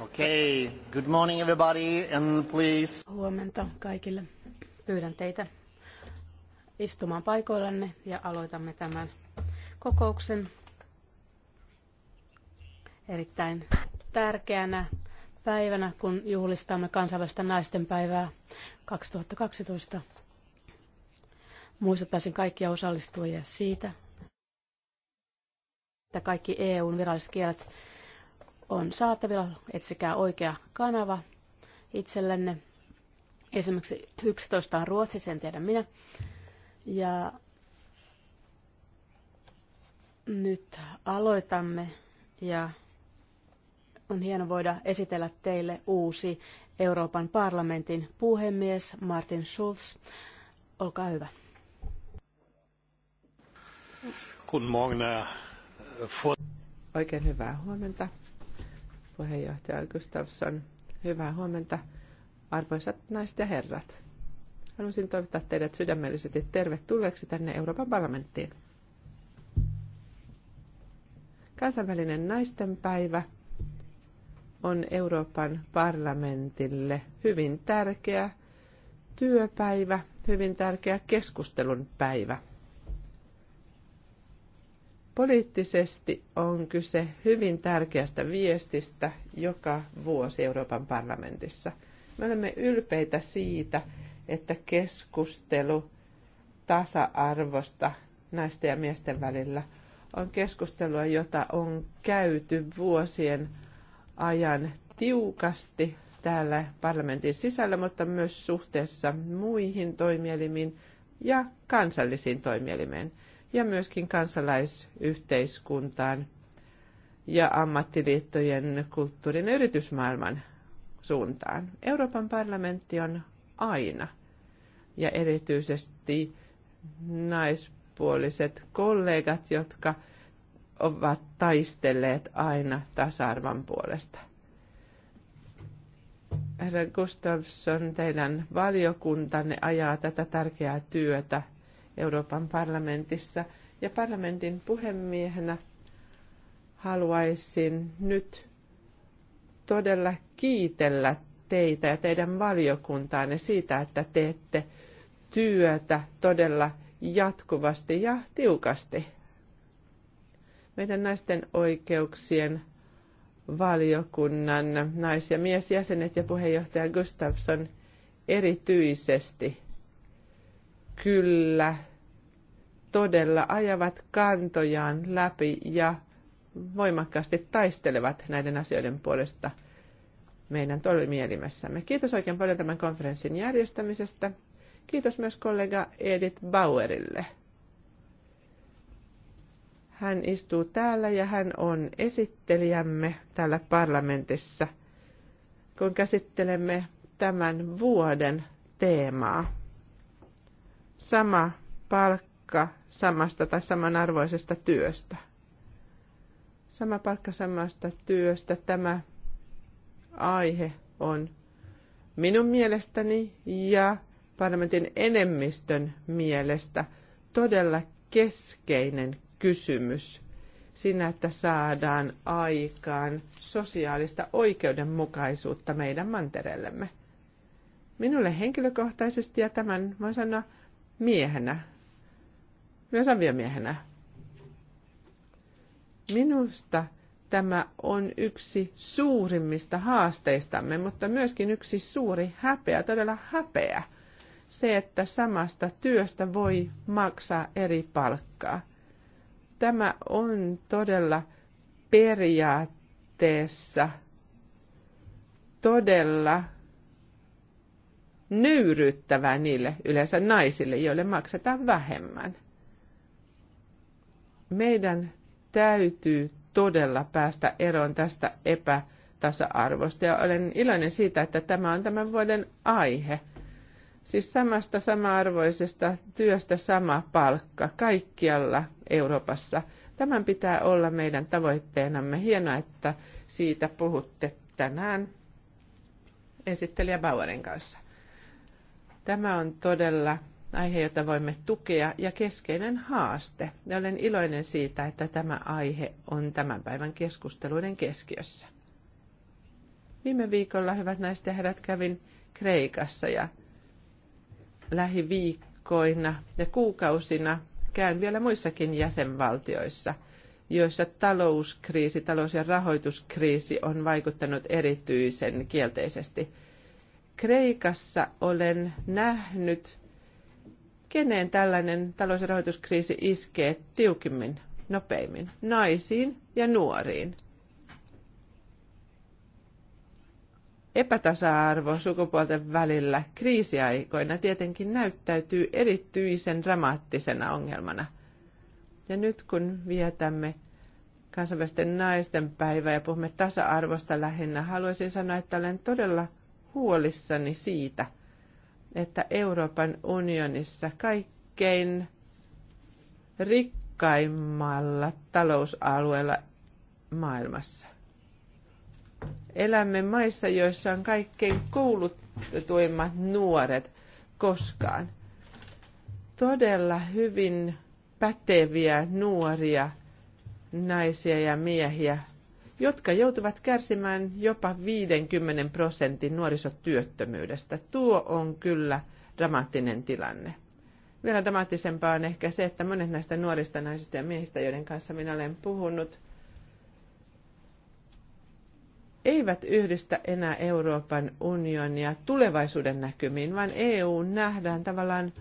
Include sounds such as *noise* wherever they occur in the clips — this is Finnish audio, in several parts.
Okay, good morning everybody and please. Huomenta kaikille. Pyydän teitä istumaan paikoillanne ja aloitamme tämän kokouksen erittäin tärkeänä päivänä, kun juhlistamme kansainvälistä päivää 2012. Muistuttaisin kaikkia osallistujia siitä, että kaikki EUn viralliset kielet on saatavilla. Etsikää oikea kanava itsellenne. Esimerkiksi 11 on ruotsi, sen tiedän minä. Ja nyt aloitamme ja on hieno voida esitellä teille uusi Euroopan parlamentin puhemies Martin Schulz. Olkaa hyvä. Guten Morgen, Oikein hyvää huomenta, puheenjohtaja Gustafsson. Hyvää huomenta, arvoisat naiset ja herrat. Haluaisin toivottaa teidät sydämellisesti tervetulleeksi tänne Euroopan parlamenttiin. Kansainvälinen naistenpäivä on Euroopan parlamentille hyvin tärkeä työpäivä, hyvin tärkeä keskustelun päivä – Poliittisesti on kyse hyvin tärkeästä viestistä joka vuosi Euroopan parlamentissa. Me olemme ylpeitä siitä, että keskustelu tasa-arvosta naisten ja miesten välillä on keskustelua, jota on käyty vuosien ajan tiukasti täällä parlamentin sisällä, mutta myös suhteessa muihin toimielimiin ja kansallisiin toimielimiin ja myöskin kansalaisyhteiskuntaan ja ammattiliittojen kulttuurin ja yritysmaailman suuntaan. Euroopan parlamentti on aina ja erityisesti naispuoliset kollegat, jotka ovat taistelleet aina tasa-arvon puolesta. Herra Gustafsson, teidän valiokuntanne ajaa tätä tärkeää työtä – Euroopan parlamentissa. Ja parlamentin puhemiehenä haluaisin nyt todella kiitellä teitä ja teidän valiokuntaanne siitä, että teette työtä todella jatkuvasti ja tiukasti. Meidän naisten oikeuksien valiokunnan nais- ja miesjäsenet ja puheenjohtaja Gustafsson erityisesti kyllä todella ajavat kantojaan läpi ja voimakkaasti taistelevat näiden asioiden puolesta meidän toimielimessämme. Kiitos oikein paljon tämän konferenssin järjestämisestä. Kiitos myös kollega Edith Bauerille. Hän istuu täällä ja hän on esittelijämme täällä parlamentissa, kun käsittelemme tämän vuoden teemaa sama palkka samasta tai samanarvoisesta työstä. Sama palkka samasta työstä tämä aihe on minun mielestäni ja parlamentin enemmistön mielestä todella keskeinen kysymys siinä, että saadaan aikaan sosiaalista oikeudenmukaisuutta meidän mantereellemme. Minulle henkilökohtaisesti, ja tämän voin sanoa miehenä, myös aviomiehenä. Minusta tämä on yksi suurimmista haasteistamme, mutta myöskin yksi suuri häpeä, todella häpeä. Se, että samasta työstä voi maksaa eri palkkaa. Tämä on todella periaatteessa todella nöyryyttävää niille, yleensä naisille, joille maksetaan vähemmän. Meidän täytyy todella päästä eroon tästä epätasa-arvosta ja olen iloinen siitä, että tämä on tämän vuoden aihe. Siis samasta sama-arvoisesta työstä sama palkka kaikkialla Euroopassa. Tämän pitää olla meidän tavoitteenamme. Hienoa, että siitä puhutte tänään esittelijä Bauerin kanssa. Tämä on todella aihe, jota voimme tukea ja keskeinen haaste. Ja olen iloinen siitä, että tämä aihe on tämän päivän keskusteluiden keskiössä. Viime viikolla, hyvät naiset ja herrat, kävin Kreikassa ja lähiviikkoina ja kuukausina käyn vielä muissakin jäsenvaltioissa, joissa talouskriisi, talous- ja rahoituskriisi on vaikuttanut erityisen kielteisesti – Kreikassa olen nähnyt, keneen tällainen talous- ja rahoituskriisi iskee tiukimmin, nopeimmin, naisiin ja nuoriin. Epätasa-arvo sukupuolten välillä kriisiaikoina tietenkin näyttäytyy erityisen dramaattisena ongelmana. Ja nyt kun vietämme kansainvälisten naisten päivää ja puhumme tasa-arvosta lähinnä, haluaisin sanoa, että olen todella – huolissani siitä, että Euroopan unionissa kaikkein rikkaimmalla talousalueella maailmassa. Elämme maissa, joissa on kaikkein koulutetuimmat nuoret koskaan. Todella hyvin päteviä nuoria naisia ja miehiä jotka joutuvat kärsimään jopa 50 prosentin nuorisotyöttömyydestä. Tuo on kyllä dramaattinen tilanne. Vielä dramaattisempaa on ehkä se, että monet näistä nuorista naisista ja miehistä, joiden kanssa minä olen puhunut, eivät yhdistä enää Euroopan unionia tulevaisuuden näkymiin, vaan EU nähdään tavallaan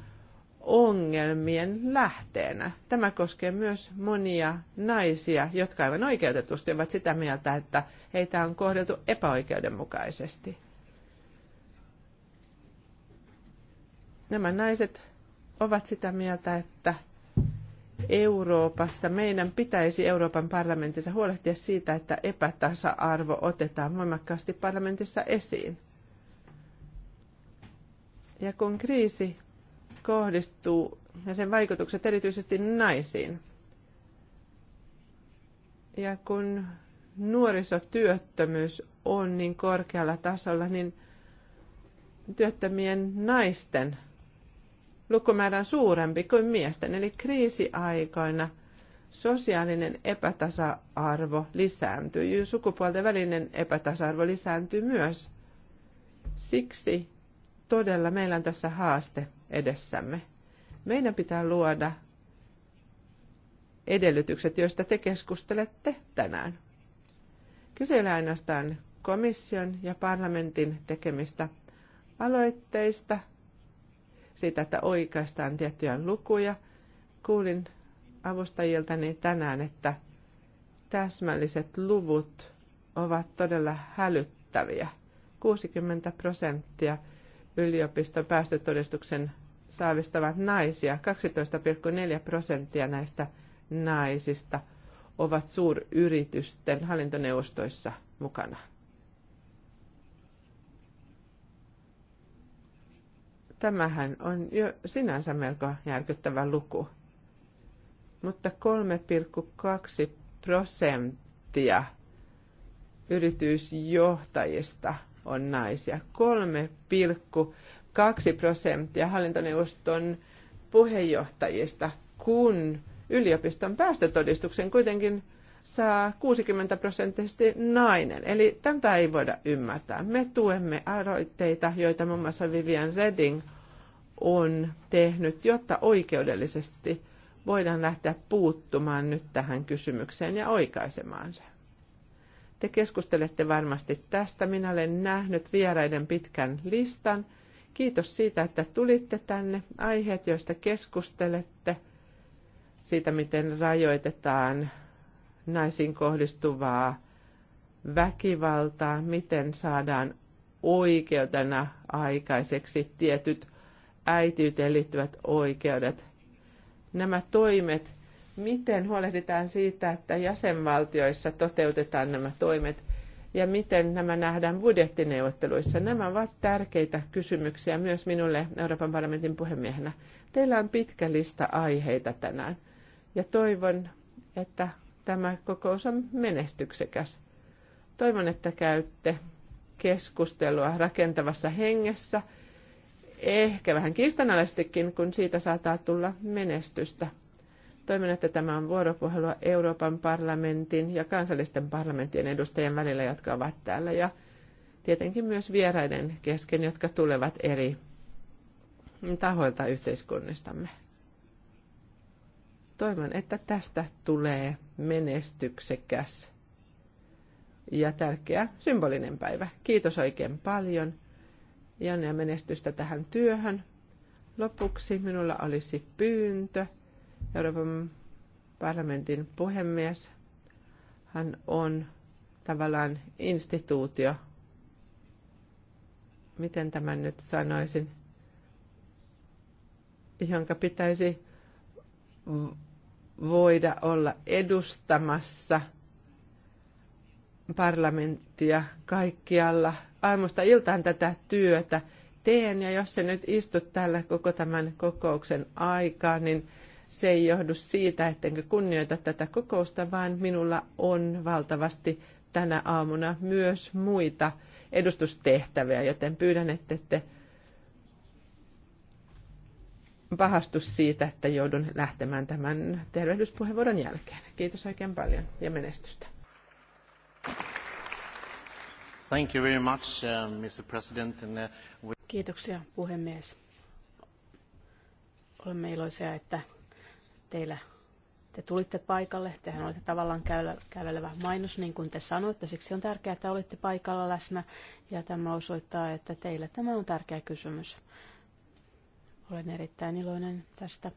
ongelmien lähteenä. Tämä koskee myös monia naisia, jotka aivan oikeutetusti ovat sitä mieltä, että heitä on kohdeltu epäoikeudenmukaisesti. Nämä naiset ovat sitä mieltä, että Euroopassa meidän pitäisi Euroopan parlamentissa huolehtia siitä, että epätasa-arvo otetaan voimakkaasti parlamentissa esiin. Ja kun kriisi kohdistuu ja sen vaikutukset erityisesti naisiin. Ja kun nuorisotyöttömyys on niin korkealla tasolla, niin työttömien naisten lukumäärä on suurempi kuin miesten. Eli kriisiaikoina sosiaalinen epätasa-arvo lisääntyy, sukupuolten välinen epätasa-arvo lisääntyy myös. Siksi todella meillä on tässä haaste edessämme. Meidän pitää luoda edellytykset, joista te keskustelette tänään. Kyse ei ainoastaan komission ja parlamentin tekemistä aloitteista, siitä, että oikeastaan tiettyjä lukuja. Kuulin avustajiltani tänään, että täsmälliset luvut ovat todella hälyttäviä. 60 prosenttia yliopiston päästötodistuksen saavistavat naisia. 12,4 prosenttia näistä naisista ovat suuryritysten hallintoneuvostoissa mukana. Tämähän on jo sinänsä melko järkyttävä luku. Mutta 3,2 prosenttia yritysjohtajista on naisia kaksi prosenttia hallintoneuvoston puheenjohtajista, kun yliopiston päästötodistuksen kuitenkin saa 60 prosenttisesti nainen. Eli tätä ei voida ymmärtää. Me tuemme aloitteita, joita muun mm. muassa Vivian Redding on tehnyt, jotta oikeudellisesti voidaan lähteä puuttumaan nyt tähän kysymykseen ja oikaisemaan se. Te keskustelette varmasti tästä. Minä olen nähnyt vieraiden pitkän listan – Kiitos siitä, että tulitte tänne. Aiheet, joista keskustelette, siitä miten rajoitetaan naisiin kohdistuvaa väkivaltaa, miten saadaan oikeutena aikaiseksi tietyt äitiyteen liittyvät oikeudet. Nämä toimet, miten huolehditaan siitä, että jäsenvaltioissa toteutetaan nämä toimet ja miten nämä nähdään budjettineuvotteluissa. Nämä ovat tärkeitä kysymyksiä myös minulle Euroopan parlamentin puhemiehenä. Teillä on pitkä lista aiheita tänään ja toivon, että tämä kokous on menestyksekäs. Toivon, että käytte keskustelua rakentavassa hengessä, ehkä vähän kiistanalaisestikin, kun siitä saattaa tulla menestystä – Toivon, että tämä on vuoropuhelua Euroopan parlamentin ja kansallisten parlamenttien edustajien välillä, jotka ovat täällä, ja tietenkin myös vieraiden kesken, jotka tulevat eri tahoilta yhteiskunnistamme. Toivon, että tästä tulee menestyksekäs ja tärkeä symbolinen päivä. Kiitos oikein paljon ja menestystä tähän työhön. Lopuksi minulla olisi pyyntö. Euroopan parlamentin puhemies. Hän on tavallaan instituutio. Miten tämän nyt sanoisin? Jonka pitäisi voida olla edustamassa parlamenttia kaikkialla. Aamusta iltaan tätä työtä teen ja jos se nyt istut täällä koko tämän kokouksen aikaa, niin se ei johdu siitä, ettenkö kunnioita tätä kokousta, vaan minulla on valtavasti tänä aamuna myös muita edustustehtäviä, joten pyydän, että ette pahastus siitä, että joudun lähtemään tämän tervehdyspuheenvuoron jälkeen. Kiitos oikein paljon ja menestystä. Thank you very much, uh, Mr. President. And, uh, we... Kiitoksia puhemies. Olemme iloisia, että teillä te tulitte paikalle, tehän olette tavallaan kävelevä mainos, niin kuin te sanoitte, siksi on tärkeää, että olitte paikalla läsnä, ja tämä osoittaa, että teille tämä on tärkeä kysymys. Olen erittäin iloinen tästä.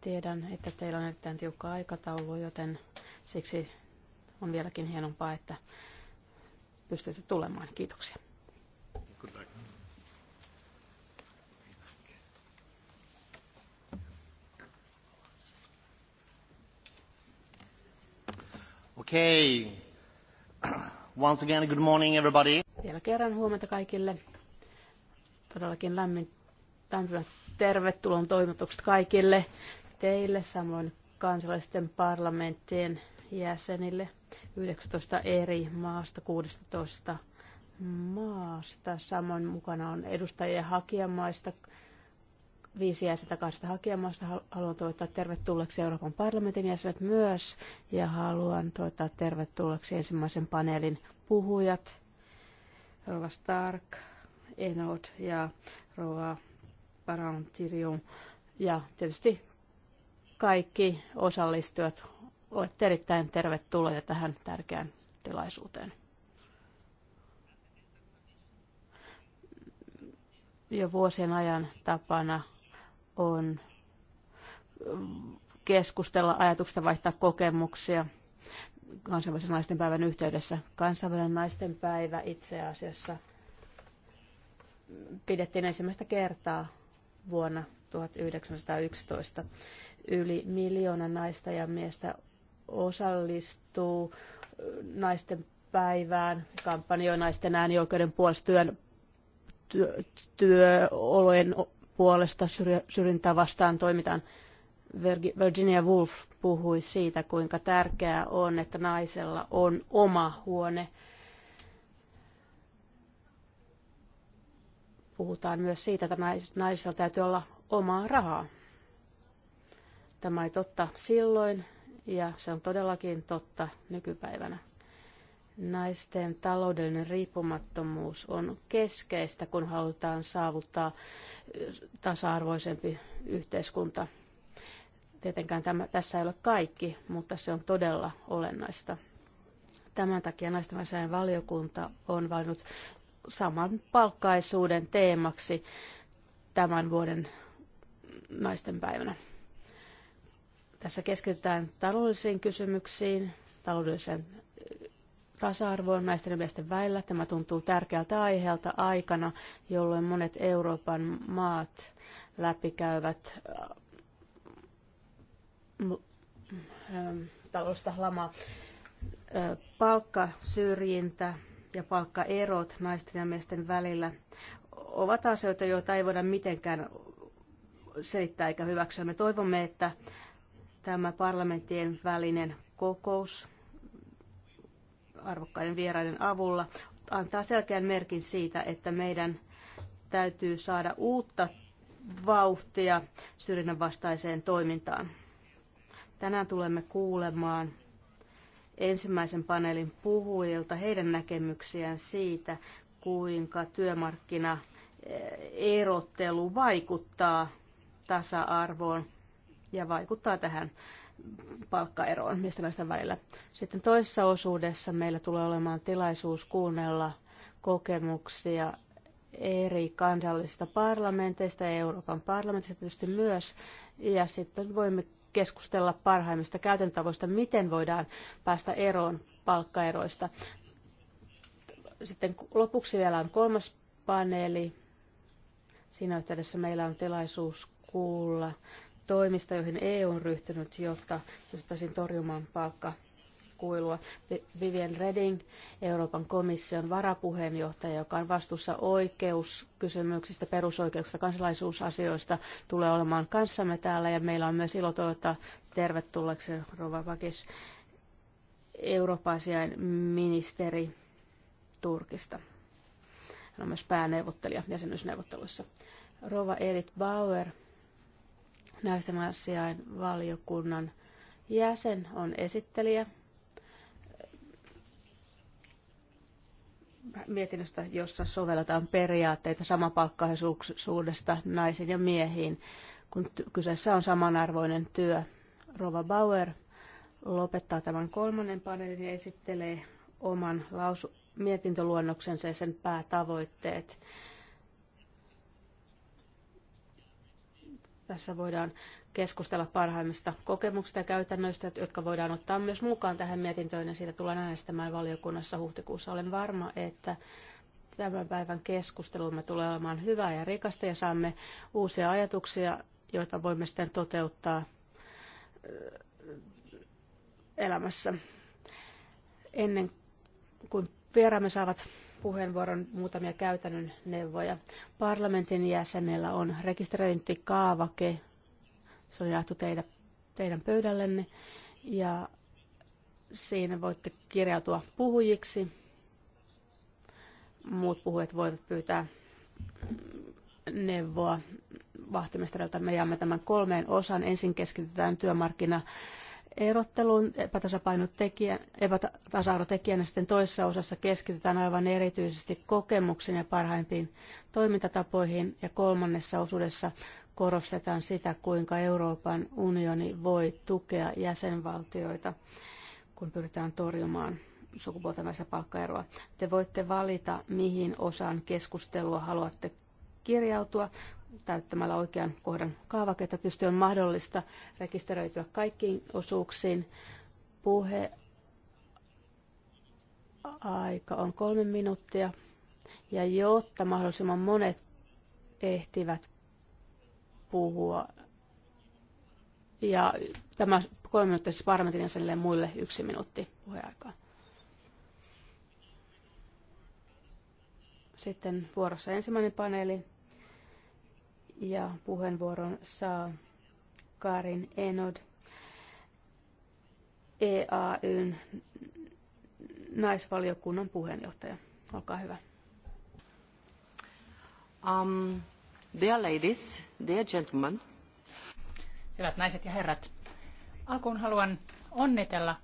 Tiedän, että teillä on erittäin tiukka aikataulu, joten siksi on vieläkin hienompaa, että pystytte tulemaan. Kiitoksia. Good luck. Okay. *clears throat* Once again, good morning everybody. Vielä kerran huomenta kaikille. Todellakin lämmin, lämpimät tervetulon toimitukset kaikille teille, samoin kansallisten parlamenttien jäsenille 19 eri maasta, 16 maasta. Samoin mukana on edustajia hakijamaista, viisi jäsentä kahdesta hakijamaasta Haluan toivottaa tervetulleeksi Euroopan parlamentin jäsenet myös ja haluan toivottaa tervetulleeksi ensimmäisen paneelin puhujat. Rova Stark, Enod ja Rova Parantirium ja tietysti kaikki osallistujat olette erittäin tervetulleita tähän tärkeään tilaisuuteen. jo vuosien ajan tapana on keskustella ajatuksista vaihtaa kokemuksia kansainvälisen naisten päivän yhteydessä. Kansainvälinen naisten päivä itse asiassa pidettiin ensimmäistä kertaa vuonna 1911. Yli miljoona naista ja miestä osallistuu naisten päivään, kampanjoi naisten äänioikeuden puolesta työn, työ, työolojen puolesta syrjintää vastaan toimitaan. Virginia Woolf puhui siitä, kuinka tärkeää on, että naisella on oma huone. Puhutaan myös siitä, että naisella täytyy olla omaa rahaa. Tämä ei totta silloin ja se on todellakin totta nykypäivänä. Naisten taloudellinen riippumattomuus on keskeistä, kun halutaan saavuttaa tasa-arvoisempi yhteiskunta. Tietenkään tämä, tässä ei ole kaikki, mutta se on todella olennaista. Tämän takia naisten valiokunta on valinnut saman palkkaisuuden teemaksi tämän vuoden naisten päivänä. Tässä keskitytään taloudellisiin kysymyksiin, taloudelliseen tasa on naisten ja miesten välillä. Tämä tuntuu tärkeältä aiheelta aikana, jolloin monet Euroopan maat läpikäyvät äh, ähm, talousta lama äh, palkkasyrjintä ja palkkaerot naisten ja miesten välillä ovat asioita, joita ei voida mitenkään selittää eikä hyväksyä. Me toivomme, että tämä parlamenttien välinen kokous arvokkaiden vieraiden avulla antaa selkeän merkin siitä, että meidän täytyy saada uutta vauhtia syrjinnän vastaiseen toimintaan. Tänään tulemme kuulemaan ensimmäisen paneelin puhujilta heidän näkemyksiään siitä, kuinka työmarkkina eh, erottelu vaikuttaa tasa-arvoon ja vaikuttaa tähän palkkaeroon miesten naisten välillä. Sitten toisessa osuudessa meillä tulee olemaan tilaisuus kuunnella kokemuksia eri kansallisista parlamenteista ja Euroopan parlamentista tietysti myös. Ja sitten voimme keskustella parhaimmista käytäntavoista, miten voidaan päästä eroon palkkaeroista. Sitten lopuksi vielä on kolmas paneeli. Siinä yhteydessä meillä on tilaisuus kuulla toimista, joihin EU on ryhtynyt, jotta pystyttäisiin torjumaan palkka kuilua. Vivian Redding, Euroopan komission varapuheenjohtaja, joka on vastuussa oikeuskysymyksistä, perusoikeuksista, kansalaisuusasioista, tulee olemaan kanssamme täällä ja meillä on myös ilo toivottaa tervetulleeksi Rova Vakis, Euroopan ministeri Turkista. Hän on myös pääneuvottelija jäsenyysneuvotteluissa. Rova Elit Bauer naisten asiain valiokunnan jäsen on esittelijä mietinnöstä, jossa sovelletaan periaatteita samapalkkaisuudesta naisiin ja miehiin, kun kyseessä on samanarvoinen työ. Rova Bauer lopettaa tämän kolmannen paneelin ja esittelee oman lausu- mietintöluonnoksensa ja sen päätavoitteet. Tässä voidaan keskustella parhaimmista kokemuksista ja käytännöistä, jotka voidaan ottaa myös mukaan tähän mietintöön ja siitä tullaan äänestämään valiokunnassa huhtikuussa. Olen varma, että tämän päivän keskustelumme tulee olemaan hyvää ja rikasta ja saamme uusia ajatuksia, joita voimme sitten toteuttaa elämässä. Ennen kuin vieraamme saavat puheenvuoron muutamia käytännön neuvoja. Parlamentin jäsenellä on rekisteröintikaavake, se on jaettu teidän, teidän pöydällenne, ja siinä voitte kirjautua puhujiksi. Muut puhujat voivat pyytää neuvoa vahtimestarilta. Me jaamme tämän kolmeen osaan. Ensin keskitytään työmarkkina erotteluun epätasa-arvotekijänä sitten toisessa osassa keskitytään aivan erityisesti kokemuksiin ja parhaimpiin toimintatapoihin ja kolmannessa osuudessa korostetaan sitä, kuinka Euroopan unioni voi tukea jäsenvaltioita, kun pyritään torjumaan sukupuolten välistä palkkaeroa. Te voitte valita, mihin osaan keskustelua haluatte kirjautua täyttämällä oikean kohdan kaavaketta. Tietysti on mahdollista rekisteröityä kaikkiin osuuksiin. Puhe aika on kolme minuuttia. Ja jotta mahdollisimman monet ehtivät puhua, ja tämä kolme minuuttia siis parlamentin muille yksi minuutti puheaikaa. Sitten vuorossa ensimmäinen paneeli. Ja puheenvuoron saa Karin Enod, EAYn naisvaliokunnan puheenjohtaja. Olkaa hyvä. Um, dear ladies, dear gentlemen. Hyvät naiset ja herrat, alkuun haluan onnitella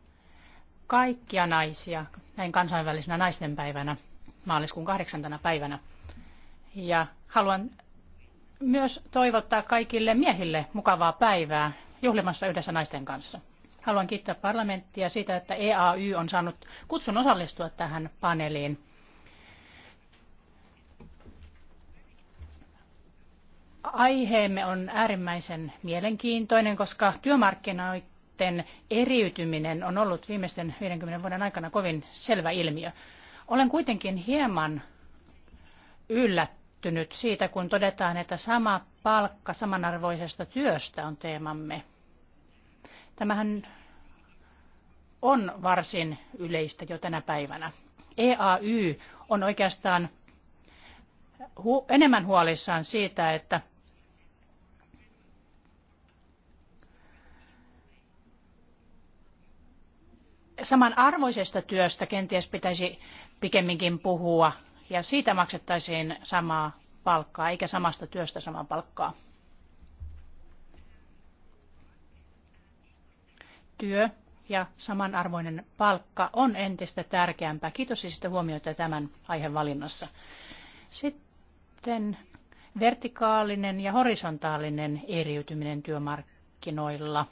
kaikkia naisia näin kansainvälisenä naistenpäivänä maaliskuun kahdeksantana päivänä. Ja haluan myös toivottaa kaikille miehille mukavaa päivää juhlimassa yhdessä naisten kanssa. Haluan kiittää parlamenttia siitä, että EAY on saanut kutsun osallistua tähän paneeliin. Aiheemme on äärimmäisen mielenkiintoinen, koska työmarkkinoiden eriytyminen on ollut viimeisten 50 vuoden aikana kovin selvä ilmiö. Olen kuitenkin hieman yllättynyt yllättynyt siitä, kun todetaan, että sama palkka samanarvoisesta työstä on teemamme. Tämähän on varsin yleistä jo tänä päivänä. EAY on oikeastaan hu- enemmän huolissaan siitä, että samanarvoisesta työstä kenties pitäisi pikemminkin puhua ja siitä maksettaisiin samaa palkkaa, eikä samasta työstä samaa palkkaa. Työ ja samanarvoinen palkka on entistä tärkeämpää. Kiitos siis, että huomioitte tämän aiheen valinnassa. Sitten vertikaalinen ja horisontaalinen eriytyminen työmarkkinoilla,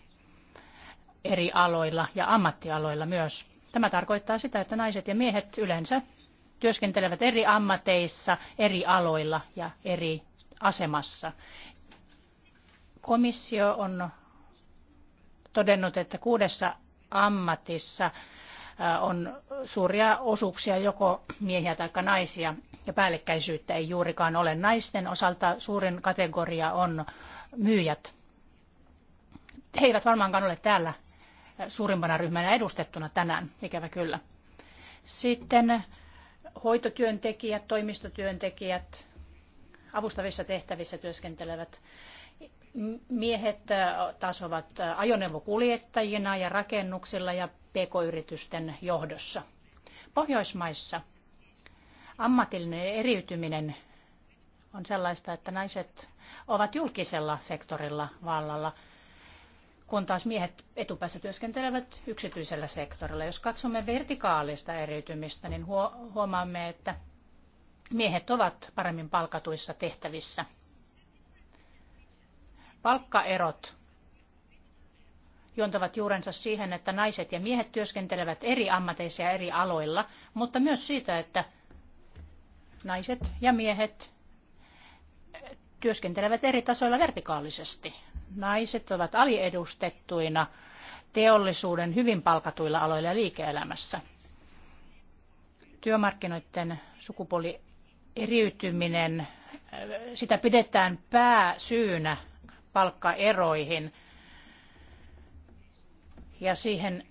eri aloilla ja ammattialoilla myös. Tämä tarkoittaa sitä, että naiset ja miehet yleensä työskentelevät eri ammateissa, eri aloilla ja eri asemassa. Komissio on todennut, että kuudessa ammatissa äh, on suuria osuuksia joko miehiä tai naisia ja päällekkäisyyttä ei juurikaan ole. Naisten osalta suurin kategoria on myyjät. He eivät varmaankaan ole täällä äh, suurimpana ryhmänä edustettuna tänään, ikävä kyllä. Sitten hoitotyöntekijät, toimistotyöntekijät, avustavissa tehtävissä työskentelevät miehet taas ovat ajoneuvokuljettajina ja rakennuksilla ja pk-yritysten johdossa. Pohjoismaissa ammatillinen eriytyminen on sellaista, että naiset ovat julkisella sektorilla vallalla – kun taas miehet etupäässä työskentelevät yksityisellä sektorilla. Jos katsomme vertikaalista eriytymistä, niin huomaamme, että miehet ovat paremmin palkatuissa tehtävissä. Palkkaerot juontavat juurensa siihen, että naiset ja miehet työskentelevät eri ammateissa ja eri aloilla, mutta myös siitä, että naiset ja miehet työskentelevät eri tasoilla vertikaalisesti naiset ovat aliedustettuina teollisuuden hyvin palkatuilla aloilla ja liike-elämässä. Työmarkkinoiden sukupuoli eriytyminen, äh, sitä pidetään pääsyynä palkkaeroihin ja siihen,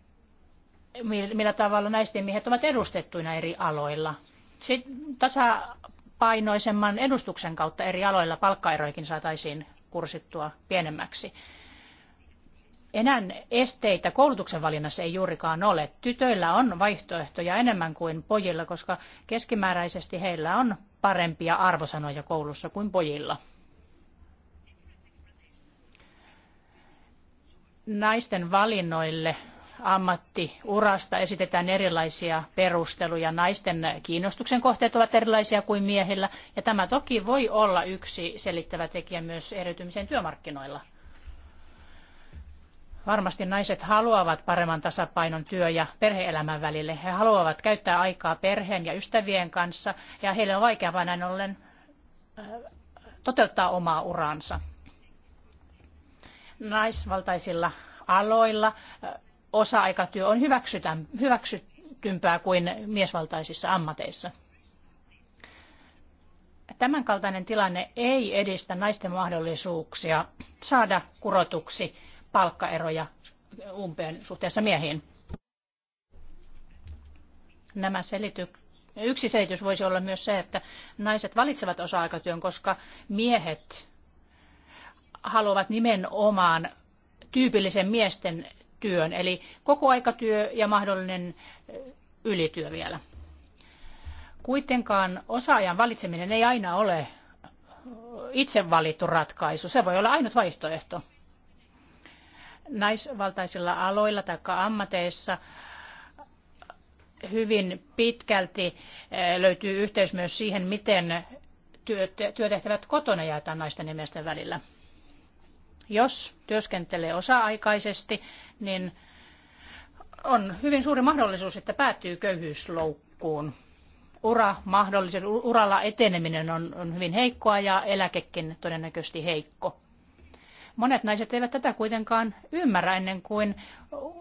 millä tavalla naisten ja miehet ovat edustettuina eri aloilla. Sitten tasapainoisemman edustuksen kautta eri aloilla palkkaeroikin saataisiin kursittua pienemmäksi. Enää esteitä koulutuksen valinnassa ei juurikaan ole. Tytöillä on vaihtoehtoja enemmän kuin pojilla, koska keskimääräisesti heillä on parempia arvosanoja koulussa kuin pojilla. Naisten valinnoille ammattiurasta esitetään erilaisia perusteluja. Naisten kiinnostuksen kohteet ovat erilaisia kuin miehillä, ja tämä toki voi olla yksi selittävä tekijä myös eriytymisen työmarkkinoilla. Varmasti naiset haluavat paremman tasapainon työ- ja perheelämän välille. He haluavat käyttää aikaa perheen ja ystävien kanssa, ja heille on vaikeaa näin ollen äh, toteuttaa omaa uraansa. Naisvaltaisilla aloilla äh, osa-aikatyö on hyväksytympää kuin miesvaltaisissa ammateissa. Tämänkaltainen tilanne ei edistä naisten mahdollisuuksia saada kurotuksi palkkaeroja umpeen suhteessa miehiin. Nämä selity- Yksi selitys voisi olla myös se, että naiset valitsevat osa-aikatyön, koska miehet haluavat nimenomaan tyypillisen miesten työn, eli koko aikatyö ja mahdollinen ylityö vielä. Kuitenkaan osaajan valitseminen ei aina ole itse valittu ratkaisu. Se voi olla ainut vaihtoehto. Naisvaltaisilla aloilla tai ammateissa hyvin pitkälti löytyy yhteys myös siihen, miten työtehtävät kotona jaetaan naisten ja miesten välillä. Jos työskentelee osa-aikaisesti, niin on hyvin suuri mahdollisuus, että päätyy köyhyysloukkuun. Ura, mahdollisuus, uralla eteneminen on, on hyvin heikkoa ja eläkekin todennäköisesti heikko. Monet naiset eivät tätä kuitenkaan ymmärrä ennen kuin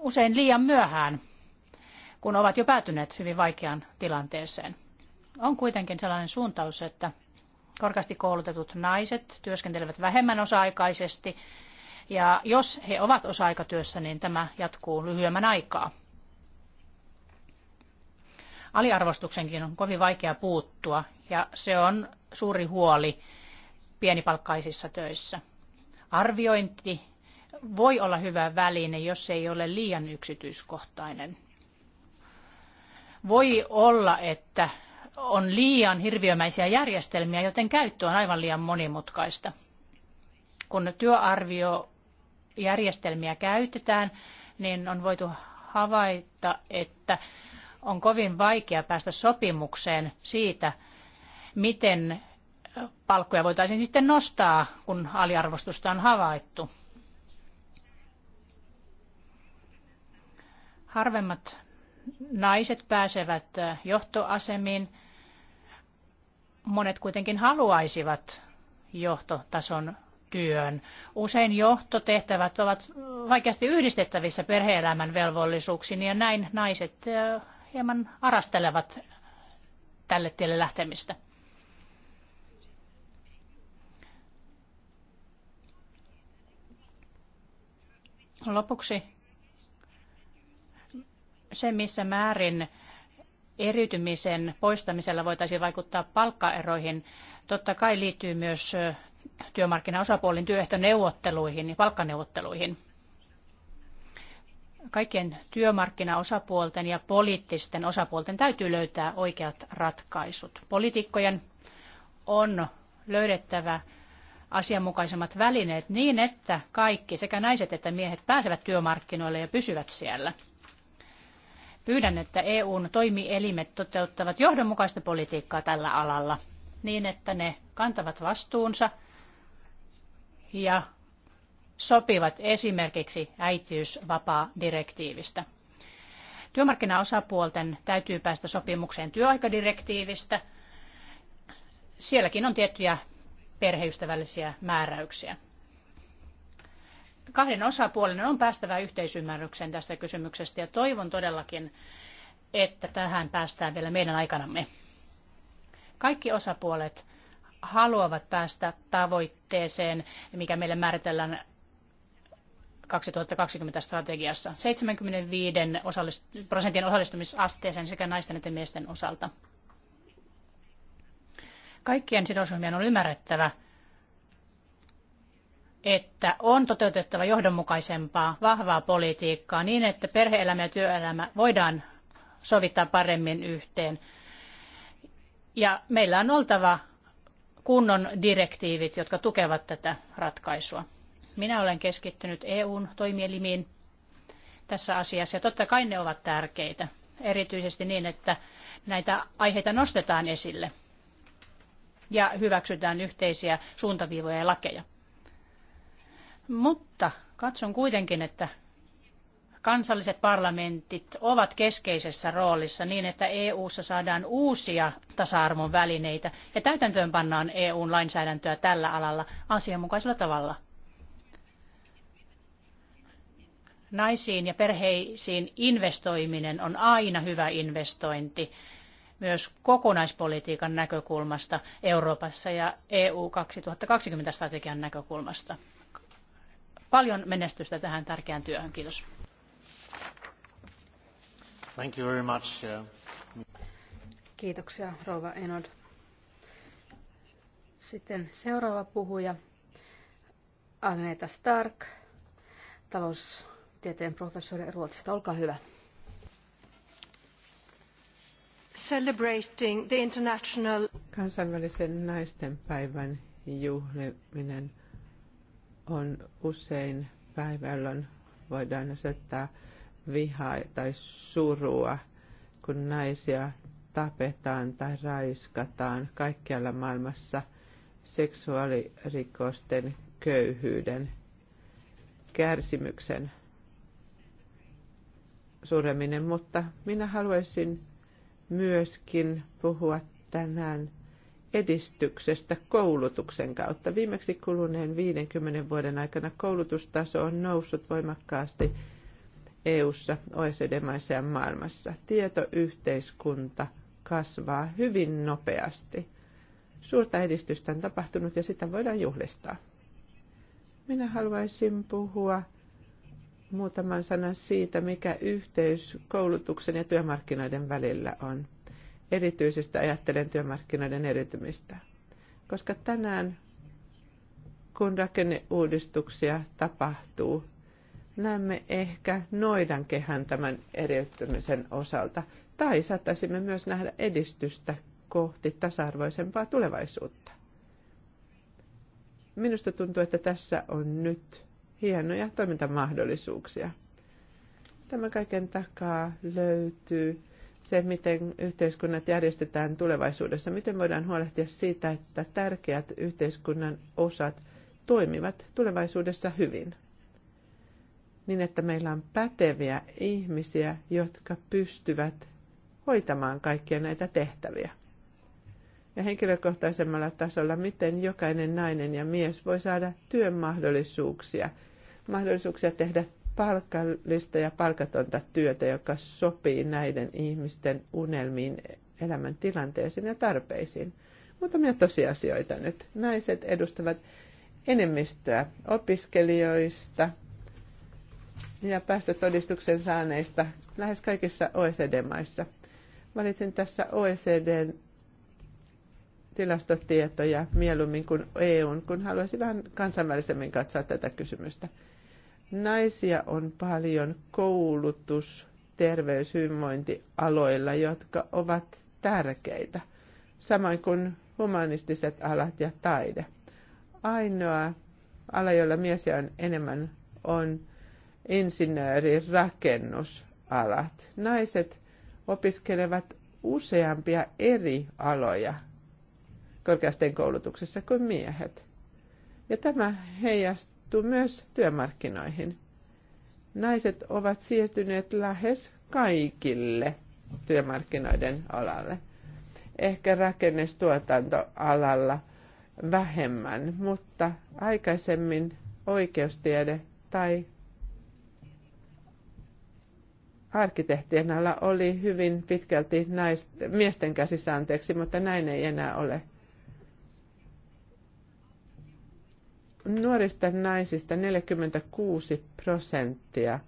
usein liian myöhään, kun ovat jo päätyneet hyvin vaikeaan tilanteeseen. On kuitenkin sellainen suuntaus, että Korkeasti koulutetut naiset työskentelevät vähemmän osa-aikaisesti ja jos he ovat osa-aikatyössä, niin tämä jatkuu lyhyemmän aikaa. Aliarvostuksenkin on kovin vaikea puuttua ja se on suuri huoli pienipalkkaisissa töissä. Arviointi voi olla hyvä väline, jos se ei ole liian yksityiskohtainen. Voi olla, että on liian hirviömäisiä järjestelmiä, joten käyttö on aivan liian monimutkaista. Kun työarviojärjestelmiä käytetään, niin on voitu havaita, että on kovin vaikea päästä sopimukseen siitä, miten palkkoja voitaisiin sitten nostaa, kun aliarvostusta on havaittu. Harvemmat naiset pääsevät johtoasemiin monet kuitenkin haluaisivat johtotason työn. Usein johtotehtävät ovat vaikeasti yhdistettävissä perheelämän velvollisuuksiin ja näin naiset äh, hieman arastelevat tälle tielle lähtemistä. Lopuksi se, missä määrin eriytymisen poistamisella voitaisiin vaikuttaa palkkaeroihin. Totta kai liittyy myös työmarkkinaosapuolin työehtoneuvotteluihin ja palkkaneuvotteluihin. Kaikkien työmarkkinaosapuolten ja poliittisten osapuolten täytyy löytää oikeat ratkaisut. Poliitikkojen on löydettävä asianmukaisemmat välineet niin, että kaikki, sekä naiset että miehet, pääsevät työmarkkinoille ja pysyvät siellä. Pyydän, että EUn toimielimet toteuttavat johdonmukaista politiikkaa tällä alalla niin, että ne kantavat vastuunsa ja sopivat esimerkiksi äitiysvapaa-direktiivistä. Työmarkkinaosapuolten täytyy päästä sopimukseen työaikadirektiivistä. Sielläkin on tiettyjä perheystävällisiä määräyksiä kahden osapuolen on päästävä yhteisymmärrykseen tästä kysymyksestä ja toivon todellakin, että tähän päästään vielä meidän aikanamme. Kaikki osapuolet haluavat päästä tavoitteeseen, mikä meille määritellään 2020 strategiassa 75 prosentin osallistumisasteeseen sekä naisten että miesten osalta. Kaikkien sidosryhmien on ymmärrettävä, että on toteutettava johdonmukaisempaa, vahvaa politiikkaa niin, että perhe-elämä ja työelämä voidaan sovittaa paremmin yhteen. Ja meillä on oltava kunnon direktiivit, jotka tukevat tätä ratkaisua. Minä olen keskittynyt EUn toimielimiin tässä asiassa ja totta kai ne ovat tärkeitä, erityisesti niin, että näitä aiheita nostetaan esille ja hyväksytään yhteisiä suuntaviivoja ja lakeja. Mutta katson kuitenkin, että kansalliset parlamentit ovat keskeisessä roolissa niin, että EU:ssa saadaan uusia tasa-arvon välineitä ja täytäntöön pannaan EUn lainsäädäntöä tällä alalla asianmukaisella tavalla. Naisiin ja perheisiin investoiminen on aina hyvä investointi myös kokonaispolitiikan näkökulmasta Euroopassa ja EU 2020 strategian näkökulmasta. Paljon menestystä tähän tärkeään työhön. Kiitos. Thank you very much. Kiitoksia, Rouva Enod. Sitten seuraava puhuja, Agneta Stark, taloustieteen professori Ruotsista. Olkaa hyvä. Celebrating the international... Kansainvälisen naisten päivän juhliminen on usein päivällön voidaan osoittaa vihaa tai surua, kun naisia tapetaan tai raiskataan kaikkialla maailmassa seksuaalirikosten, köyhyyden, kärsimyksen sureminen, mutta minä haluaisin myöskin puhua tänään – edistyksestä koulutuksen kautta. Viimeksi kuluneen 50 vuoden aikana koulutustaso on noussut voimakkaasti EU-ssa, OECD-maissa ja maailmassa. Tietoyhteiskunta kasvaa hyvin nopeasti. Suurta edistystä on tapahtunut ja sitä voidaan juhlistaa. Minä haluaisin puhua muutaman sanan siitä, mikä yhteys koulutuksen ja työmarkkinoiden välillä on erityisesti ajattelen työmarkkinoiden eritymistä. Koska tänään, kun rakenneuudistuksia tapahtuu, näemme ehkä noidan kehän tämän eriyttämisen osalta, tai saattaisimme myös nähdä edistystä kohti tasa-arvoisempaa tulevaisuutta. Minusta tuntuu, että tässä on nyt hienoja toimintamahdollisuuksia. Tämän kaiken takaa löytyy se, miten yhteiskunnat järjestetään tulevaisuudessa, miten voidaan huolehtia siitä, että tärkeät yhteiskunnan osat toimivat tulevaisuudessa hyvin. Niin, että meillä on päteviä ihmisiä, jotka pystyvät hoitamaan kaikkia näitä tehtäviä. Ja henkilökohtaisemmalla tasolla, miten jokainen nainen ja mies voi saada työmahdollisuuksia, mahdollisuuksia tehdä palkallista ja palkatonta työtä, joka sopii näiden ihmisten unelmiin, elämäntilanteisiin ja tarpeisiin. Muutamia tosiasioita nyt. Naiset edustavat enemmistöä opiskelijoista ja päästötodistuksen saaneista lähes kaikissa OECD-maissa. Valitsin tässä OECDn tilastotietoja mieluummin kuin EUn, kun haluaisin vähän kansainvälisemmin katsoa tätä kysymystä. Naisia on paljon koulutus, terveys, hyvinvointialoilla, jotka ovat tärkeitä, samoin kuin humanistiset alat ja taide. Ainoa ala, jolla miesiä on enemmän, on insinööri, rakennusalat. Naiset opiskelevat useampia eri aloja korkeasteen koulutuksessa kuin miehet. Ja tämä heijastuu ulottuu myös työmarkkinoihin. Naiset ovat siirtyneet lähes kaikille työmarkkinoiden alalle. Ehkä rakennustuotantoalalla vähemmän, mutta aikaisemmin oikeustiede tai arkkitehtien ala oli hyvin pitkälti naisten, miesten käsissä, anteeksi, mutta näin ei enää ole. Nuorista naisista 46 prosenttia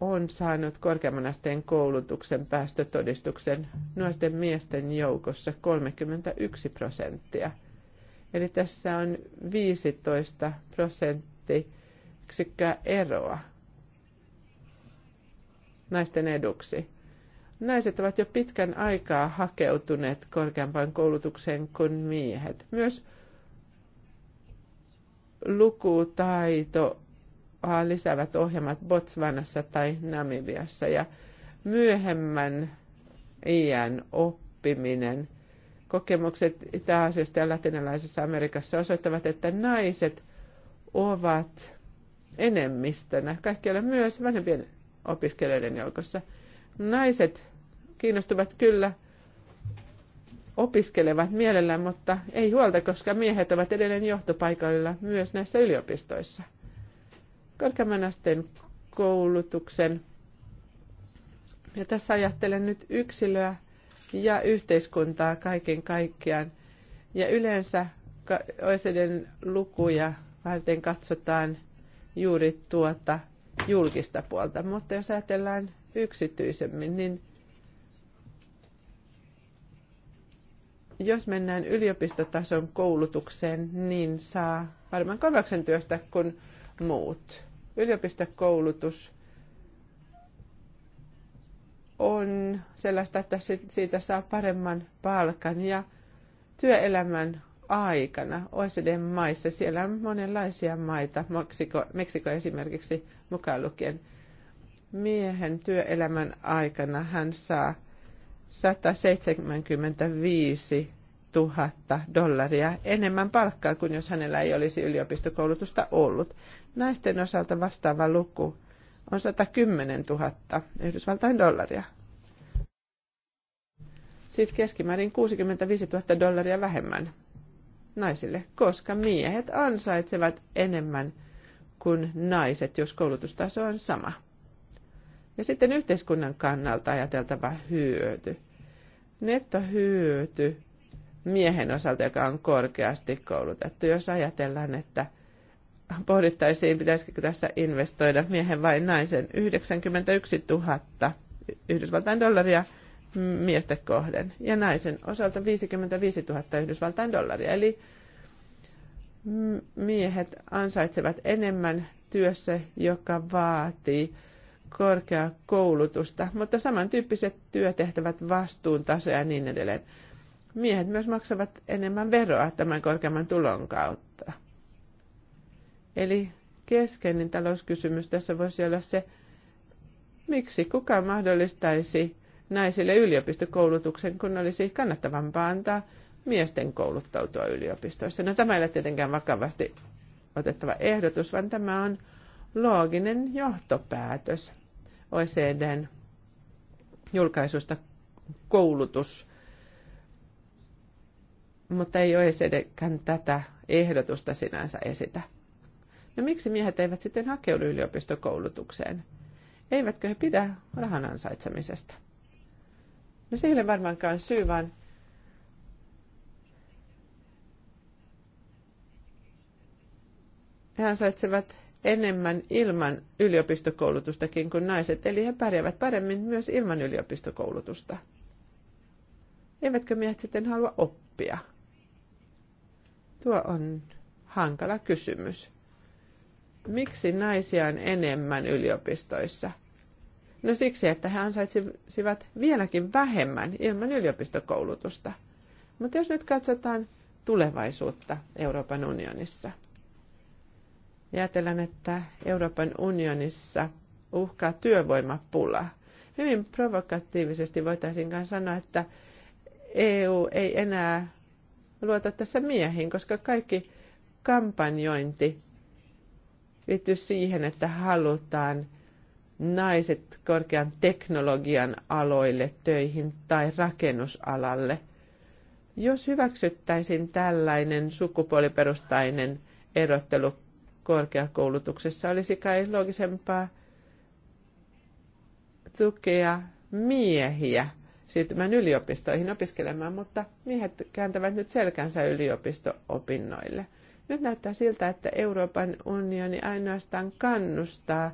on saanut korkeamman asteen koulutuksen päästötodistuksen nuorten miesten joukossa 31 prosenttia. Eli tässä on 15 prosenttiyksikköä eroa naisten eduksi. Naiset ovat jo pitkän aikaa hakeutuneet korkeampaan koulutukseen kuin miehet. Myös lukutaito ah, lisäävät ohjelmat Botswanassa tai Namibiassa ja myöhemmän iän oppiminen. Kokemukset Itä-Aasiasta ja latinalaisessa Amerikassa osoittavat, että naiset ovat enemmistönä kaikkialla myös vanhempien opiskelijoiden joukossa. Naiset kiinnostuvat kyllä opiskelevat mielellään, mutta ei huolta, koska miehet ovat edelleen johtopaikoilla myös näissä yliopistoissa. Korkeamman asteen koulutuksen. Ja tässä ajattelen nyt yksilöä ja yhteiskuntaa kaiken kaikkiaan. Ja yleensä OECDn lukuja varten katsotaan juuri tuota julkista puolta, mutta jos ajatellaan yksityisemmin, niin jos mennään yliopistotason koulutukseen, niin saa varmaan korvauksen työstä kuin muut. Yliopistokoulutus on sellaista, että siitä saa paremman palkan ja työelämän aikana OECD-maissa, siellä on monenlaisia maita, Meksiko, Meksiko esimerkiksi mukaan lukien, miehen työelämän aikana hän saa 175 000 dollaria enemmän palkkaa kuin jos hänellä ei olisi yliopistokoulutusta ollut. Naisten osalta vastaava luku on 110 000 Yhdysvaltain dollaria. Siis keskimäärin 65 000 dollaria vähemmän naisille, koska miehet ansaitsevat enemmän kuin naiset, jos koulutustaso on sama. Ja sitten yhteiskunnan kannalta ajateltava hyöty. Nettohyöty miehen osalta, joka on korkeasti koulutettu. Jos ajatellaan, että pohdittaisiin, pitäisikö tässä investoida miehen vai naisen 91 000 Yhdysvaltain dollaria miestä kohden ja naisen osalta 55 000 Yhdysvaltain dollaria. Eli miehet ansaitsevat enemmän työssä, joka vaatii korkeakoulutusta, mutta samantyyppiset työtehtävät, vastuuntaso ja niin edelleen. Miehet myös maksavat enemmän veroa tämän korkeamman tulon kautta. Eli keskeinen talouskysymys tässä voisi olla se, miksi kuka mahdollistaisi naisille yliopistokoulutuksen, kun olisi kannattavampaa antaa miesten kouluttautua yliopistoissa. No tämä ei ole tietenkään vakavasti otettava ehdotus, vaan tämä on looginen johtopäätös. OECDn julkaisusta koulutus, mutta ei OECDkään tätä ehdotusta sinänsä esitä. No miksi miehet eivät sitten hakeudu yliopistokoulutukseen? Eivätkö he pidä rahan ansaitsemisesta? No se ei ole varmaankaan syy, vaan he ansaitsevat enemmän ilman yliopistokoulutustakin kuin naiset, eli he pärjäävät paremmin myös ilman yliopistokoulutusta. Eivätkö miehet sitten halua oppia? Tuo on hankala kysymys. Miksi naisia on enemmän yliopistoissa? No siksi, että he ansaitsivat vieläkin vähemmän ilman yliopistokoulutusta. Mutta jos nyt katsotaan tulevaisuutta Euroopan unionissa – ajatellaan, että Euroopan unionissa uhkaa työvoimapula. Hyvin provokatiivisesti voitaisiin sanoa, että EU ei enää luota tässä miehiin, koska kaikki kampanjointi liittyy siihen, että halutaan naiset korkean teknologian aloille töihin tai rakennusalalle. Jos hyväksyttäisiin tällainen sukupuoliperustainen erottelu korkeakoulutuksessa. Olisi kai loogisempaa tukea miehiä siirtymään yliopistoihin opiskelemaan, mutta miehet kääntävät nyt selkänsä yliopisto-opinnoille. Nyt näyttää siltä, että Euroopan unioni ainoastaan kannustaa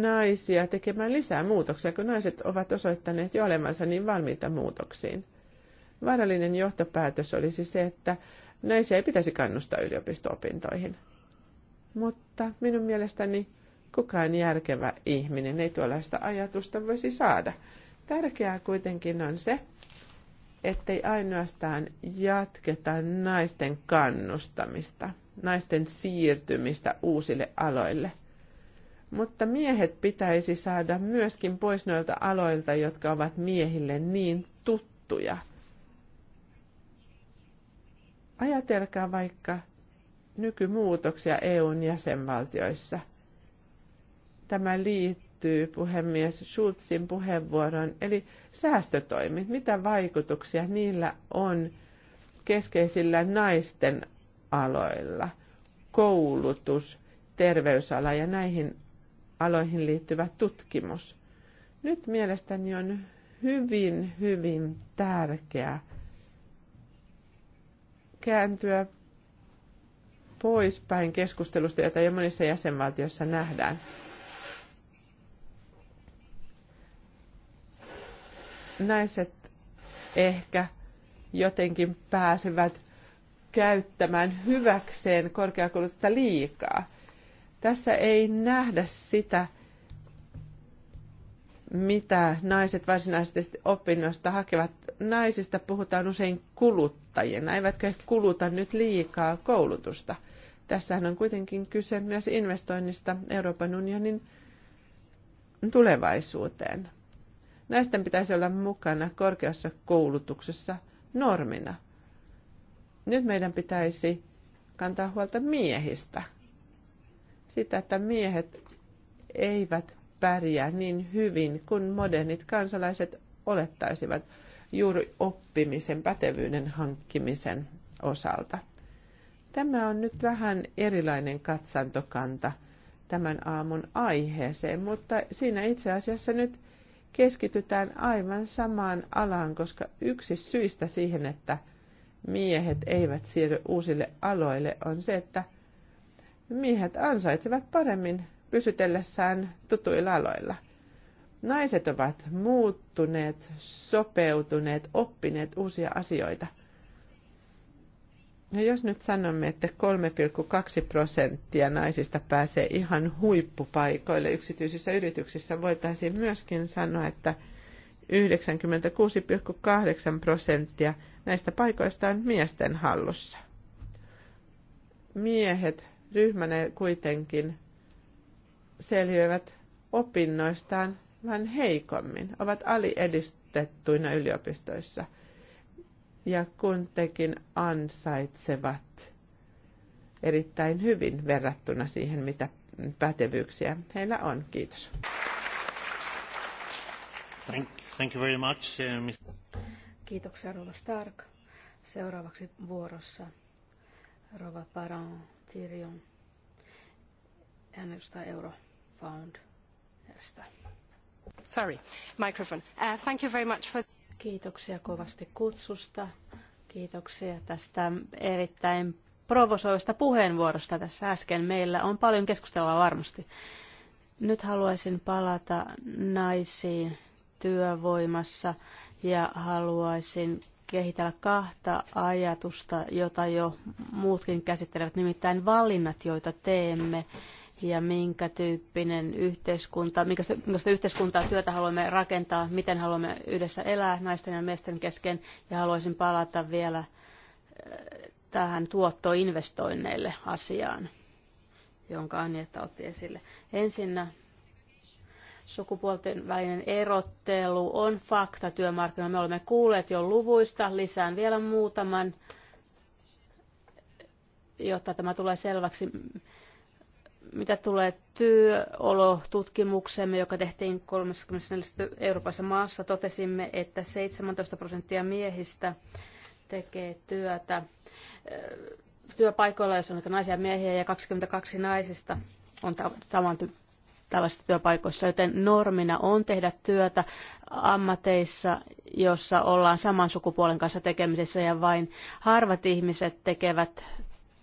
naisia tekemään lisää muutoksia, kun naiset ovat osoittaneet jo olevansa niin valmiita muutoksiin. Vaarallinen johtopäätös olisi se, että se ei pitäisi kannustaa yliopisto-opintoihin. Mutta minun mielestäni kukaan järkevä ihminen ei tuollaista ajatusta voisi saada. Tärkeää kuitenkin on se, ettei ainoastaan jatketa naisten kannustamista, naisten siirtymistä uusille aloille. Mutta miehet pitäisi saada myöskin pois noilta aloilta, jotka ovat miehille niin tuttuja – Ajatelkaa vaikka nykymuutoksia EUn jäsenvaltioissa. Tämä liittyy puhemies Schulzin puheenvuoroon, eli säästötoimit. Mitä vaikutuksia niillä on keskeisillä naisten aloilla? Koulutus, terveysala ja näihin aloihin liittyvä tutkimus. Nyt mielestäni on hyvin, hyvin tärkeää kääntyä poispäin keskustelusta, jota jo monissa jäsenvaltioissa nähdään. Naiset ehkä jotenkin pääsevät käyttämään hyväkseen korkeakoulutusta liikaa. Tässä ei nähdä sitä, mitä naiset varsinaisesti opinnoista hakevat. Naisista puhutaan usein kuluttajina, eivätkö he kuluta nyt liikaa koulutusta. Tässähän on kuitenkin kyse myös investoinnista Euroopan unionin tulevaisuuteen. Naisten pitäisi olla mukana korkeassa koulutuksessa normina. Nyt meidän pitäisi kantaa huolta miehistä. Sitä, että miehet eivät pärjää niin hyvin kuin modernit kansalaiset olettaisivat juuri oppimisen, pätevyyden hankkimisen osalta. Tämä on nyt vähän erilainen katsantokanta tämän aamun aiheeseen, mutta siinä itse asiassa nyt keskitytään aivan samaan alaan, koska yksi syistä siihen, että miehet eivät siirry uusille aloille, on se, että miehet ansaitsevat paremmin pysytellessään tutuilla aloilla. Naiset ovat muuttuneet, sopeutuneet, oppineet uusia asioita. Ja jos nyt sanomme, että 3,2 prosenttia naisista pääsee ihan huippupaikoille yksityisissä yrityksissä, voitaisiin myöskin sanoa, että 96,8 prosenttia näistä paikoista on miesten hallussa. Miehet ryhmänä kuitenkin selviävät opinnoistaan vähän heikommin, ovat aliedistettuina yliopistoissa ja kuntekin ansaitsevat erittäin hyvin verrattuna siihen, mitä pätevyyksiä heillä on. Kiitos. Thank, thank you very much, uh, Mr. Kiitoksia Rova Stark. Seuraavaksi vuorossa Rova Paran Tirion. Hän edustaa euroa. Found tästä. Sorry, microphone. Uh, thank you very much for... Kiitoksia kovasti kutsusta. Kiitoksia tästä erittäin provosoivasta puheenvuorosta tässä äsken. Meillä on paljon keskustelua varmasti. Nyt haluaisin palata naisiin työvoimassa ja haluaisin kehitellä kahta ajatusta, jota jo muutkin käsittelevät, nimittäin valinnat, joita teemme ja minkä tyyppinen yhteiskunta, minkä minkästä yhteiskuntaa työtä haluamme rakentaa, miten haluamme yhdessä elää naisten ja miesten kesken. Ja haluaisin palata vielä äh, tähän tuottoinvestoinneille asiaan, jonka Anjetta otti esille. Ensinnä sukupuolten välinen erottelu on fakta työmarkkinoilla. Me olemme kuulleet jo luvuista, lisään vielä muutaman, jotta tämä tulee selväksi, mitä tulee työolotutkimukseemme, joka tehtiin 34 Euroopassa maassa, totesimme, että 17 prosenttia miehistä tekee työtä työpaikoilla, jossa on naisia ja miehiä, ja 22 naisista on saman tällaisissa työpaikoissa, joten normina on tehdä työtä ammateissa, jossa ollaan saman sukupuolen kanssa tekemisessä ja vain harvat ihmiset tekevät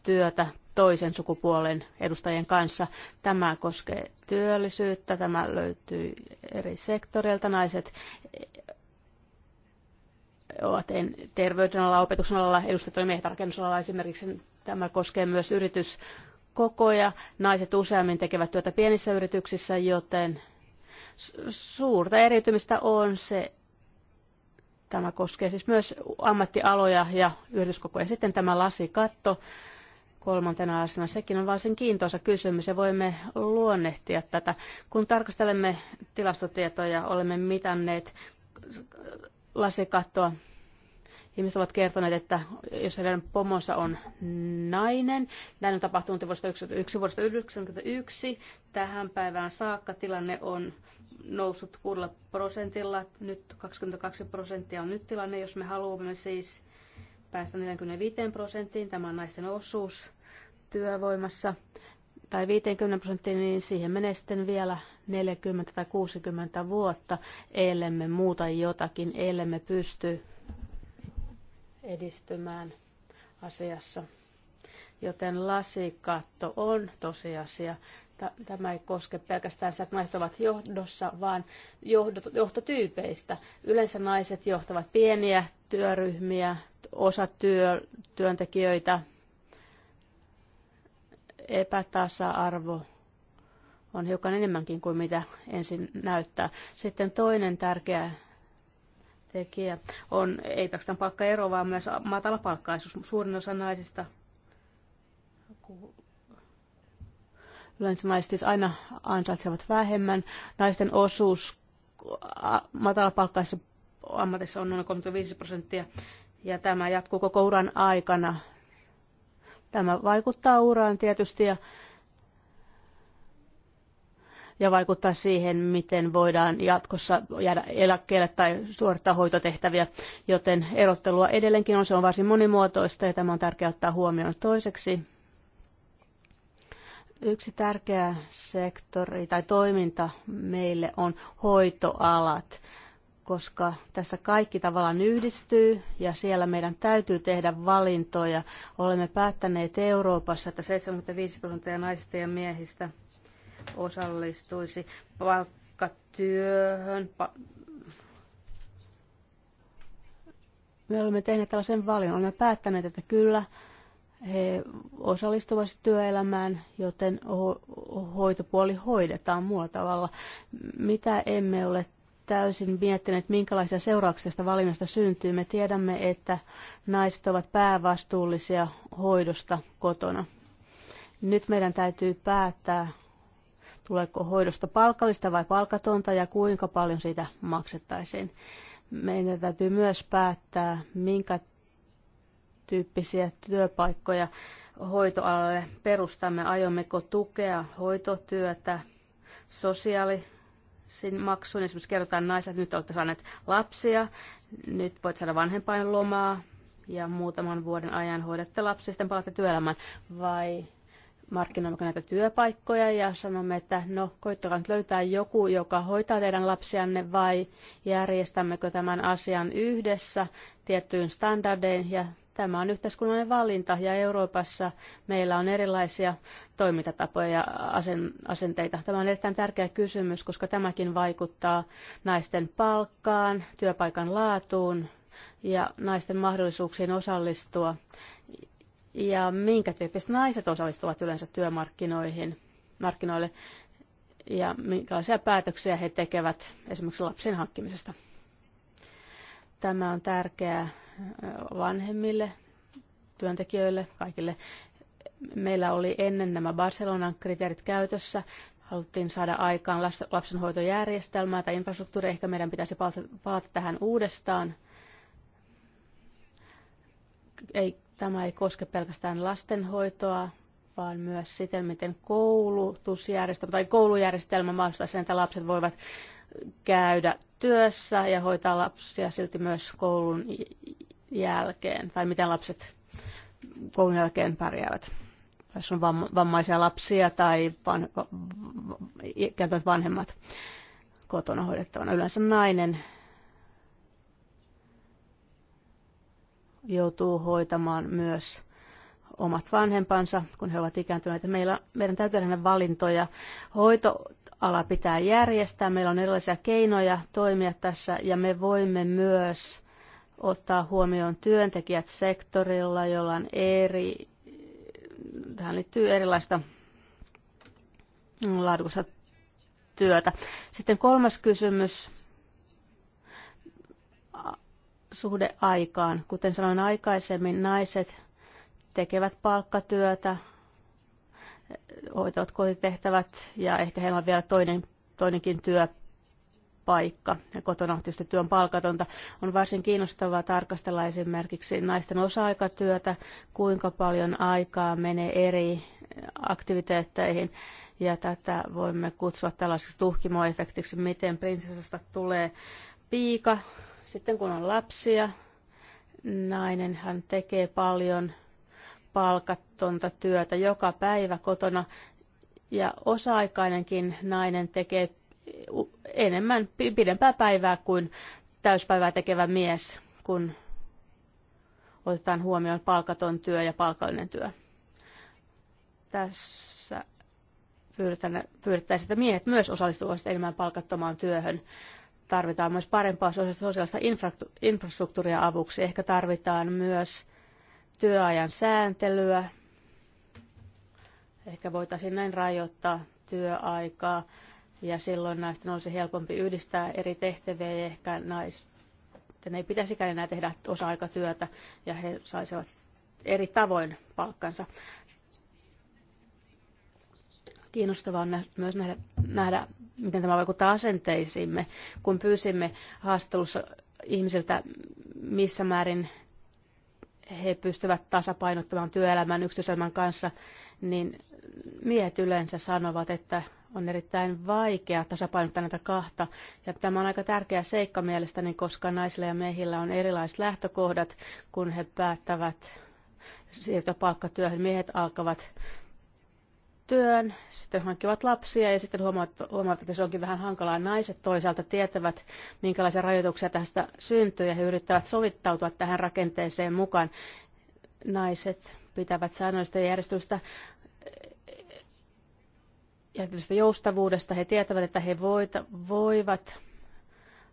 työtä toisen sukupuolen edustajien kanssa. Tämä koskee työllisyyttä, tämä löytyy eri sektoreilta. Naiset ovat alalla, opetuksen alalla, edustettujen miehet rakennusalalla esimerkiksi. Tämä koskee myös yrityskokoja. Naiset useammin tekevät työtä pienissä yrityksissä, joten suurta eriytymistä on se, Tämä koskee siis myös ammattialoja ja yrityskokoja. Sitten tämä lasikatto kolmantena asiana. Sekin on varsin kiintoisa kysymys ja voimme luonnehtia tätä. Kun tarkastelemme tilastotietoja, olemme mitanneet lasikattoa. Ihmiset ovat kertoneet, että jos heidän pomonsa on nainen, näin on tapahtunut vuodesta 1991 tähän päivään saakka. Tilanne on noussut 6 prosentilla, nyt 22 prosenttia on nyt tilanne, jos me haluamme siis päästä 45 prosenttiin, tämä on naisten osuus työvoimassa, tai 50 prosenttia, niin siihen menee sitten vielä 40 tai 60 vuotta, ellemme muuta jotakin, ellemme pysty edistymään asiassa. Joten lasikatto on tosiasia. Tämä ei koske pelkästään sitä, että naiset ovat johdossa, vaan johtotyypeistä. Yleensä naiset johtavat pieniä työryhmiä, osa työ, työntekijöitä, epätasa-arvo on hiukan enemmänkin kuin mitä ensin näyttää. Sitten toinen tärkeä tekijä on ei pelkästään palkkaero, vaan myös matalapalkkaisuus. Suurin osa naisista yleensä naiset siis aina ansaitsevat vähemmän. Naisten osuus matalapalkkaisessa ammatissa on noin 35 prosenttia ja tämä jatkuu koko uran aikana. Tämä vaikuttaa uraan tietysti ja, ja vaikuttaa siihen, miten voidaan jatkossa jäädä eläkkeelle tai suorittaa hoitotehtäviä, joten erottelua edelleenkin on, se on varsin monimuotoista ja tämä on tärkeää ottaa huomioon toiseksi. Yksi tärkeä sektori tai toiminta meille on hoitoalat koska tässä kaikki tavallaan yhdistyy ja siellä meidän täytyy tehdä valintoja. Olemme päättäneet Euroopassa, että 75 prosenttia naisista ja miehistä osallistuisi palkkatyöhön. Me olemme tehneet tällaisen valinnan. Olemme päättäneet, että kyllä he osallistuvat työelämään, joten ho- hoitopuoli hoidetaan muulla tavalla. Mitä emme ole täysin miettineet, minkälaisia seurauksia tästä valinnasta syntyy. Me tiedämme, että naiset ovat päävastuullisia hoidosta kotona. Nyt meidän täytyy päättää, tuleeko hoidosta palkallista vai palkatonta ja kuinka paljon siitä maksettaisiin. Meidän täytyy myös päättää, minkä tyyppisiä työpaikkoja hoitoalalle perustamme. Aiommeko tukea hoitotyötä, sosiaali- sen maksun, Esimerkiksi kerrotaan naiset, että nyt olette saaneet lapsia, nyt voit saada vanhempainlomaa ja muutaman vuoden ajan hoidatte lapsia, sitten palaatte työelämään. Vai markkinoimmeko näitä työpaikkoja ja sanomme, että no koittakaa nyt löytää joku, joka hoitaa teidän lapsianne vai järjestämmekö tämän asian yhdessä tiettyyn standardein ja Tämä on yhteiskunnallinen valinta ja Euroopassa meillä on erilaisia toimintatapoja ja asenteita. Tämä on erittäin tärkeä kysymys, koska tämäkin vaikuttaa naisten palkkaan, työpaikan laatuun ja naisten mahdollisuuksiin osallistua ja minkä tyyppiset naiset osallistuvat yleensä työmarkkinoihin, markkinoille ja minkälaisia päätöksiä he tekevät esimerkiksi lapsen hankkimisesta. Tämä on tärkeää vanhemmille työntekijöille, kaikille. Meillä oli ennen nämä Barcelonan kriteerit käytössä. Haluttiin saada aikaan lapsenhoitojärjestelmää tai infrastruktuuria. Ehkä meidän pitäisi palata tähän uudestaan. Ei, tämä ei koske pelkästään lastenhoitoa, vaan myös siten, miten koulutusjärjestelmä tai koulujärjestelmä mahdollistaa sen, että lapset voivat käydä työssä ja hoitaa lapsia silti myös koulun jälkeen, tai miten lapset koulun jälkeen pärjäävät. Tässä on vammaisia lapsia tai van, vanhemmat kotona hoidettavana. Yleensä nainen joutuu hoitamaan myös omat vanhempansa, kun he ovat ikääntyneitä. Meillä, meidän täytyy tehdä valintoja. Hoitoala pitää järjestää. Meillä on erilaisia keinoja toimia tässä ja me voimme myös ottaa huomioon työntekijät sektorilla, jolla on eri, tähän liittyy erilaista laadukasta työtä. Sitten kolmas kysymys, suhde aikaan. Kuten sanoin aikaisemmin, naiset tekevät palkkatyötä, hoitavat kotitehtävät ja ehkä heillä on vielä toinen, toinenkin työ paikka. Ja kotona tietysti työn on palkatonta. On varsin kiinnostavaa tarkastella esimerkiksi naisten osa-aikatyötä, kuinka paljon aikaa menee eri aktiviteetteihin. Ja tätä voimme kutsua tällaiseksi tuhkimoefektiksi, miten prinsessasta tulee piika. Sitten kun on lapsia, nainen hän tekee paljon palkattonta työtä joka päivä kotona ja osa-aikainenkin nainen tekee enemmän pidempää päivää kuin täyspäivää tekevä mies, kun otetaan huomioon palkaton työ ja palkallinen työ. Tässä pyydettäisiin, että miehet myös osallistuvat enemmän palkattomaan työhön. Tarvitaan myös parempaa sosiaalista infrastruktuuria avuksi. Ehkä tarvitaan myös työajan sääntelyä. Ehkä voitaisiin näin rajoittaa työaikaa ja silloin naisten olisi helpompi yhdistää eri tehtäviä ja ehkä naisten ei pitäisikään enää tehdä osa-aikatyötä ja he saisivat eri tavoin palkkansa. Kiinnostavaa on myös nähdä, nähdä, miten tämä vaikuttaa asenteisiimme, kun pyysimme haastattelussa ihmisiltä, missä määrin he pystyvät tasapainottamaan työelämän yksityiselämän kanssa, niin miehet yleensä sanovat, että on erittäin vaikea tasapainottaa näitä kahta. Ja tämä on aika tärkeä seikka mielestäni, koska naisilla ja miehillä on erilaiset lähtökohdat, kun he päättävät siirtyä palkkatyöhön. Miehet alkavat työn, sitten hankkivat lapsia ja sitten huomaavat, että se onkin vähän hankalaa. Naiset toisaalta tietävät, minkälaisia rajoituksia tästä syntyy ja he yrittävät sovittautua tähän rakenteeseen mukaan. Naiset pitävät säännöllistä järjestystä ja joustavuudesta. He tietävät, että he voita, voivat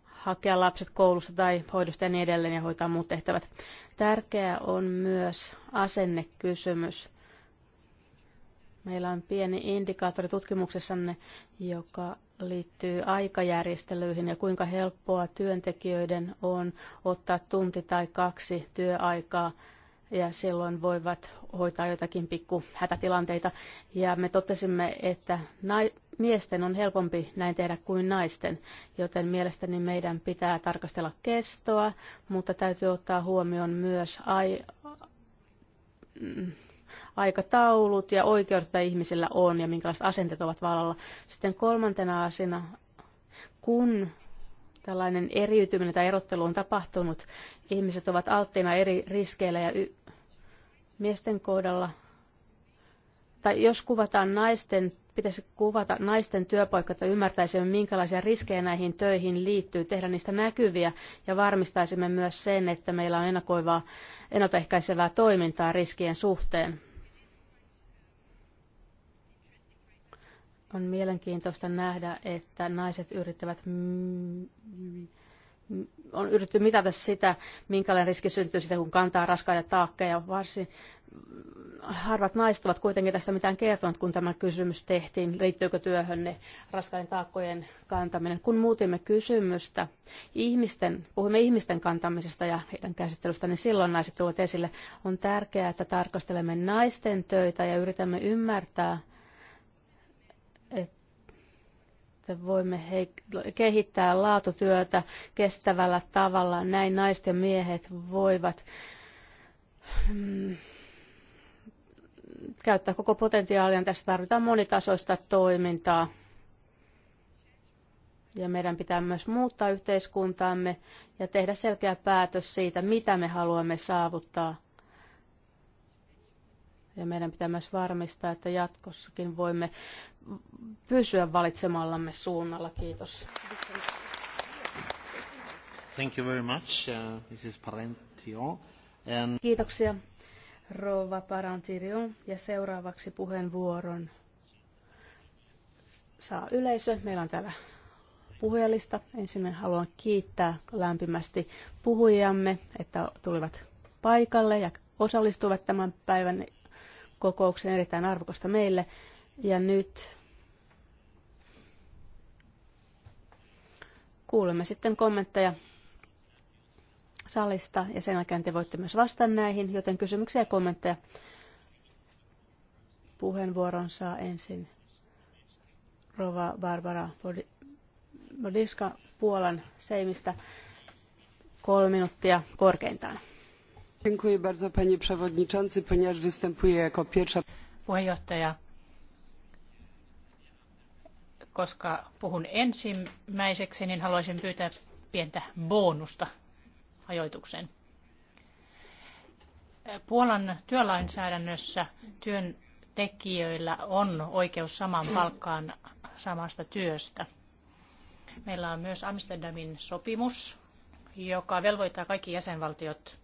hakea lapset koulusta tai hoidosta ja niin edelleen ja hoitaa muut tehtävät. Tärkeää on myös asennekysymys. Meillä on pieni indikaattori tutkimuksessanne, joka liittyy aikajärjestelyihin ja kuinka helppoa työntekijöiden on ottaa tunti tai kaksi työaikaa ja silloin voivat hoitaa jotakin pikku hätätilanteita. Ja me totesimme, että miesten on helpompi näin tehdä kuin naisten, joten mielestäni meidän pitää tarkastella kestoa, mutta täytyy ottaa huomioon myös ai- mm, aikataulut ja oikeudet, joita ihmisillä on ja minkälaiset asenteet ovat vallalla. Sitten kolmantena asiana, kun tällainen eriytyminen tai erottelu on tapahtunut, ihmiset ovat alttiina eri riskeillä ja y- miesten kohdalla, tai jos kuvataan naisten, pitäisi kuvata naisten työpaikka, että ymmärtäisimme, minkälaisia riskejä näihin töihin liittyy, tehdä niistä näkyviä ja varmistaisimme myös sen, että meillä on ennakoivaa, ennaltaehkäisevää toimintaa riskien suhteen. on mielenkiintoista nähdä, että naiset yrittävät on yritetty mitata sitä, minkälainen riski syntyy siitä, kun kantaa raskaita taakkeja. Varsin harvat naiset ovat kuitenkin tästä mitään kertonut, kun tämä kysymys tehtiin, liittyykö työhönne raskaiden taakkojen kantaminen. Kun muutimme kysymystä, ihmisten, puhumme ihmisten kantamisesta ja heidän käsittelystä, niin silloin naiset tuovat esille. On tärkeää, että tarkastelemme naisten töitä ja yritämme ymmärtää, sitten voimme kehittää laatutyötä kestävällä tavalla. Näin naisten miehet voivat mm, käyttää koko potentiaalia. Tässä tarvitaan monitasoista toimintaa. Ja meidän pitää myös muuttaa yhteiskuntaamme ja tehdä selkeä päätös siitä, mitä me haluamme saavuttaa. Ja meidän pitää myös varmistaa, että jatkossakin voimme pysyä valitsemallamme suunnalla. Kiitos. Thank you very much, uh, Mrs. And... Kiitoksia, rouva Parantirio Ja seuraavaksi puheenvuoron saa yleisö. Meillä on täällä puhujalista. Ensin haluan kiittää lämpimästi puhujamme, että tulivat paikalle ja osallistuvat tämän päivän kokoukseen erittäin arvokasta meille. Ja nyt Kuulemme sitten kommentteja salista ja sen jälkeen te voitte myös vastata näihin, joten kysymyksiä ja kommentteja. Puheenvuoron saa ensin Rova Barbara Bodiska Puolan Seimistä kolme minuuttia korkeintaan. Dziękuję bardzo panie przewodniczący, ponieważ występuję jako pierwsza. Puheenjohtaja, koska puhun ensimmäiseksi, niin haluaisin pyytää pientä bonusta ajoitukseen. Puolan työlainsäädännössä työntekijöillä on oikeus saman palkkaan samasta työstä. Meillä on myös Amsterdamin sopimus, joka velvoittaa kaikki jäsenvaltiot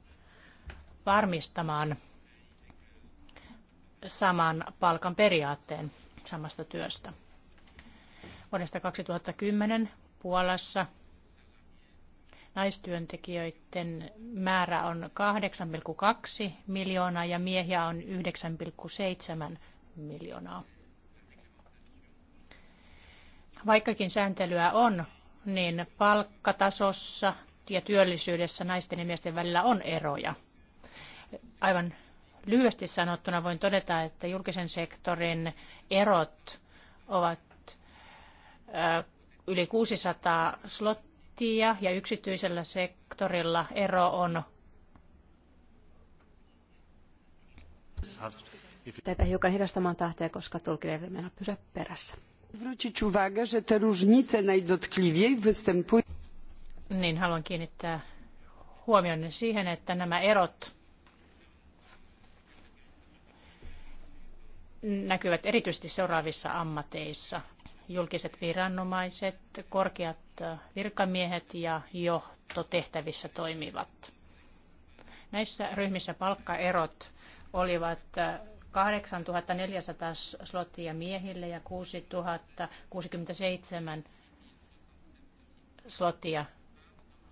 varmistamaan saman palkan periaatteen samasta työstä. Vuodesta 2010 Puolassa naistyöntekijöiden määrä on 8,2 miljoonaa ja miehiä on 9,7 miljoonaa. Vaikkakin sääntelyä on, niin palkkatasossa ja työllisyydessä naisten ja miesten välillä on eroja. Aivan lyhyesti sanottuna voin todeta, että julkisen sektorin erot ovat yli 600 slottia ja yksityisellä sektorilla ero on Tätä hiukan hidastamaan tahtia, koska tulkille ei mennä pysyä perässä. Zwrócić uwagę, że te różnice najdotkliwiej Niin, haluan kiinnittää huomionne siihen, että nämä erot näkyvät erityisesti seuraavissa ammateissa julkiset viranomaiset, korkeat virkamiehet ja johtotehtävissä toimivat. Näissä ryhmissä palkkaerot olivat 8400 slottia miehille ja 6067 slottia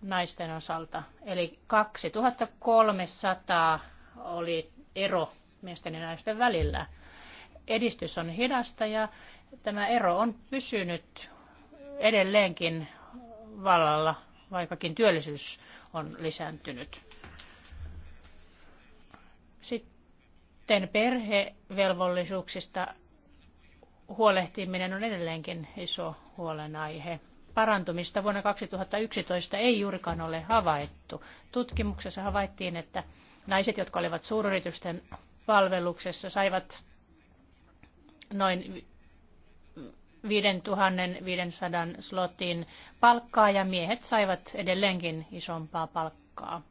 naisten osalta. Eli 2300 oli ero miesten ja naisten välillä. Edistys on hidasta ja Tämä ero on pysynyt edelleenkin vallalla, vaikkakin työllisyys on lisääntynyt. Sitten perhevelvollisuuksista huolehtiminen on edelleenkin iso huolenaihe. Parantumista vuonna 2011 ei juurikaan ole havaittu. Tutkimuksessa havaittiin, että naiset, jotka olivat suuryritysten palveluksessa, saivat noin 5500 slotin palkkaa ja miehet saivat edelleenkin isompaa palkkaa.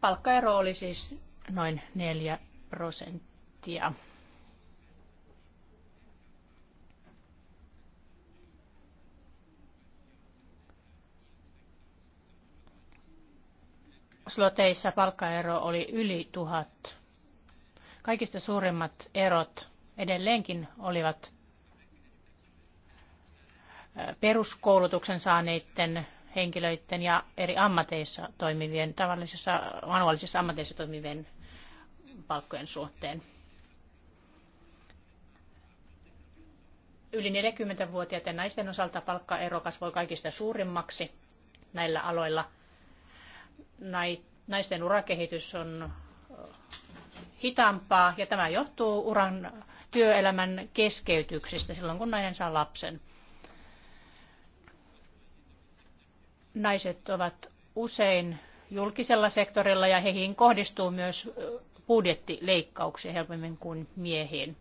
Palkkaero oli siis noin 4 prosenttia. sloteissa palkkaero oli yli tuhat. Kaikista suurimmat erot edelleenkin olivat peruskoulutuksen saaneiden henkilöiden ja eri ammateissa toimivien, tavallisissa manuaalisissa ammateissa toimivien palkkojen suhteen. Yli 40-vuotiaiden naisten osalta palkkaero kasvoi kaikista suurimmaksi näillä aloilla – naisten urakehitys on hitaampaa ja tämä johtuu uran työelämän keskeytyksistä silloin, kun nainen saa lapsen. Naiset ovat usein julkisella sektorilla ja heihin kohdistuu myös budjettileikkauksia helpommin kuin miehiin.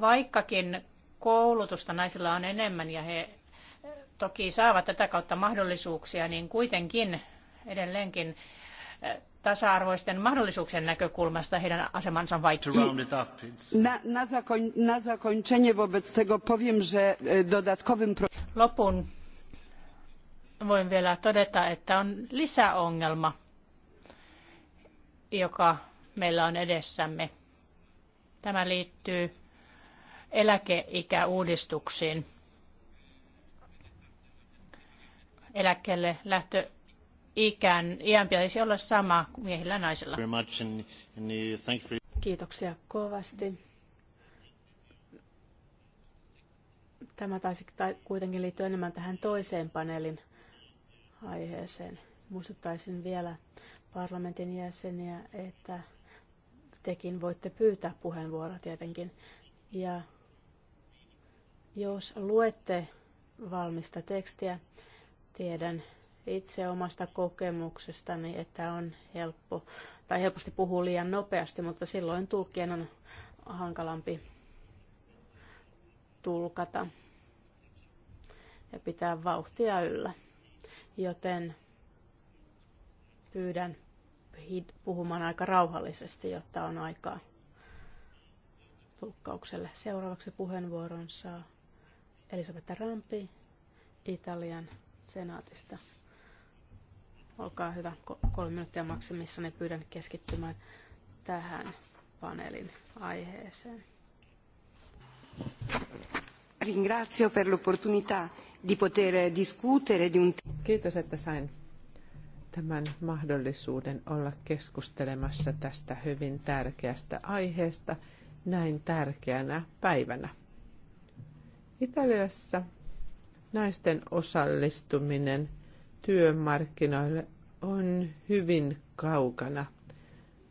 Vaikkakin koulutusta naisilla on enemmän ja he eh, toki saavat tätä kautta mahdollisuuksia, niin kuitenkin edelleenkin eh, tasa-arvoisten mahdollisuuksien näkökulmasta heidän asemansa on vaikea. Na, na, zakoń, na zakończenie wobec tego powiem, że e, dodatkowym... Lopun voin vielä todeta, että on lisäongelma, joka meillä on edessämme. Tämä liittyy eläkeikäuudistuksiin. Eläkkeelle lähtö ikään, iän pitäisi olla sama kuin miehillä ja naisilla. Uh, Kiitoksia kovasti. Tämä taisi kuitenkin liittyä enemmän tähän toiseen paneelin aiheeseen. Muistuttaisin vielä parlamentin jäseniä, että tekin voitte pyytää puheenvuoroa tietenkin. Ja jos luette valmista tekstiä, tiedän itse omasta kokemuksestani, että on helppo tai helposti puhuu liian nopeasti, mutta silloin tulkien on hankalampi tulkata ja pitää vauhtia yllä. Joten pyydän puhumaan aika rauhallisesti, jotta on aikaa tulkkaukselle. Seuraavaksi puheenvuoron saa Elisabetta Rampi Italian senaatista. Olkaa hyvä, kolme minuuttia maksimissa, niin pyydän keskittymään tähän paneelin aiheeseen. Ringrazio per l'opportunità di poter discutere di un... Kiitos, että sain tämän mahdollisuuden olla keskustelemassa tästä hyvin tärkeästä aiheesta näin tärkeänä päivänä. Italiassa naisten osallistuminen työmarkkinoille on hyvin kaukana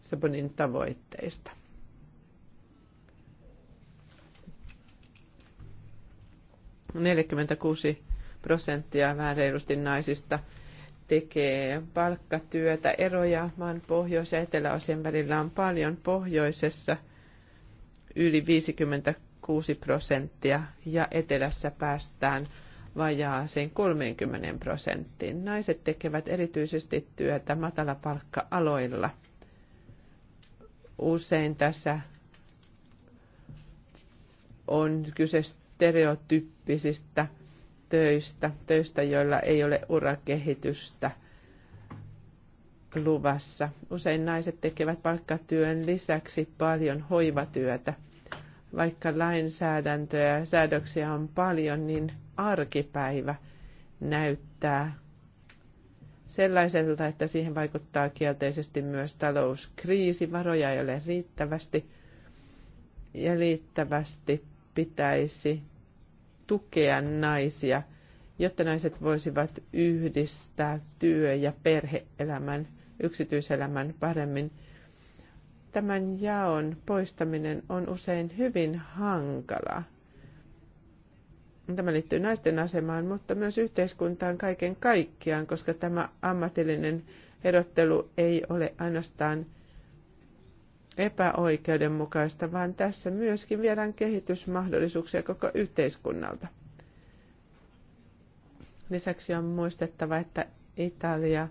Sabonin tavoitteista. Neljäkymmentäkuusi prosenttia vähän reilusti naisista tekee palkkatyötä. Eroja maan pohjois- ja eteläosien välillä on paljon. Pohjoisessa yli 50 6 prosenttia ja etelässä päästään vajaaseen 30 prosenttiin. Naiset tekevät erityisesti työtä matalapalkka-aloilla. Usein tässä on kyse stereotyyppisistä töistä, töistä, joilla ei ole urakehitystä luvassa. Usein naiset tekevät palkkatyön lisäksi paljon hoivatyötä – vaikka lainsäädäntöä ja säädöksiä on paljon, niin arkipäivä näyttää sellaiselta, että siihen vaikuttaa kielteisesti myös talouskriisi. Varoja ei ole riittävästi ja riittävästi pitäisi tukea naisia, jotta naiset voisivat yhdistää työ- ja perheelämän, yksityiselämän paremmin – tämän jaon poistaminen on usein hyvin hankala. Tämä liittyy naisten asemaan, mutta myös yhteiskuntaan kaiken kaikkiaan, koska tämä ammatillinen erottelu ei ole ainoastaan epäoikeudenmukaista, vaan tässä myöskin viedään kehitysmahdollisuuksia koko yhteiskunnalta. Lisäksi on muistettava, että Italia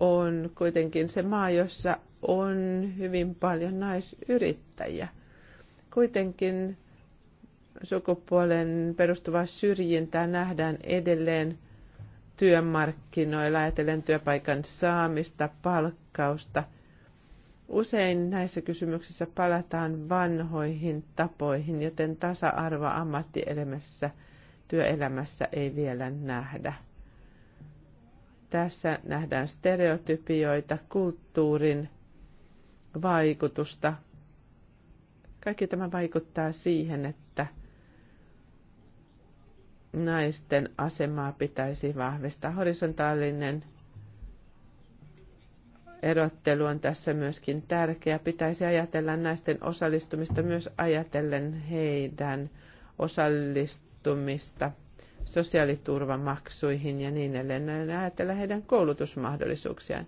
on kuitenkin se maa, jossa on hyvin paljon naisyrittäjiä. Kuitenkin sukupuolen perustuvaa syrjintää nähdään edelleen työmarkkinoilla, ajatellen työpaikan saamista, palkkausta. Usein näissä kysymyksissä palataan vanhoihin tapoihin, joten tasa-arvo ammattielämässä, työelämässä ei vielä nähdä. Tässä nähdään stereotypioita, kulttuurin vaikutusta. Kaikki tämä vaikuttaa siihen, että naisten asemaa pitäisi vahvistaa. Horisontaalinen erottelu on tässä myöskin tärkeä. Pitäisi ajatella naisten osallistumista myös ajatellen heidän osallistumista – sosiaaliturvamaksuihin ja niin edelleen, ja ajatella heidän koulutusmahdollisuuksiaan.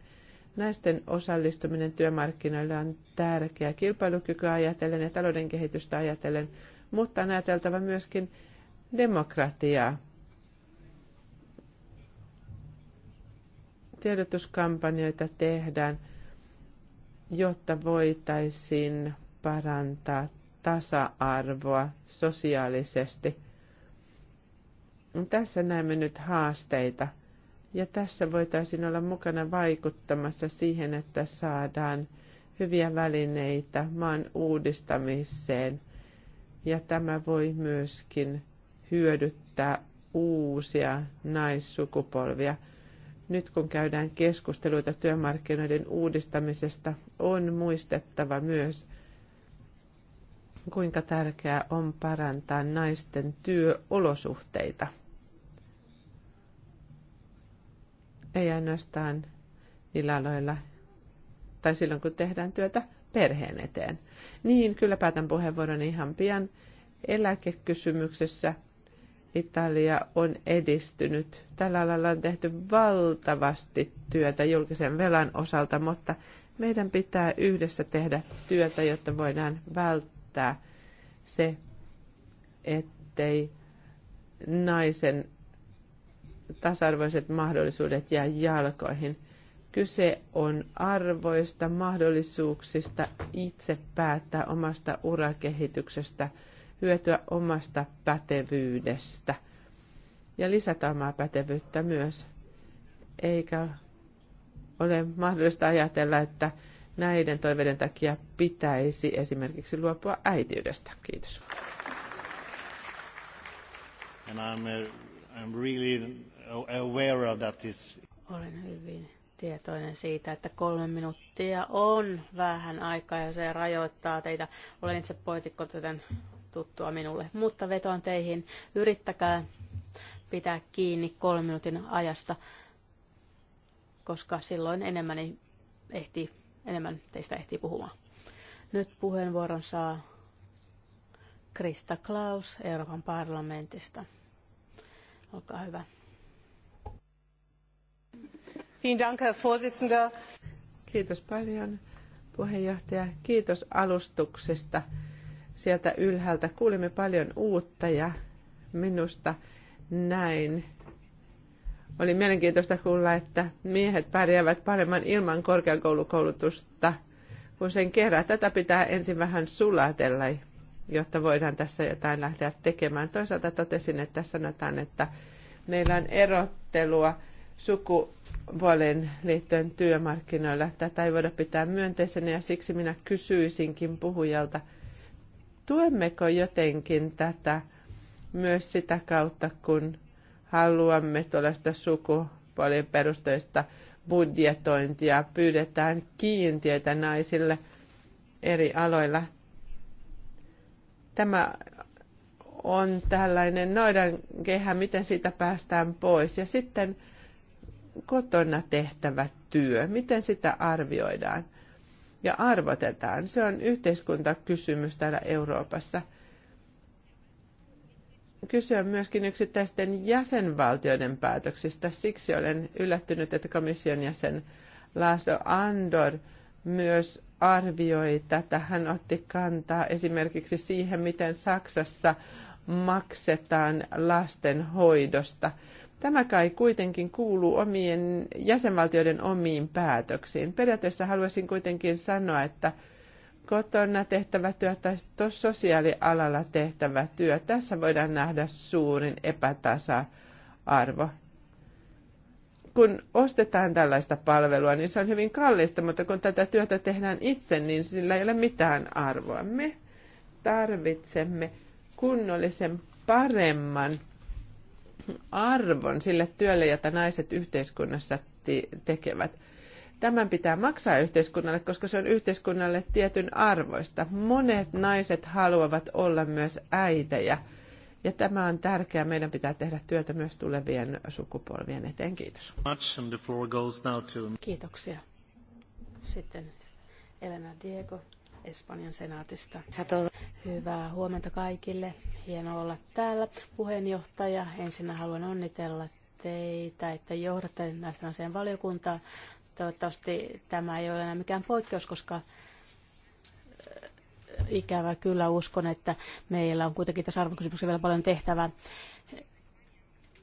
Naisten osallistuminen työmarkkinoille on tärkeää kilpailukykyä ajatellen ja talouden kehitystä ajatellen, mutta on ajateltava myöskin demokratiaa. Tiedotuskampanjoita tehdään, jotta voitaisiin parantaa tasa-arvoa sosiaalisesti – tässä näemme nyt haasteita ja tässä voitaisiin olla mukana vaikuttamassa siihen, että saadaan hyviä välineitä maan uudistamiseen. Ja tämä voi myöskin hyödyttää uusia naissukupolvia. Nyt kun käydään keskusteluita työmarkkinoiden uudistamisesta, on muistettava myös, kuinka tärkeää on parantaa naisten työolosuhteita – Ei ainoastaan niillä aloilla, tai silloin kun tehdään työtä perheen eteen. Niin, kyllä päätän puheenvuoron ihan pian. Eläkekysymyksessä Italia on edistynyt. Tällä alalla on tehty valtavasti työtä julkisen velan osalta, mutta meidän pitää yhdessä tehdä työtä, jotta voidaan välttää se, ettei naisen tasa-arvoiset mahdollisuudet jää jalkoihin. Kyse on arvoista, mahdollisuuksista itse päättää omasta urakehityksestä, hyötyä omasta pätevyydestä ja lisätä omaa pätevyyttä myös. Eikä ole mahdollista ajatella, että näiden toiveiden takia pitäisi esimerkiksi luopua äitiydestä. Kiitos. And I'm, uh, I'm really aware that is... Olen hyvin tietoinen siitä, että kolme minuuttia on vähän aikaa ja se rajoittaa teitä. Olen itse poitikko, joten tuttua minulle. Mutta vetoan teihin, yrittäkää pitää kiinni kolmen minuutin ajasta, koska silloin enemmän, ehtii, enemmän teistä ehtii puhumaan. Nyt puheenvuoron saa Krista Klaus Euroopan parlamentista. Olkaa hyvä. Kiitos paljon puheenjohtaja. Kiitos alustuksesta. Sieltä ylhäältä kuulimme paljon uutta ja minusta näin. Oli mielenkiintoista kuulla, että miehet pärjäävät paremman ilman korkeakoulukoulutusta kun sen kerää. Tätä pitää ensin vähän sulatella, jotta voidaan tässä jotain lähteä tekemään. Toisaalta totesin, että sanotaan, että meillä on erottelua sukupuolen liittyen työmarkkinoilla. Tätä ei voida pitää myönteisenä ja siksi minä kysyisinkin puhujalta, tuemmeko jotenkin tätä myös sitä kautta, kun haluamme tuollaista sukupuolen perusteista budjetointia, pyydetään kiintiöitä naisille eri aloilla. Tämä on tällainen noidan kehä, miten siitä päästään pois. Ja sitten kotona tehtävä työ, miten sitä arvioidaan ja arvotetaan. Se on yhteiskuntakysymys täällä Euroopassa. Kyse on myöskin yksittäisten jäsenvaltioiden päätöksistä. Siksi olen yllättynyt, että komission jäsen Laszlo Andor myös arvioi tätä. Hän otti kantaa esimerkiksi siihen, miten Saksassa maksetaan lastenhoidosta. hoidosta. Tämä kai kuitenkin kuuluu omien jäsenvaltioiden omiin päätöksiin. Periaatteessa haluaisin kuitenkin sanoa, että kotona tehtävä työ tai sosiaalialalla tehtävä työ, tässä voidaan nähdä suurin epätasa-arvo. Kun ostetaan tällaista palvelua, niin se on hyvin kallista, mutta kun tätä työtä tehdään itse, niin sillä ei ole mitään arvoa. Me tarvitsemme kunnollisen paremman arvon sille työlle, jota naiset yhteiskunnassa tekevät. Tämän pitää maksaa yhteiskunnalle, koska se on yhteiskunnalle tietyn arvoista. Monet naiset haluavat olla myös äitejä. Ja tämä on tärkeää. Meidän pitää tehdä työtä myös tulevien sukupolvien eteen. Kiitos. Kiitoksia. Sitten Elena Diego. Espanjan senaatista. Hyvää huomenta kaikille. Hienoa olla täällä. Puheenjohtaja, ensinnä haluan onnitella teitä, että johdatte näistä asian valiokuntaa. Toivottavasti tämä ei ole enää mikään poikkeus, koska äh, ikävä kyllä uskon, että meillä on kuitenkin tässä arvokysymyksessä vielä paljon tehtävää.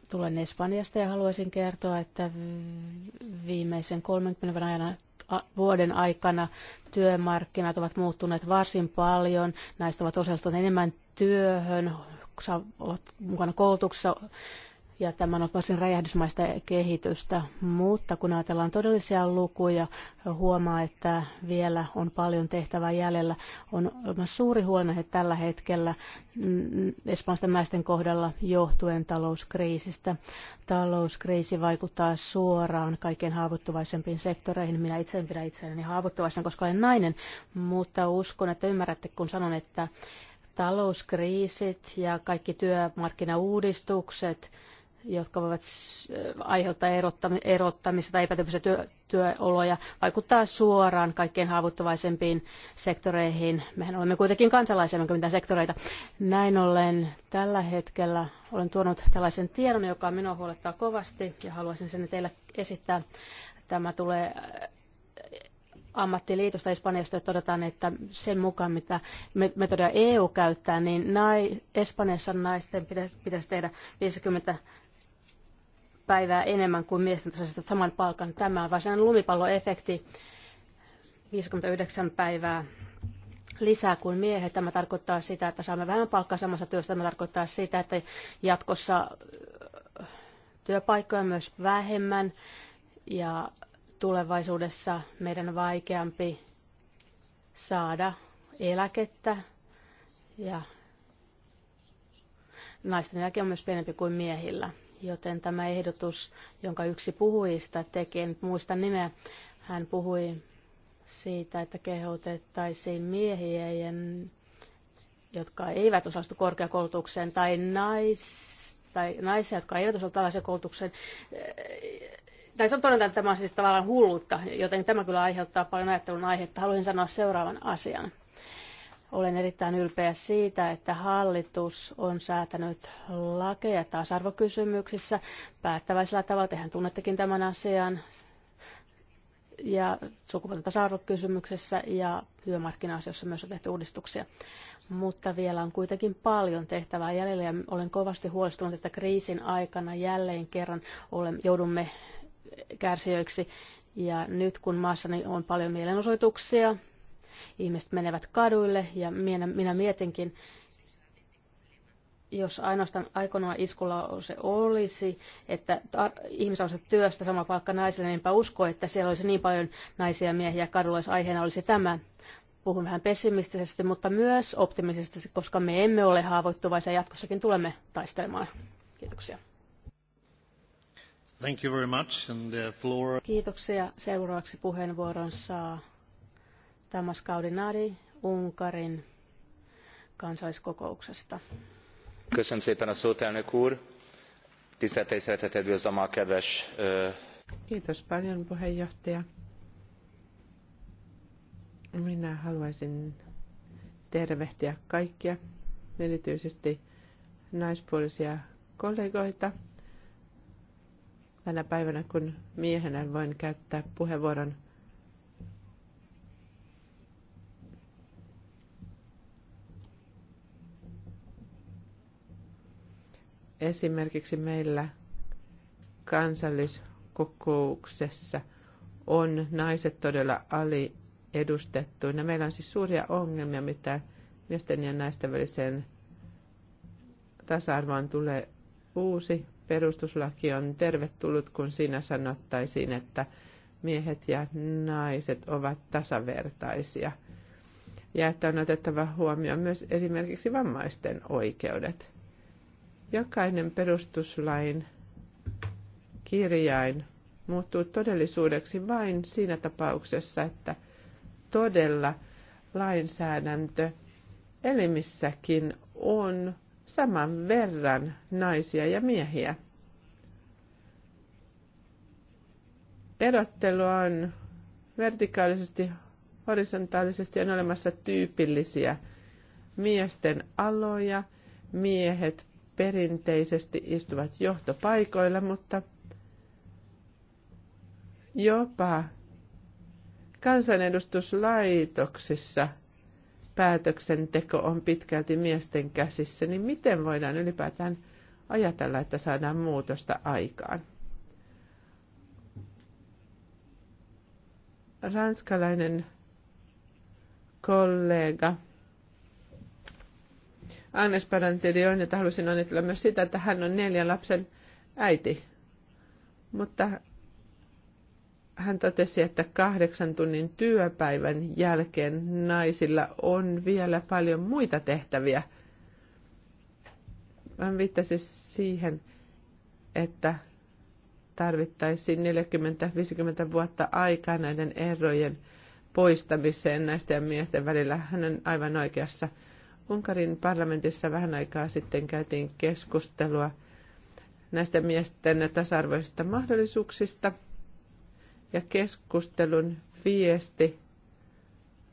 Tulen Espanjasta ja haluaisin kertoa, että viimeisen 30 ajan vuoden aikana työmarkkinat ovat muuttuneet varsin paljon. Naiset ovat osallistuneet enemmän työhön, ovat mukana koulutuksessa, ja tämä on varsin räjähdysmaista kehitystä, mutta kun ajatellaan todellisia lukuja, huomaa, että vielä on paljon tehtävää jäljellä. On olemassa suuri huolenaihe tällä hetkellä mm, espanjalaisten naisten kohdalla johtuen talouskriisistä. Talouskriisi vaikuttaa suoraan kaikkein haavoittuvaisempiin sektoreihin. Minä itse en pidä itseäni haavoittuvaisen, koska olen nainen, mutta uskon, että ymmärrätte, kun sanon, että talouskriisit ja kaikki työmarkkinauudistukset – jotka voivat äh, aiheuttaa erottamista tai epätyypillisiä työ, työoloja, vaikuttaa suoraan kaikkein haavoittuvaisempiin sektoreihin. Mehän olemme kuitenkin kansalaisia, emmekä mitään sektoreita. Näin ollen tällä hetkellä olen tuonut tällaisen tiedon, joka minua huolettaa kovasti ja haluaisin sen teille esittää. Tämä tulee äh, ammattiliitosta Espanjasta, että todetaan, että sen mukaan, mitä metodia EU käyttää, niin nai, Espanjassa naisten pitäisi, pitäisi tehdä 50 päivää enemmän kuin miesten tasoista saman palkan. Tämä on varsinainen lumipalloefekti. 59 päivää lisää kuin miehet. Tämä tarkoittaa sitä, että saamme vähän palkkaa samasta työstä. Tämä tarkoittaa sitä, että jatkossa äh, työpaikkoja myös vähemmän ja tulevaisuudessa meidän vaikeampi saada eläkettä ja naisten eläke on myös pienempi kuin miehillä joten tämä ehdotus, jonka yksi puhujista teki, en muista nimeä, hän puhui siitä, että kehotettaisiin miehiä, jotka eivät osallistu korkeakoulutukseen, tai, nais, tai naisia, jotka eivät osallistu tällaisen koulutukseen. Äh, tai sanotaan, että tämä on siis tavallaan hullutta, joten tämä kyllä aiheuttaa paljon ajattelun aihetta. Haluaisin sanoa seuraavan asian. Olen erittäin ylpeä siitä, että hallitus on säätänyt lakeja tasa-arvokysymyksissä päättäväisellä tavalla. Tehän tunnettekin tämän asian ja sukupuolten tasa-arvokysymyksessä ja työmarkkina-asioissa myös on tehty uudistuksia. Mutta vielä on kuitenkin paljon tehtävää jäljellä ja olen kovasti huolestunut, että kriisin aikana jälleen kerran olemme, joudumme kärsijöiksi. Ja nyt kun maassani on paljon mielenosoituksia, Ihmiset menevät kaduille ja minä, minä mietinkin, jos ainoastaan aikona iskulla se olisi, että ihmisosa työstä sama palkka naisille, niinpä usko, että siellä olisi niin paljon naisia ja miehiä kadulla, jos aiheena olisi tämä. Puhun vähän pessimistisesti, mutta myös optimistisesti, koska me emme ole haavoittuvaisia jatkossakin tulemme taistelemaan. Kiitoksia. Thank you very much. And the floor... Kiitoksia. Seuraavaksi puheenvuoron saa Tamas Kaudinari Unkarin kansalliskokouksesta. Köszönöm szépen a szót, elnök úr. Tisztelettel szeretettel üdvözlöm a kedves... Kiitos paljon, puheenjohtaja. Minä haluaisin tervehtiä kaikkia, erityisesti naispuolisia kollegoita. Tänä päivänä, kun miehenä voin käyttää puheenvuoron Esimerkiksi meillä kansalliskokouksessa on naiset todella aliedustettuina. Meillä on siis suuria ongelmia, mitä miesten ja naisten väliseen tasa-arvoon tulee uusi perustuslaki on tervetullut, kun siinä sanottaisiin, että miehet ja naiset ovat tasavertaisia. Ja että on otettava huomioon myös esimerkiksi vammaisten oikeudet. Jokainen perustuslain kirjain muuttuu todellisuudeksi vain siinä tapauksessa, että todella lainsäädäntö elimissäkin on saman verran naisia ja miehiä. Erottelu on vertikaalisesti, horisontaalisesti on olemassa tyypillisiä miesten aloja. Miehet perinteisesti istuvat johtopaikoilla, mutta jopa kansanedustuslaitoksissa päätöksenteko on pitkälti miesten käsissä, niin miten voidaan ylipäätään ajatella, että saadaan muutosta aikaan? Ranskalainen kollega Agnes on, että halusin onnitella myös sitä, että hän on neljän lapsen äiti. Mutta hän totesi, että kahdeksan tunnin työpäivän jälkeen naisilla on vielä paljon muita tehtäviä. Hän viittasi siihen, että tarvittaisiin 40-50 vuotta aikaa näiden erojen poistamiseen näisten ja miesten välillä. Hän on aivan oikeassa. Unkarin parlamentissa vähän aikaa sitten käytiin keskustelua näistä miesten tasa-arvoisista mahdollisuuksista. Ja keskustelun viesti,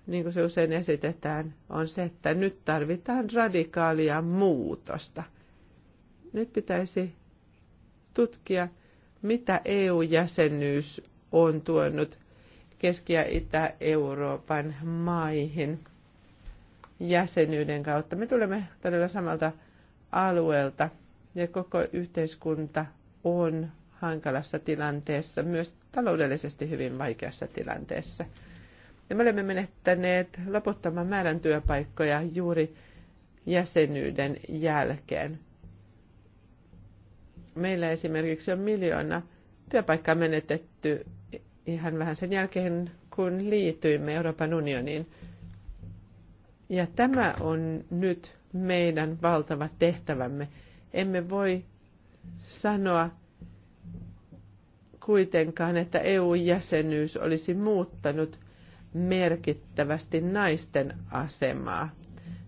niin kuin se usein esitetään, on se, että nyt tarvitaan radikaalia muutosta. Nyt pitäisi tutkia, mitä EU-jäsenyys on tuonut Keski- ja Itä-Euroopan maihin – jäsenyyden kautta. Me tulemme todella samalta alueelta ja koko yhteiskunta on hankalassa tilanteessa, myös taloudellisesti hyvin vaikeassa tilanteessa. Ja me olemme menettäneet loputtoman määrän työpaikkoja juuri jäsenyyden jälkeen. Meillä esimerkiksi on miljoona työpaikkaa menetetty ihan vähän sen jälkeen, kun liityimme Euroopan unioniin – ja tämä on nyt meidän valtava tehtävämme. Emme voi sanoa kuitenkaan, että EU-jäsenyys olisi muuttanut merkittävästi naisten asemaa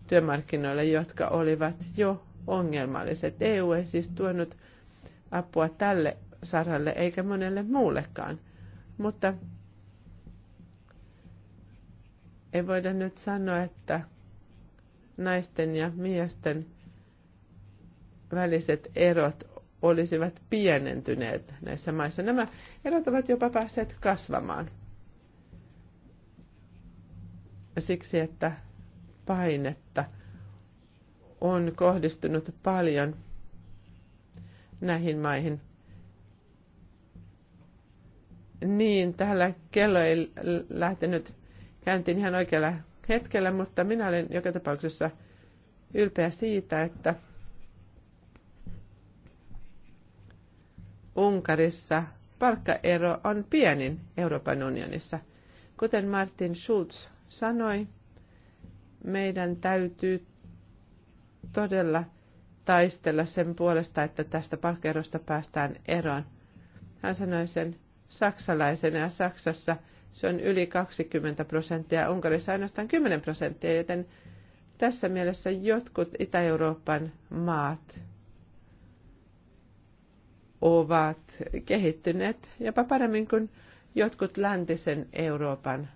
työmarkkinoille, jotka olivat jo ongelmalliset. EU ei siis tuonut apua tälle saralle eikä monelle muullekaan. Mutta ei voida nyt sanoa, että naisten ja miesten väliset erot olisivat pienentyneet näissä maissa. Nämä erot ovat jopa päässeet kasvamaan. Siksi, että painetta on kohdistunut paljon näihin maihin. Niin, täällä kello ei lähtenyt käyntiin ihan oikealla hetkellä, mutta minä olen joka tapauksessa ylpeä siitä, että Unkarissa palkkaero on pienin Euroopan unionissa. Kuten Martin Schulz sanoi, meidän täytyy todella taistella sen puolesta, että tästä palkkaerosta päästään eroon. Hän sanoi sen saksalaisena ja Saksassa – se on yli 20 prosenttia, Unkarissa ainoastaan 10 prosenttia, joten tässä mielessä jotkut Itä-Euroopan maat ovat kehittyneet jopa paremmin kuin jotkut läntisen Euroopan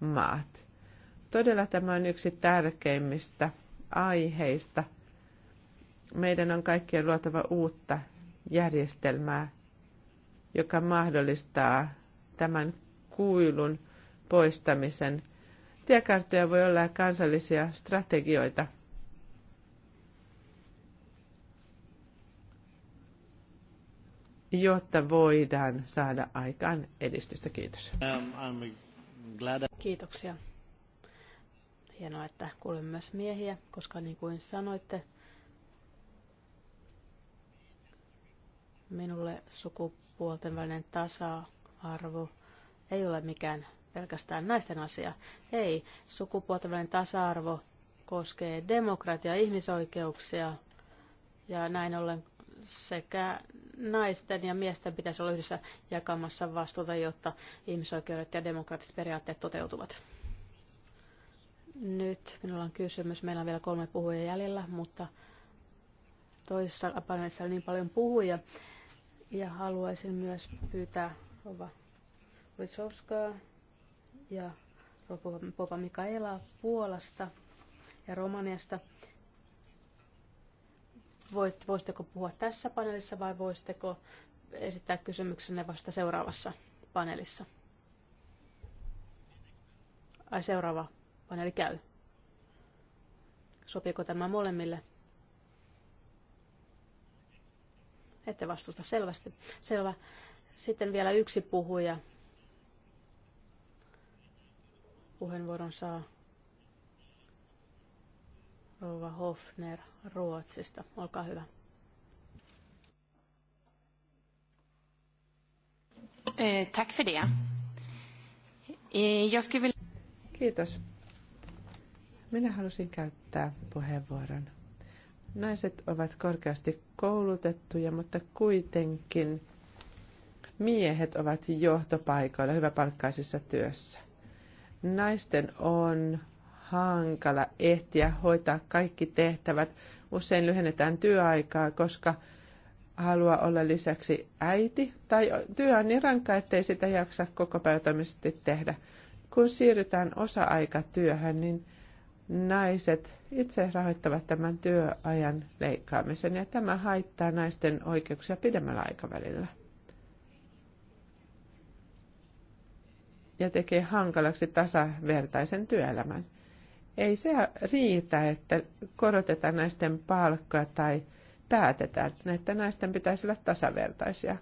maat. Todella tämä on yksi tärkeimmistä aiheista. Meidän on kaikkien luotava uutta järjestelmää, joka mahdollistaa tämän kuilun poistamisen. Tiekarttoja voi olla kansallisia strategioita. jotta voidaan saada aikaan edistystä. Kiitos. Um, Kiitoksia. Hienoa, että kuulemme myös miehiä, koska niin kuin sanoitte, minulle sukupuolten välinen tasa-arvo ei ole mikään pelkästään naisten asia. Ei, sukupuolten välinen tasa-arvo koskee demokratiaa, ihmisoikeuksia ja näin ollen sekä naisten ja miesten pitäisi olla yhdessä jakamassa vastuuta, jotta ihmisoikeudet ja demokraattiset periaatteet toteutuvat. Nyt minulla on kysymys. Meillä on vielä kolme puhujaa jäljellä, mutta toisessa paneelissa on niin paljon puhuja. Ja haluaisin myös pyytää Vychovskaa ja Popa Mikaela Puolasta ja Romaniasta. Voit, voisitteko puhua tässä paneelissa vai voisitteko esittää kysymyksenne vasta seuraavassa paneelissa? Ai seuraava paneeli käy. Sopiiko tämä molemmille? Ette vastusta selvästi. Selvä. Sitten vielä yksi puhuja Puheenvuoron saa Rova Hofner Ruotsista. Olkaa hyvä. Eh, tack för det. Eh, jag skulle vilja... Kiitos. Minä halusin käyttää puheenvuoron. Naiset ovat korkeasti koulutettuja, mutta kuitenkin miehet ovat johtopaikoilla hyväpalkkaisessa työssä. Naisten on hankala ehtiä hoitaa kaikki tehtävät. Usein lyhennetään työaikaa, koska halua olla lisäksi äiti tai työ on niin rankka, ettei sitä jaksa päätömisesti tehdä. Kun siirrytään osa-aikatyöhön, niin naiset itse rahoittavat tämän työajan leikkaamisen ja tämä haittaa naisten oikeuksia pidemmällä aikavälillä. ja tekee hankalaksi tasavertaisen työelämän. Ei se riitä, että korotetaan naisten palkkaa tai päätetään, että naisten pitäisi olla tasavertaisia.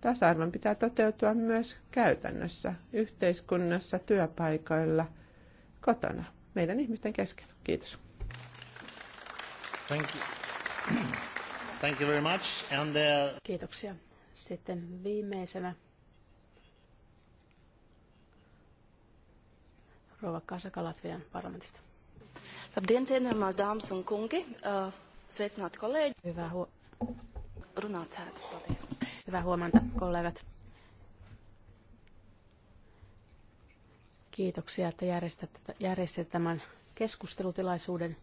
Tasa-arvon pitää toteutua myös käytännössä, yhteiskunnassa, työpaikoilla, kotona, meidän ihmisten kesken. Kiitos. Thank you. Thank you very much. And the... Uh, Kiitoksia. Sitten viimeisenä Rova Kasaka Latvian parlamentista. Labdien, cienījamās dāmas un kungi, uh, sveicināti kolēģi. Hyvää huo... Runāt sēdus, Hyvää huomenta, kollegat. Kiitoksia, että järjestit tämän keskustelutilaisuuden.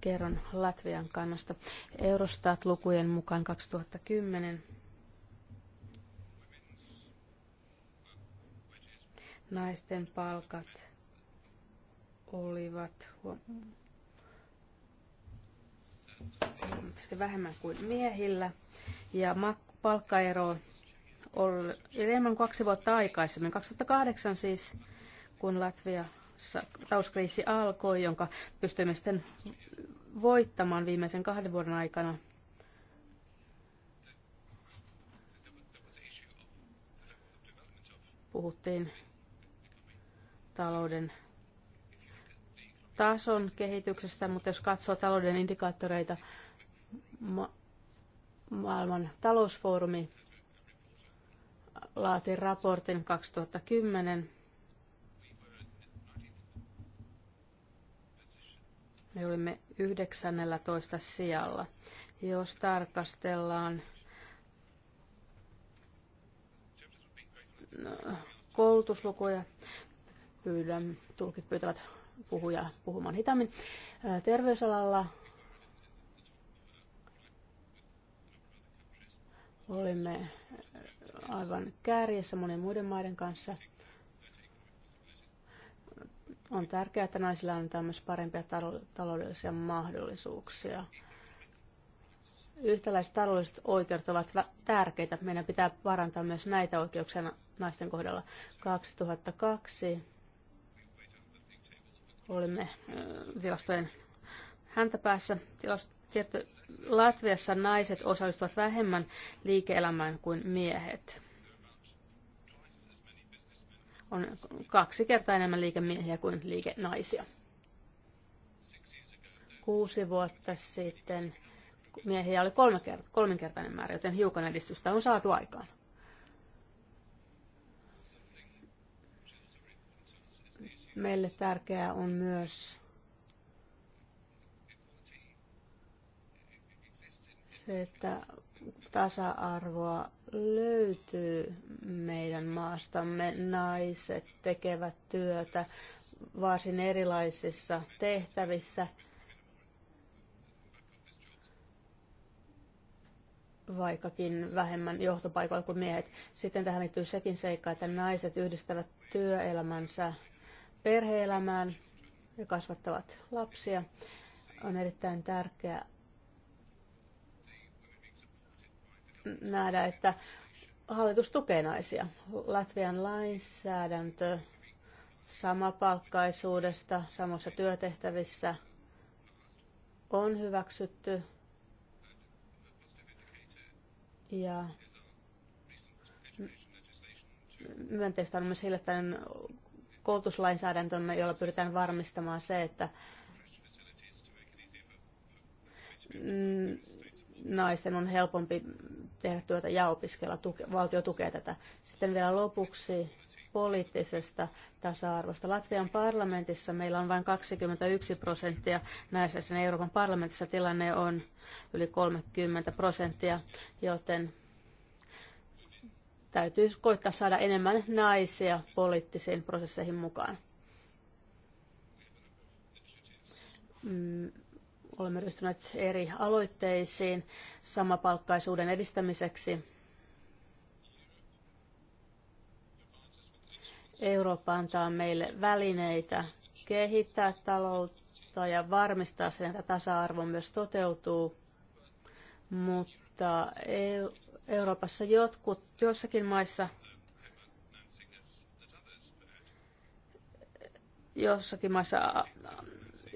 Kerron Latvian kannasta. Eurostat-lukujen mukaan 2010 naisten palkat – olivat huomattavasti vähemmän kuin miehillä. Ja palkkaero oli enemmän kuin kaksi vuotta aikaisemmin. 2008 siis, kun Latvia talouskriisi alkoi, jonka pystyimme sitten voittamaan viimeisen kahden vuoden aikana. Puhuttiin talouden tason kehityksestä, mutta jos katsoo talouden indikaattoreita, ma- maailman talousfoorumi laati raportin 2010. Me olimme 19. sijalla. Jos tarkastellaan no, koulutuslukuja, pyydän, tulkit pyytävät puhuja puhumaan hitaammin. Terveysalalla olimme aivan kärjessä monen muiden maiden kanssa. On tärkeää, että naisilla on myös parempia taloudellisia mahdollisuuksia. Yhtäläiset taloudelliset oikeudet ovat tärkeitä. Meidän pitää parantaa myös näitä oikeuksia naisten kohdalla. 2002 Olemme tilastojen häntä päässä. Tietty, Latviassa naiset osallistuvat vähemmän liike-elämään kuin miehet. On kaksi kertaa enemmän liikemiehiä kuin liikenaisia. Kuusi vuotta sitten miehiä oli kolme kert- kolminkertainen määrä, joten hiukan edistystä on saatu aikaan. Meille tärkeää on myös se, että tasa-arvoa löytyy meidän maastamme. Naiset tekevät työtä varsin erilaisissa tehtävissä. vaikkakin vähemmän johtopaikoilla kuin miehet. Sitten tähän liittyy sekin seikka, että naiset yhdistävät työelämänsä perheelämään ja kasvattavat lapsia. On erittäin tärkeää nähdä, että hallitus tukee naisia. Latvian lainsäädäntö samapalkkaisuudesta samassa työtehtävissä on hyväksytty ja myönteistä on myös hiljattainen koulutuslainsäädäntömme, jolla pyritään varmistamaan se, että mm, naisten on helpompi tehdä työtä ja opiskella. Tuke, valtio tukee tätä. Sitten vielä lopuksi poliittisesta tasa-arvosta. Latvian parlamentissa meillä on vain 21 prosenttia naisessa. Euroopan parlamentissa tilanne on yli 30 prosenttia, joten Täytyy koittaa saada enemmän naisia poliittisiin prosesseihin mukaan. Mm, olemme ryhtyneet eri aloitteisiin samapalkkaisuuden edistämiseksi. Eurooppa antaa meille välineitä kehittää taloutta ja varmistaa sen, että tasa-arvo myös toteutuu, mutta EU, Euroopassa jotkut, joissakin maissa, jossakin maissa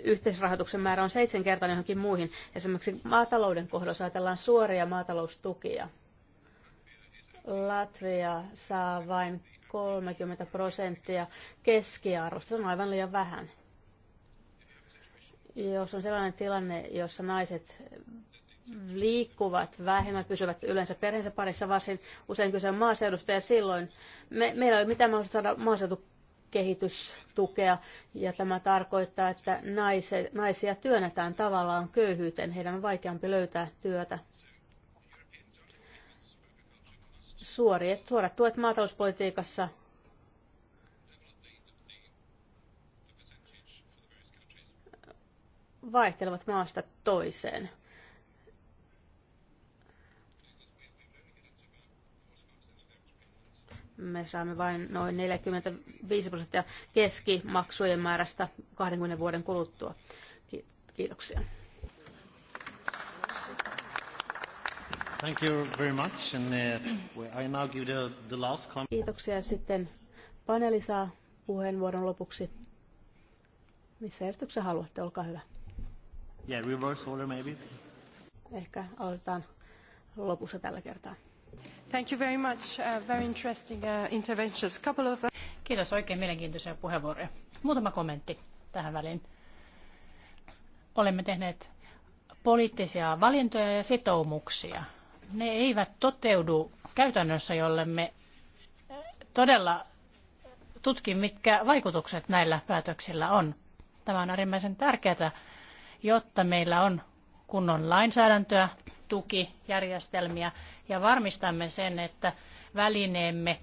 yhteisrahoituksen määrä on seitsemänkertainen johonkin muihin. Esimerkiksi maatalouden kohdassa ajatellaan suoria maataloustukia. Latvia saa vain 30 prosenttia keskiarvosta. Se on aivan liian vähän. Jos on sellainen tilanne, jossa naiset liikkuvat vähemmän, pysyvät yleensä perheensä parissa varsin usein kyse on maaseudusta ja silloin me, meillä ei ole mitään mahdollisuutta saada maaseutukehitystukea ja tämä tarkoittaa, että naise, naisia työnnetään tavallaan köyhyyteen, heidän on vaikeampi löytää työtä. Suoriet, suorat tuet maatalouspolitiikassa vaihtelevat maasta toiseen. me saamme vain noin 45 prosenttia keskimaksujen määrästä 20 vuoden kuluttua. Kiitoksia. Thank you very much. And, uh, I now give the, the last comment. Kiitoksia. Sitten paneeli saa puheenvuoron lopuksi. Missä ehdotuksessa haluatte? Olkaa hyvä. Yeah, reverse order maybe. Ehkä aloitetaan lopussa tällä kertaa. Kiitos oikein mielenkiintoisia puheenvuoroja. Muutama kommentti tähän väliin. Olemme tehneet poliittisia valintoja ja sitoumuksia. Ne eivät toteudu käytännössä, jollemme eh, todella tutki, mitkä vaikutukset näillä päätöksillä on. Tämä on äärimmäisen tärkeää, jotta meillä on kunnon lainsäädäntöä, tukijärjestelmiä ja varmistamme sen, että välineemme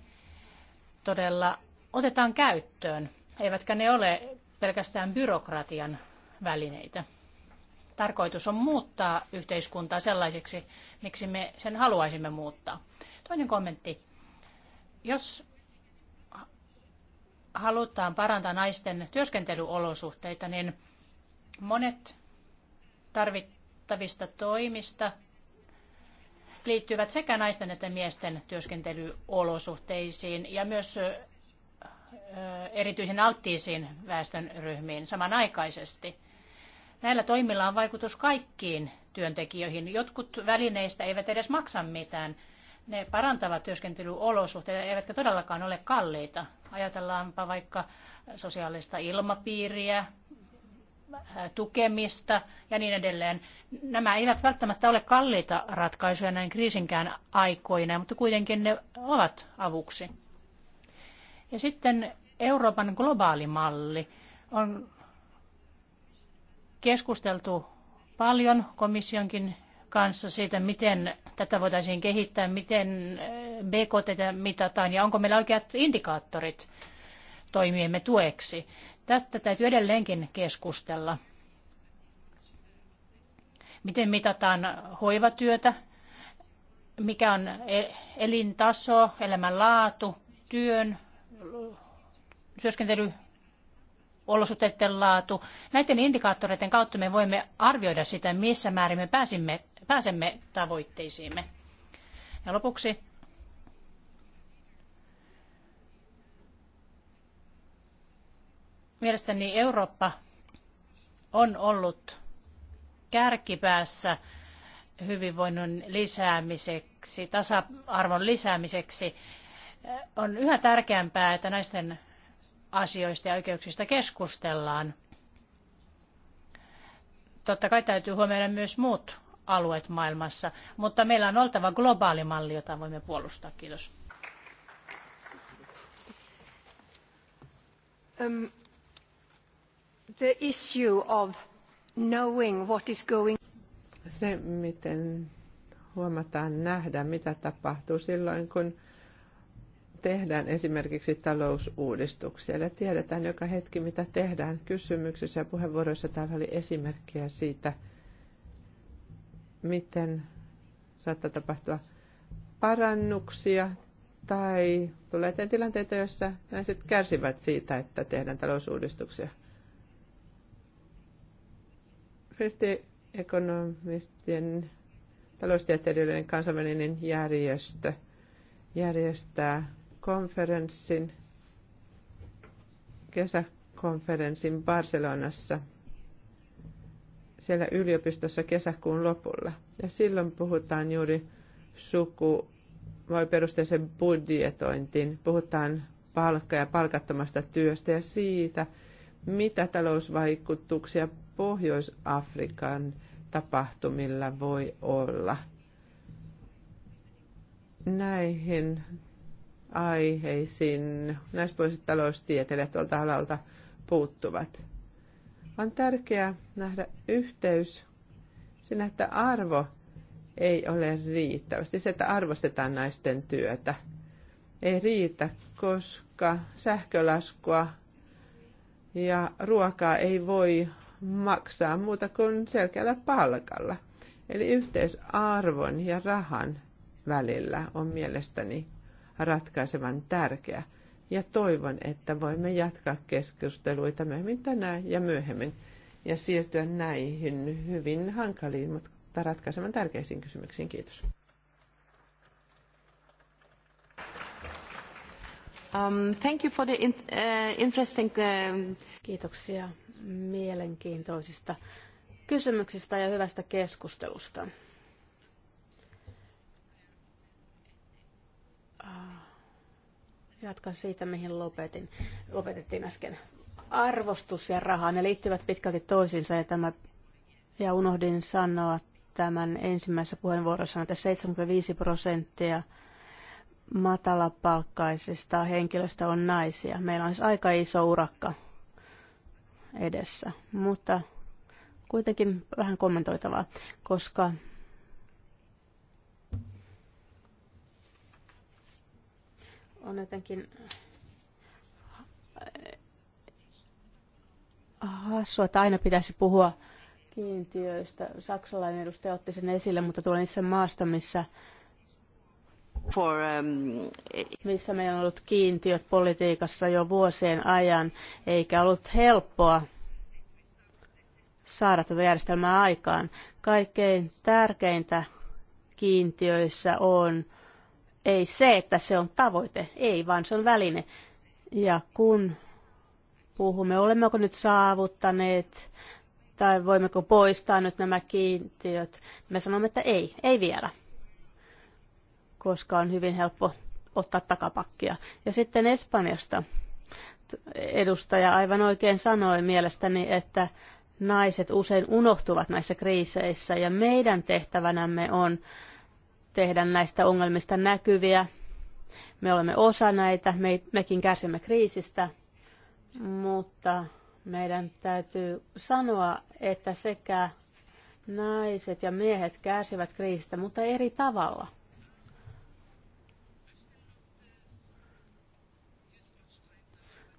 todella otetaan käyttöön, eivätkä ne ole pelkästään byrokratian välineitä. Tarkoitus on muuttaa yhteiskuntaa sellaiseksi, miksi me sen haluaisimme muuttaa. Toinen kommentti. Jos halutaan parantaa naisten työskentelyolosuhteita, niin monet tarvitsevat vaikuttavista toimista liittyvät sekä naisten että miesten työskentelyolosuhteisiin ja myös erityisen alttiisiin väestönryhmiin samanaikaisesti. Näillä toimilla on vaikutus kaikkiin työntekijöihin. Jotkut välineistä eivät edes maksa mitään. Ne parantavat työskentelyolosuhteita, eivätkä todellakaan ole kalliita. Ajatellaanpa vaikka sosiaalista ilmapiiriä, tukemista ja niin edelleen. Nämä eivät välttämättä ole kalliita ratkaisuja näin kriisinkään aikoina, mutta kuitenkin ne ovat avuksi. Ja sitten Euroopan globaali malli on keskusteltu paljon komissionkin kanssa siitä, miten tätä voitaisiin kehittää, miten BKT mitataan ja onko meillä oikeat indikaattorit toimiemme tueksi. Tästä täytyy edelleenkin keskustella. Miten mitataan hoivatyötä, mikä on e- elintaso, elämänlaatu, työn, työskentely, olosuhteiden laatu. Näiden indikaattoreiden kautta me voimme arvioida sitä, missä määrin me pääsimme, pääsemme tavoitteisiimme. Ja lopuksi Mielestäni Eurooppa on ollut kärkipäässä hyvinvoinnin lisäämiseksi, tasa-arvon lisäämiseksi. On yhä tärkeämpää, että naisten asioista ja oikeuksista keskustellaan. Totta kai täytyy huomioida myös muut alueet maailmassa, mutta meillä on oltava globaali malli, jota voimme puolustaa. Kiitos. Um, the issue of knowing what is going se, miten huomataan nähdä, mitä tapahtuu silloin, kun tehdään esimerkiksi talousuudistuksia. Ja tiedetään joka hetki, mitä tehdään. Kysymyksissä ja puheenvuoroissa täällä oli esimerkkejä siitä, miten saattaa tapahtua parannuksia tai tulee eteen tilanteita, joissa naiset kärsivät siitä, että tehdään talousuudistuksia. Kristiekonomistien taloustieteilijöiden kansainvälinen järjestö järjestää konferenssin, kesäkonferenssin Barcelonassa siellä yliopistossa kesäkuun lopulla. Ja silloin puhutaan juuri suku voi perusteisen budjetointiin. Puhutaan palkka- ja palkattomasta työstä ja siitä, mitä talousvaikutuksia Pohjois-Afrikan tapahtumilla voi olla näihin aiheisiin naispuoliset taloustieteilijät tuolta alalta puuttuvat. On tärkeää nähdä yhteys sinä että arvo ei ole riittävästi. Se, että arvostetaan naisten työtä, ei riitä, koska sähkölaskua ja ruokaa ei voi maksaa muuta kuin selkeällä palkalla. Eli yhteisarvon ja rahan välillä on mielestäni ratkaisevan tärkeä. Ja toivon, että voimme jatkaa keskusteluita myöhemmin tänään ja myöhemmin ja siirtyä näihin hyvin hankaliin, mutta ratkaisevan tärkeisiin kysymyksiin. Kiitos. Um, thank you for the in, uh, interesting... um... Kiitoksia mielenkiintoisista kysymyksistä ja hyvästä keskustelusta. Jatkan siitä, mihin lopetin. lopetettiin äsken. Arvostus ja raha, ne liittyvät pitkälti toisiinsa ja, tämä, ja unohdin sanoa tämän ensimmäisessä puheenvuorossa, että 75 prosenttia matalapalkkaisista henkilöistä on naisia. Meillä on siis aika iso urakka edessä. Mutta kuitenkin vähän kommentoitavaa, koska on jotenkin hassua, että aina pitäisi puhua kiintiöistä. Saksalainen edustaja otti sen esille, mutta tulen itse maasta, missä Um, missä meillä on ollut kiintiöt politiikassa jo vuosien ajan, eikä ollut helppoa saada tätä järjestelmää aikaan. Kaikkein tärkeintä kiintiöissä on ei se, että se on tavoite, ei, vaan se on väline. Ja kun puhumme, olemmeko nyt saavuttaneet tai voimmeko poistaa nyt nämä kiintiöt, me sanomme, että ei, ei vielä koska on hyvin helppo ottaa takapakkia. Ja sitten Espanjasta edustaja aivan oikein sanoi mielestäni, että naiset usein unohtuvat näissä kriiseissä ja meidän tehtävänämme on tehdä näistä ongelmista näkyviä. Me olemme osa näitä, me, mekin kärsimme kriisistä, mutta meidän täytyy sanoa, että sekä naiset ja miehet kärsivät kriisistä, mutta eri tavalla –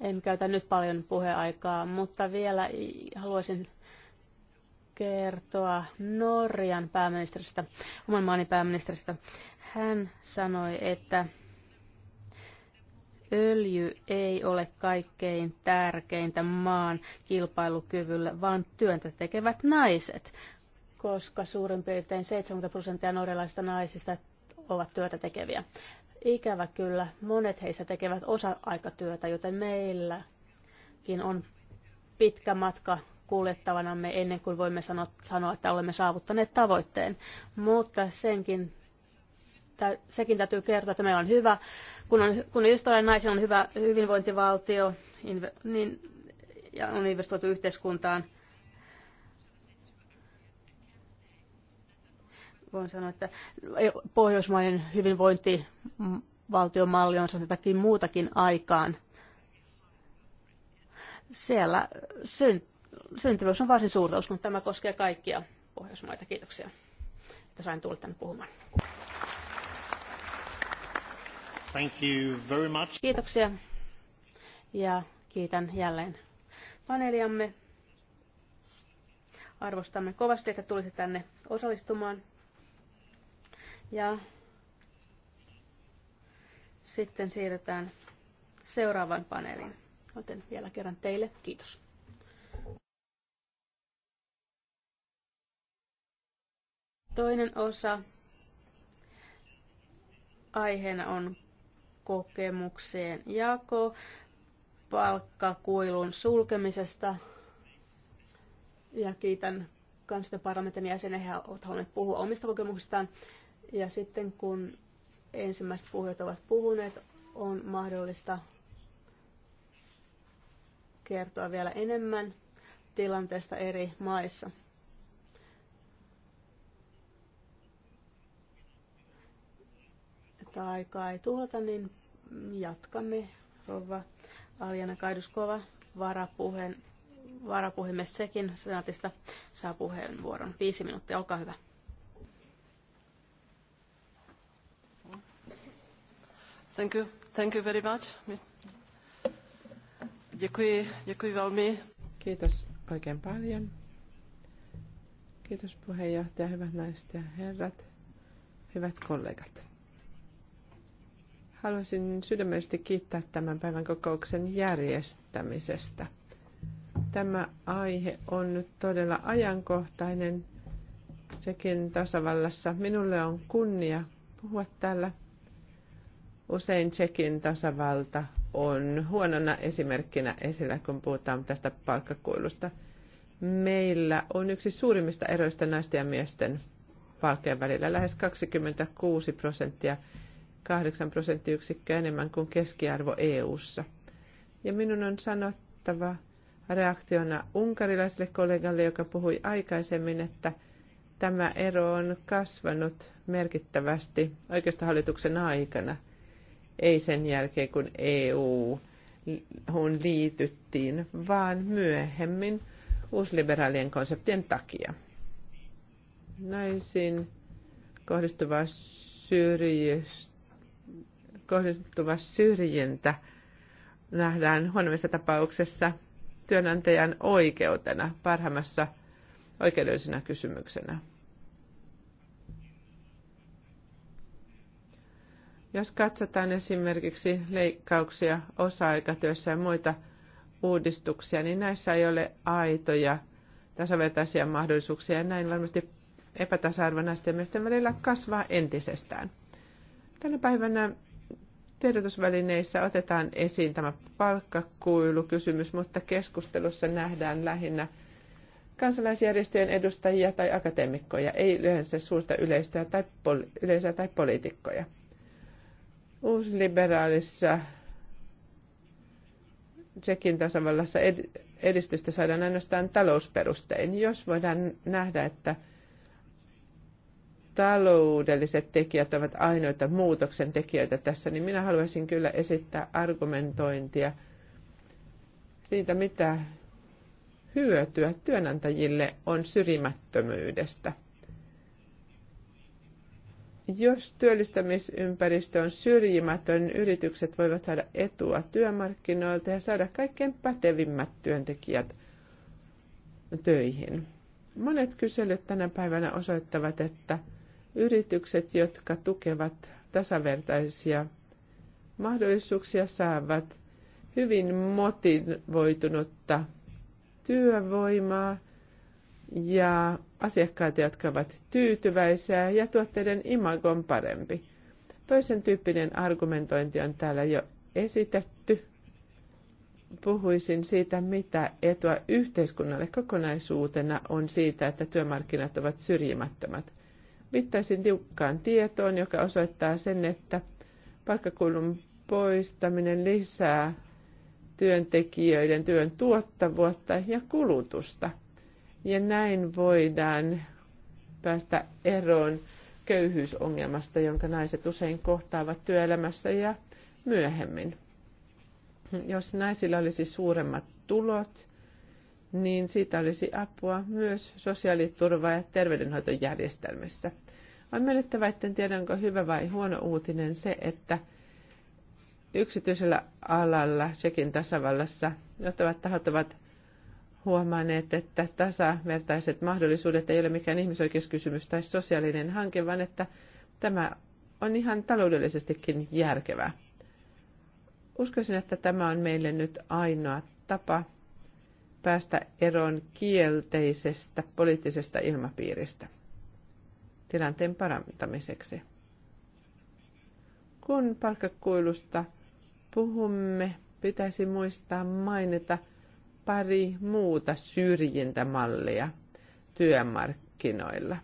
En käytä nyt paljon puheaikaa, mutta vielä haluaisin kertoa Norjan pääministeristä, oman maani pääministeristä. Hän sanoi, että öljy ei ole kaikkein tärkeintä maan kilpailukyvylle, vaan työntä tekevät naiset, koska suurin piirtein 70 prosenttia norjalaisista naisista ovat työtä tekeviä. Ikävä kyllä, monet heistä tekevät osa-aikatyötä, joten meilläkin on pitkä matka kuljettavanamme ennen kuin voimme sanoa, että olemme saavuttaneet tavoitteen. Mutta senkin, sekin täytyy kertoa, että meillä on hyvä, kun, on, kun Israelin naisen on hyvä hyvinvointivaltio niin, ja on investoitu yhteiskuntaan – voin sanoa, että pohjoismainen hyvinvointivaltiomalli on saanut jotakin muutakin aikaan. Siellä syn, syntyvyys on varsin suurta, uskon, että tämä koskee kaikkia Pohjoismaita. Kiitoksia, että sain tulla tänne puhumaan. Thank you very much. Kiitoksia ja kiitän jälleen paneeliamme. Arvostamme kovasti, että tulitte tänne osallistumaan. Ja sitten siirrytään seuraavaan paneeliin. Joten vielä kerran teille kiitos. Toinen osa aiheena on kokemuksien jako palkkakuilun sulkemisesta. Ja kiitän parlamentin jäsenen, he ovat halunneet puhua omista kokemuksistaan. Ja sitten kun ensimmäiset puhujat ovat puhuneet, on mahdollista kertoa vielä enemmän tilanteesta eri maissa. Että aikaa ei tuhlata, niin jatkamme. Rova Aljana Kaiduskova, varapuheen, varapuhemies sekin senaatista, saa puheenvuoron. Viisi minuuttia, olkaa hyvä. Kiitos oikein paljon. Kiitos puheenjohtaja, hyvät naiset ja herrat, hyvät kollegat. Haluaisin sydämellisesti kiittää tämän päivän kokouksen järjestämisestä. Tämä aihe on nyt todella ajankohtainen sekin tasavallassa. Minulle on kunnia puhua täällä Usein Tsekin tasavalta on huonona esimerkkinä esillä, kun puhutaan tästä palkkakuilusta. Meillä on yksi suurimmista eroista naisten ja miesten palkkojen välillä, lähes 26 prosenttia, 8 prosenttiyksikköä enemmän kuin keskiarvo EU:ssa. Ja minun on sanottava reaktiona unkarilaiselle kollegalle, joka puhui aikaisemmin, että tämä ero on kasvanut merkittävästi hallituksen aikana – ei sen jälkeen kun EU liityttiin, vaan myöhemmin uusliberaalien konseptien takia. Naisiin kohdistuva, syrj. kohdistuva syrjintä nähdään huonommissa tapauksessa työnantajan oikeutena, parhaimmassa oikeudellisena kysymyksenä. Jos katsotaan esimerkiksi leikkauksia osa-aikatyössä ja muita uudistuksia, niin näissä ei ole aitoja tasavertaisia mahdollisuuksia ja näin varmasti epätasa-arvo miesten välillä kasvaa entisestään. Tänä päivänä tiedotusvälineissä otetaan esiin tämä palkkakuilukysymys, mutta keskustelussa nähdään lähinnä kansalaisjärjestöjen edustajia tai akateemikkoja, ei yleensä suurta yleisöä tai, poli- yleisöä tai poliitikkoja uusliberaalissa Tsekin tasavallassa edistystä saadaan ainoastaan talousperustein. Jos voidaan nähdä, että taloudelliset tekijät ovat ainoita muutoksen tekijöitä tässä, niin minä haluaisin kyllä esittää argumentointia siitä, mitä hyötyä työnantajille on syrjimättömyydestä – jos työllistämisympäristö on syrjimätön, yritykset voivat saada etua työmarkkinoilta ja saada kaikkein pätevimmät työntekijät töihin. Monet kyselyt tänä päivänä osoittavat, että yritykset, jotka tukevat tasavertaisia mahdollisuuksia, saavat hyvin motivoitunutta työvoimaa ja asiakkaita, jotka ovat tyytyväisiä ja tuotteiden imago on parempi. Toisen tyyppinen argumentointi on täällä jo esitetty. Puhuisin siitä, mitä etua yhteiskunnalle kokonaisuutena on siitä, että työmarkkinat ovat syrjimättömät. Vittaisin tiukkaan tietoon, joka osoittaa sen, että palkkakulun poistaminen lisää työntekijöiden työn tuottavuutta ja kulutusta – ja näin voidaan päästä eroon köyhyysongelmasta, jonka naiset usein kohtaavat työelämässä ja myöhemmin. Jos naisilla olisi suuremmat tulot, niin siitä olisi apua myös sosiaaliturva- ja terveydenhoitojärjestelmissä. On myönnettävä, että en tiedä, onko hyvä vai huono uutinen se, että yksityisellä alalla Tsekin tasavallassa johtavat tahot ovat huomanneet, että tasavertaiset mahdollisuudet ei ole mikään ihmisoikeuskysymys tai sosiaalinen hanke, vaan että tämä on ihan taloudellisestikin järkevää. Uskoisin, että tämä on meille nyt ainoa tapa päästä eroon kielteisestä poliittisesta ilmapiiristä tilanteen parantamiseksi. Kun palkkakuilusta puhumme, pitäisi muistaa mainita – pari muuta syrjintämallia työmarkkinoilla.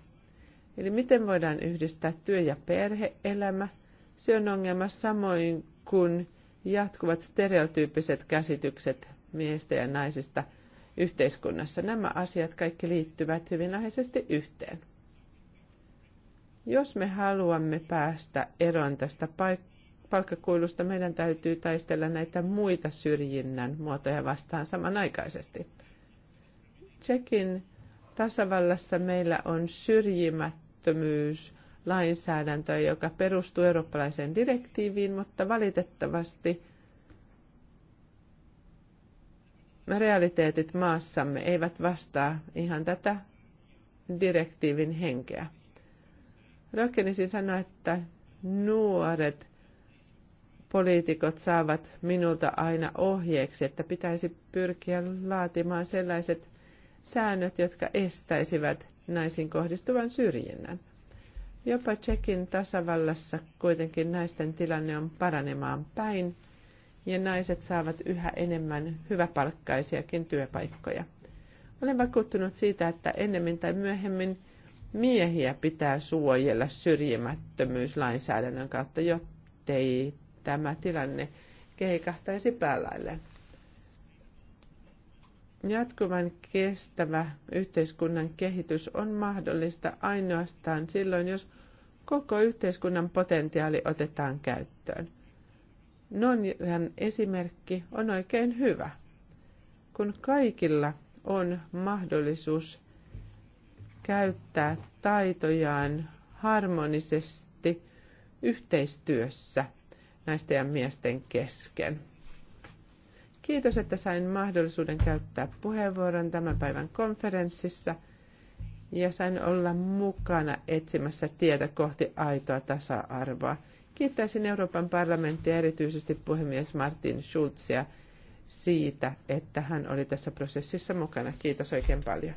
Eli miten voidaan yhdistää työ- ja perheelämä? Se on ongelma samoin kuin jatkuvat stereotyyppiset käsitykset miestä ja naisista yhteiskunnassa. Nämä asiat kaikki liittyvät hyvin läheisesti yhteen. Jos me haluamme päästä eroon tästä paikkaa, palkkakuilusta meidän täytyy taistella näitä muita syrjinnän muotoja vastaan samanaikaisesti. Tsekin tasavallassa meillä on syrjimättömyys lainsäädäntö, joka perustuu eurooppalaiseen direktiiviin, mutta valitettavasti realiteetit maassamme eivät vastaa ihan tätä direktiivin henkeä. Rohkenisin sanoa, että nuoret poliitikot saavat minulta aina ohjeeksi, että pitäisi pyrkiä laatimaan sellaiset säännöt, jotka estäisivät naisiin kohdistuvan syrjinnän. Jopa Tsekin tasavallassa kuitenkin naisten tilanne on paranemaan päin ja naiset saavat yhä enemmän hyväpalkkaisiakin työpaikkoja. Olen vakuuttunut siitä, että ennemmin tai myöhemmin miehiä pitää suojella syrjimättömyyslainsäädännön kautta, jottei tämä tilanne keikahtaisi päällä. Jatkuvan kestävä yhteiskunnan kehitys on mahdollista ainoastaan silloin, jos koko yhteiskunnan potentiaali otetaan käyttöön. Nonjan esimerkki on oikein hyvä. Kun kaikilla on mahdollisuus käyttää taitojaan harmonisesti yhteistyössä – naisten ja miesten kesken. Kiitos, että sain mahdollisuuden käyttää puheenvuoron tämän päivän konferenssissa ja sain olla mukana etsimässä tietä kohti aitoa tasa-arvoa. Kiittäisin Euroopan parlamenttia erityisesti puhemies Martin Schulzia siitä, että hän oli tässä prosessissa mukana. Kiitos oikein paljon.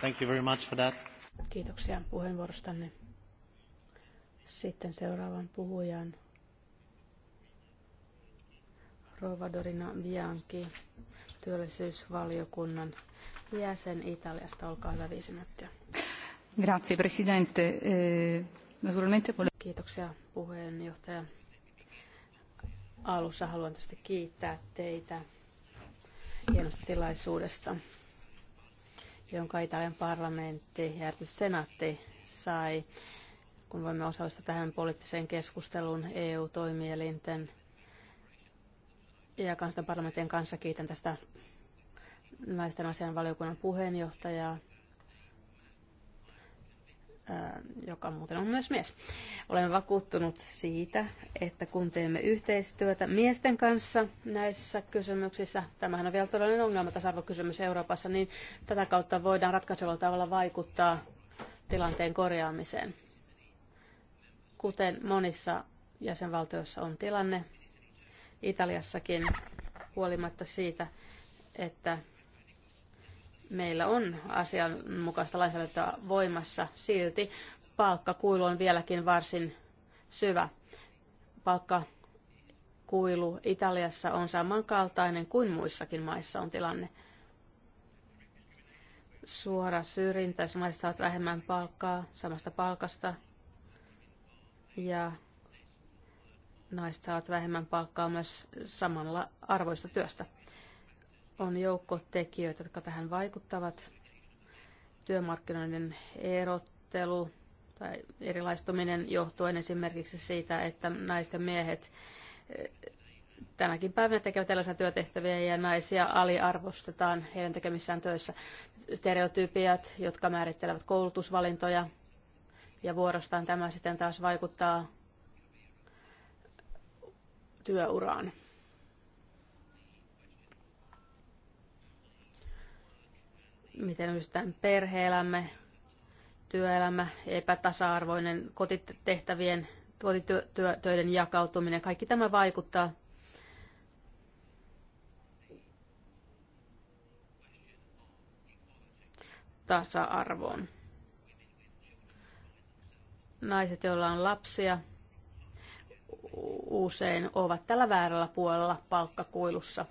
Thank you very much for that. Kiitoksia puheenvuorostanne. Sitten seuraavan puhujan Rovadorina Bianchi, työllisyysvaliokunnan jäsen Italiasta. Olkaa hyvä viisi minuuttia. Grazie, Presidente. Eh, naturalmente... Kiitoksia puheenjohtaja. Alussa haluan tietysti kiittää teitä hienosta tilaisuudesta, jonka Italian parlamentti ja senaatti sai kun voimme osallistua tähän poliittiseen keskusteluun EU-toimielinten ja kansanparlamentin kanssa. Kiitän tästä naisten asian valiokunnan puheenjohtajaa, joka muuten on myös mies. Olen vakuuttunut siitä, että kun teemme yhteistyötä miesten kanssa näissä kysymyksissä, tämähän on vielä todellinen ongelma tasa-arvokysymys Euroopassa, niin tätä kautta voidaan ratkaisevalla tavalla vaikuttaa tilanteen korjaamiseen. Kuten monissa jäsenvaltioissa on tilanne, Italiassakin huolimatta siitä, että meillä on asianmukaista lainsäädäntöä voimassa, silti palkkakuilu on vieläkin varsin syvä. Palkkakuilu Italiassa on samankaltainen kuin muissakin maissa on tilanne. Suora syrjintä, jos naiset saavat vähemmän palkkaa samasta palkasta ja naiset saavat vähemmän palkkaa myös samalla arvoista työstä. On joukko tekijöitä, jotka tähän vaikuttavat. Työmarkkinoiden erottelu tai erilaistuminen johtuen esimerkiksi siitä, että naisten miehet eh, tänäkin päivänä tekevät tällaisia työtehtäviä ja naisia aliarvostetaan heidän tekemissään töissä. Stereotypiat, jotka määrittelevät koulutusvalintoja, ja vuorostaan tämä sitten taas vaikuttaa työuraan. Miten yhdistetään perhe-elämme, työelämä, epätasa-arvoinen kotitehtävien, kotitöiden jakautuminen, kaikki tämä vaikuttaa tasa-arvoon naiset, joilla on lapsia, usein ovat tällä väärällä puolella palkkakuilussa.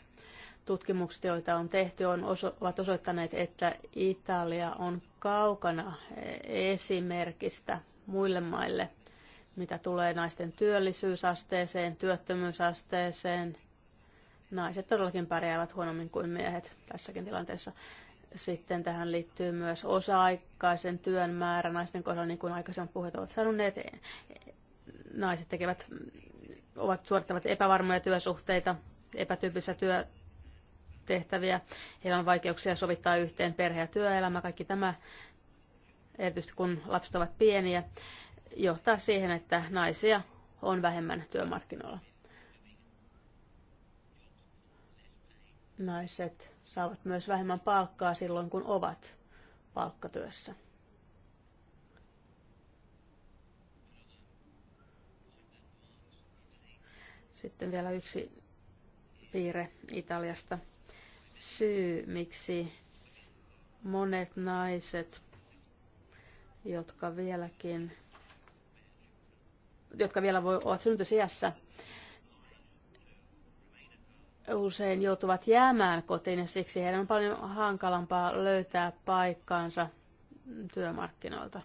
Tutkimukset, joita on tehty, on oso- ovat osoittaneet, että Italia on kaukana esimerkistä muille maille, mitä tulee naisten työllisyysasteeseen, työttömyysasteeseen. Naiset todellakin pärjäävät huonommin kuin miehet tässäkin tilanteessa. Sitten tähän liittyy myös osa-aikaisen työn määrä naisten kohdalla, niin kuin aikaisemmat puheet ovat sanoneet. Naiset tekevät, ovat suorittavat epävarmoja työsuhteita, epätyypillisiä työtehtäviä. Heillä on vaikeuksia sovittaa yhteen perhe- ja työelämä. Kaikki tämä, erityisesti kun lapset ovat pieniä, johtaa siihen, että naisia on vähemmän työmarkkinoilla. Naiset saavat myös vähemmän palkkaa silloin, kun ovat palkkatyössä. Sitten vielä yksi piirre Italiasta. Syy, miksi monet naiset, jotka vieläkin jotka vielä voi, olla synnytysiässä, usein joutuvat jäämään kotiin ja siksi heidän on paljon hankalampaa löytää paikkaansa työmarkkinoilta.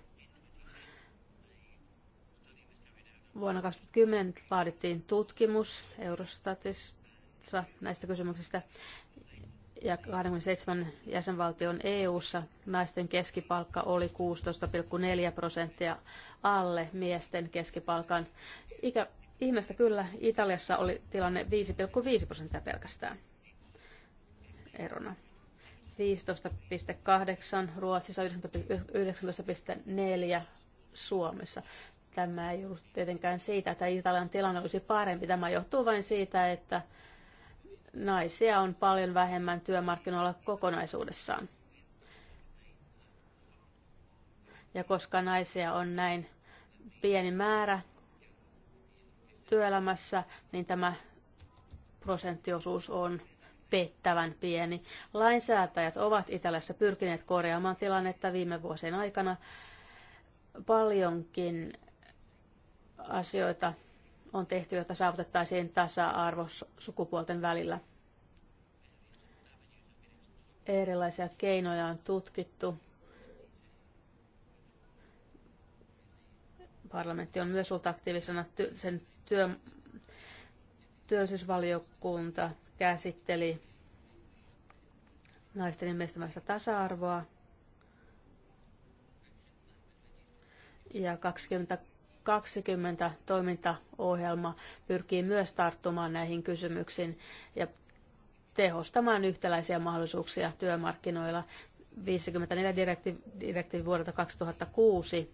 Vuonna 2010 laadittiin tutkimus Eurostatissa näistä kysymyksistä ja 27 jäsenvaltion EU-ssa naisten keskipalkka oli 16,4 prosenttia alle miesten keskipalkan. Ikä, Ihmeestä kyllä, Italiassa oli tilanne 5,5 prosenttia pelkästään erona. 15,8, Ruotsissa 19,4, Suomessa. Tämä ei ollut tietenkään siitä, että Italian tilanne olisi parempi. Tämä johtuu vain siitä, että naisia on paljon vähemmän työmarkkinoilla kokonaisuudessaan. Ja koska naisia on näin pieni määrä, työelämässä, niin tämä prosenttiosuus on pettävän pieni. Lainsäätäjät ovat Italiassa pyrkineet korjaamaan tilannetta viime vuosien aikana. Paljonkin asioita on tehty, jotta saavutettaisiin tasa-arvo sukupuolten välillä. Erilaisia keinoja on tutkittu. Parlamentti on myös ollut aktiivisena sen työ, työllisyysvaliokunta käsitteli naisten ilmeistämästä tasa-arvoa. Ja 2020 toimintaohjelma pyrkii myös tarttumaan näihin kysymyksiin ja tehostamaan yhtäläisiä mahdollisuuksia työmarkkinoilla. 54 direktiivi vuodelta 2006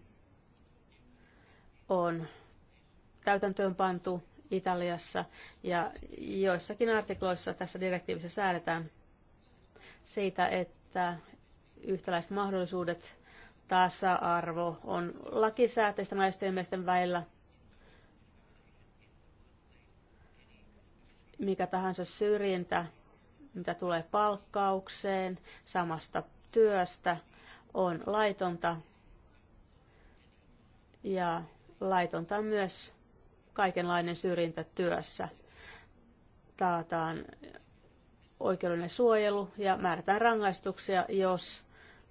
on täytäntöön pantu Italiassa ja joissakin artikloissa tässä direktiivissä säädetään siitä, että yhtäläiset mahdollisuudet, tasa-arvo on lakisääteistä naisten ja miesten välillä. Mikä tahansa syrjintä, mitä tulee palkkaukseen, samasta työstä, on laitonta ja laitonta myös kaikenlainen syrjintä työssä. Taataan oikeudellinen suojelu ja määrätään rangaistuksia, jos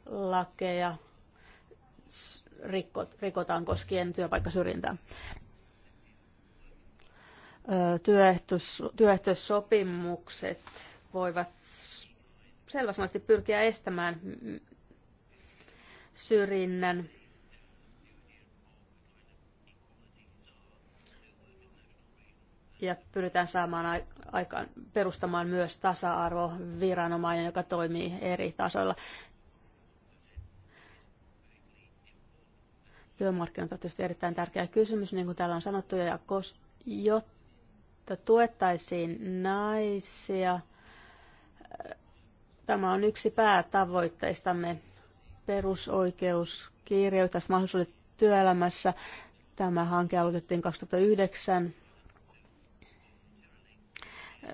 lakeja rikotaan koskien työpaikkasyrjintää. Työehtosopimukset voivat selvästi pyrkiä estämään syrjinnän ja pyritään saamaan aikaan perustamaan myös tasa-arvoviranomainen, joka toimii eri tasoilla. Työmarkkinat on tietysti erittäin tärkeä kysymys, niin kuin täällä on sanottu, ja jotta tuettaisiin naisia, tämä on yksi päätavoitteistamme perusoikeuskirjoitus mahdollisuudet työelämässä. Tämä hanke aloitettiin 2009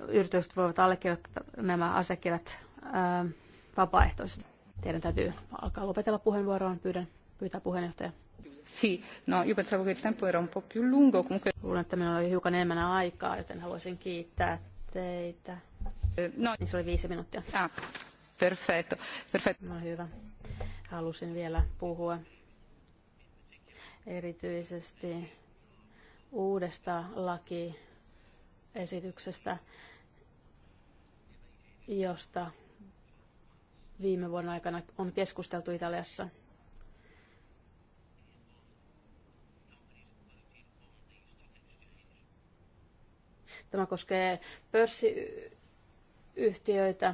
yritykset voivat allekirjoittaa nämä asiakirjat ää, vapaaehtoisesti. Teidän täytyy alkaa lopetella puheenvuoroon. Pyydän pyytää puheenjohtaja. Sì, no, io pensavo che il tempo era un po' più lungo. Comunque... Luulen, että minulla oli hiukan enemmän aikaa, joten haluaisin kiittää teitä. Eh, no. Niin se oli viisi minuuttia. Ah, perfetto. perfetto. No hyvä. Halusin vielä puhua erityisesti uudesta laki esityksestä, josta viime vuonna aikana on keskusteltu Italiassa. Tämä koskee pörssiyhtiöitä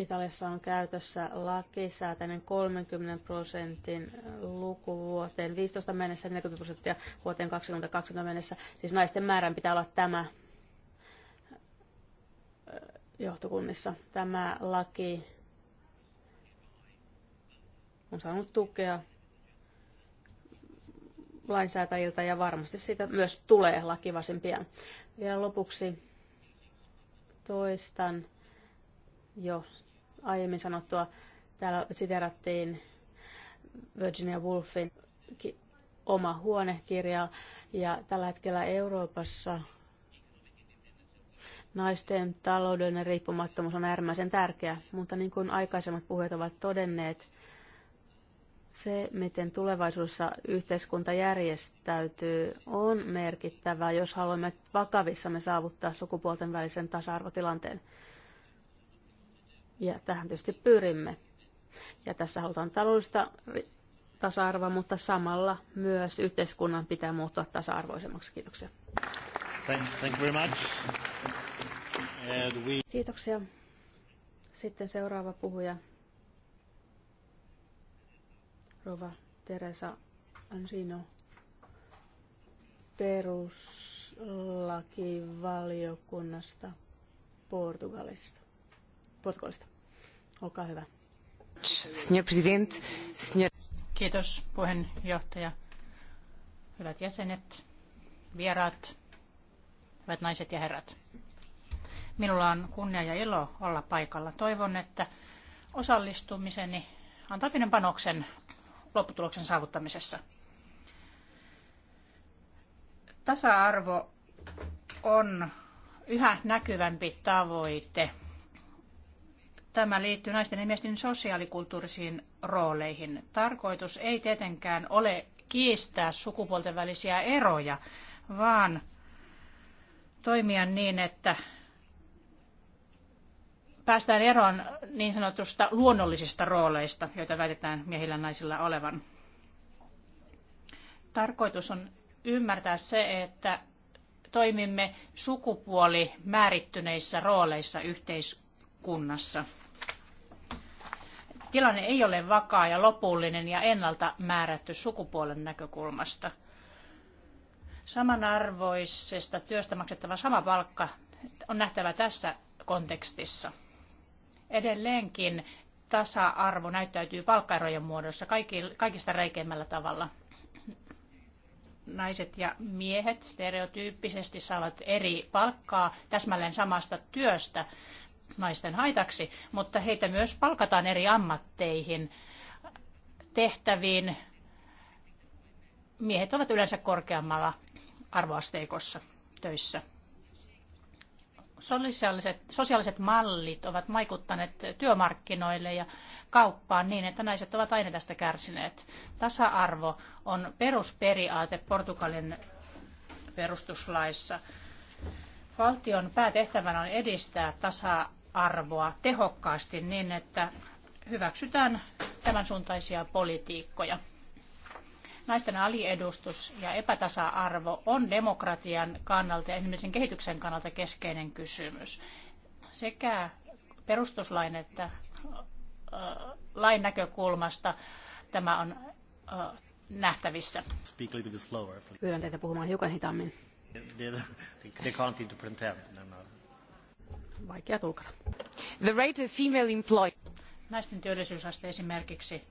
Italiassa on käytössä lakisääteinen 30 prosentin luku vuoteen 15 mennessä, 40 prosenttia vuoteen 2020 mennessä. Siis naisten määrän pitää olla tämä johtokunnissa. Tämä laki on saanut tukea lainsäätäjiltä ja varmasti siitä myös tulee laki varsin pian. Vielä lopuksi toistan jo aiemmin sanottua. Täällä siterattiin Virginia Woolfin oma huonekirja ja tällä hetkellä Euroopassa naisten taloudellinen riippumattomuus on äärimmäisen tärkeä, mutta niin kuin aikaisemmat puheet ovat todenneet, se, miten tulevaisuudessa yhteiskunta järjestäytyy, on merkittävää, jos haluamme vakavissamme saavuttaa sukupuolten välisen tasa-arvotilanteen. Ja tähän tietysti pyrimme. Ja tässä halutaan taloudellista tasa-arvoa, mutta samalla myös yhteiskunnan pitää muuttua tasa-arvoisemmaksi. Kiitoksia. Thank, thank you very much. And we... Kiitoksia. Sitten seuraava puhuja. Rova Teresa Ansino peruslakivaliokunnasta Portugalista. Portugalista. Olkaa hyvä. Kiitos puheenjohtaja. Hyvät jäsenet, vieraat, hyvät naiset ja herrat. Minulla on kunnia ja ilo olla paikalla. Toivon, että osallistumiseni antaa pienen panoksen lopputuloksen saavuttamisessa. Tasa-arvo on yhä näkyvämpi tavoite Tämä liittyy naisten ja miesten sosiaalikulttuurisiin rooleihin. Tarkoitus ei tietenkään ole kiistää sukupuolten välisiä eroja, vaan toimia niin, että päästään eroon niin sanotusta luonnollisista rooleista, joita väitetään miehillä ja naisilla olevan. Tarkoitus on ymmärtää se, että toimimme sukupuoli määrittyneissä rooleissa yhteiskunnassa tilanne ei ole vakaa ja lopullinen ja ennalta määrätty sukupuolen näkökulmasta. Samanarvoisesta työstä maksettava sama palkka on nähtävä tässä kontekstissa. Edelleenkin tasa-arvo näyttäytyy palkkaerojen muodossa kaikista räikeimmällä tavalla. Naiset ja miehet stereotyyppisesti saavat eri palkkaa täsmälleen samasta työstä, naisten haitaksi, mutta heitä myös palkataan eri ammatteihin, tehtäviin. Miehet ovat yleensä korkeammalla arvoasteikossa töissä. Sosiaaliset, sosiaaliset mallit ovat vaikuttaneet työmarkkinoille ja kauppaan niin, että naiset ovat aina tästä kärsineet. Tasa-arvo on perusperiaate Portugalin perustuslaissa. Valtion päätehtävänä on edistää tasa arvoa tehokkaasti niin, että hyväksytään tämän suuntaisia politiikkoja. Naisten aliedustus ja epätasa-arvo on demokratian kannalta ja ihmisen kehityksen kannalta keskeinen kysymys. Sekä perustuslain että lain näkökulmasta tämä on nähtävissä. Pyydän teitä puhumaan hiukan hitaammin. They can't pretend vaikea tulkata. The rate of female employ. Naisten työllisyysaste esimerkiksi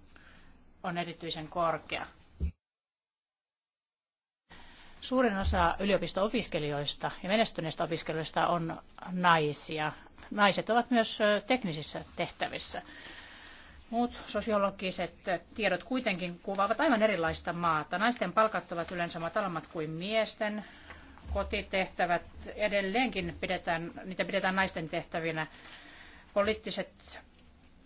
on erityisen korkea. Suurin osa yliopisto-opiskelijoista ja menestyneistä opiskelijoista on naisia. Naiset ovat myös teknisissä tehtävissä. Muut sosiologiset tiedot kuitenkin kuvaavat aivan erilaista maata. Naisten palkat ovat yleensä matalammat kuin miesten kotitehtävät edelleenkin pidetään, niitä pidetään naisten tehtävinä. Poliittiset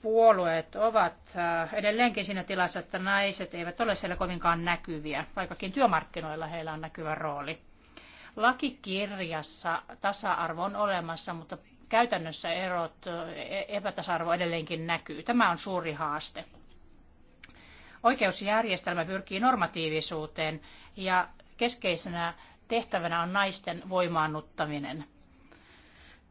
puolueet ovat äh, edelleenkin siinä tilassa, että naiset eivät ole siellä kovinkaan näkyviä, vaikkakin työmarkkinoilla heillä on näkyvä rooli. Lakikirjassa tasa-arvo on olemassa, mutta käytännössä erot, e, epätasa-arvo edelleenkin näkyy. Tämä on suuri haaste. Oikeusjärjestelmä pyrkii normatiivisuuteen ja keskeisenä tehtävänä on naisten voimaannuttaminen.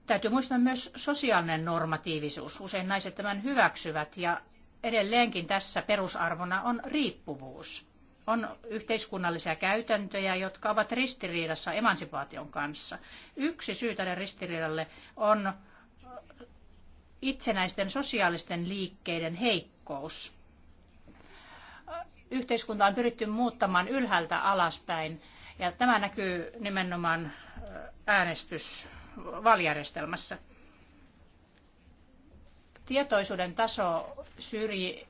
Täytyy muistaa myös sosiaalinen normatiivisuus. Usein naiset tämän hyväksyvät ja edelleenkin tässä perusarvona on riippuvuus. On yhteiskunnallisia käytäntöjä, jotka ovat ristiriidassa emansipaation kanssa. Yksi syy tälle ristiriidalle on itsenäisten sosiaalisten liikkeiden heikkous. Yhteiskunta on pyritty muuttamaan ylhäältä alaspäin ja tämä näkyy nimenomaan äänestysvaalijärjestelmässä. Tietoisuuden taso syrji,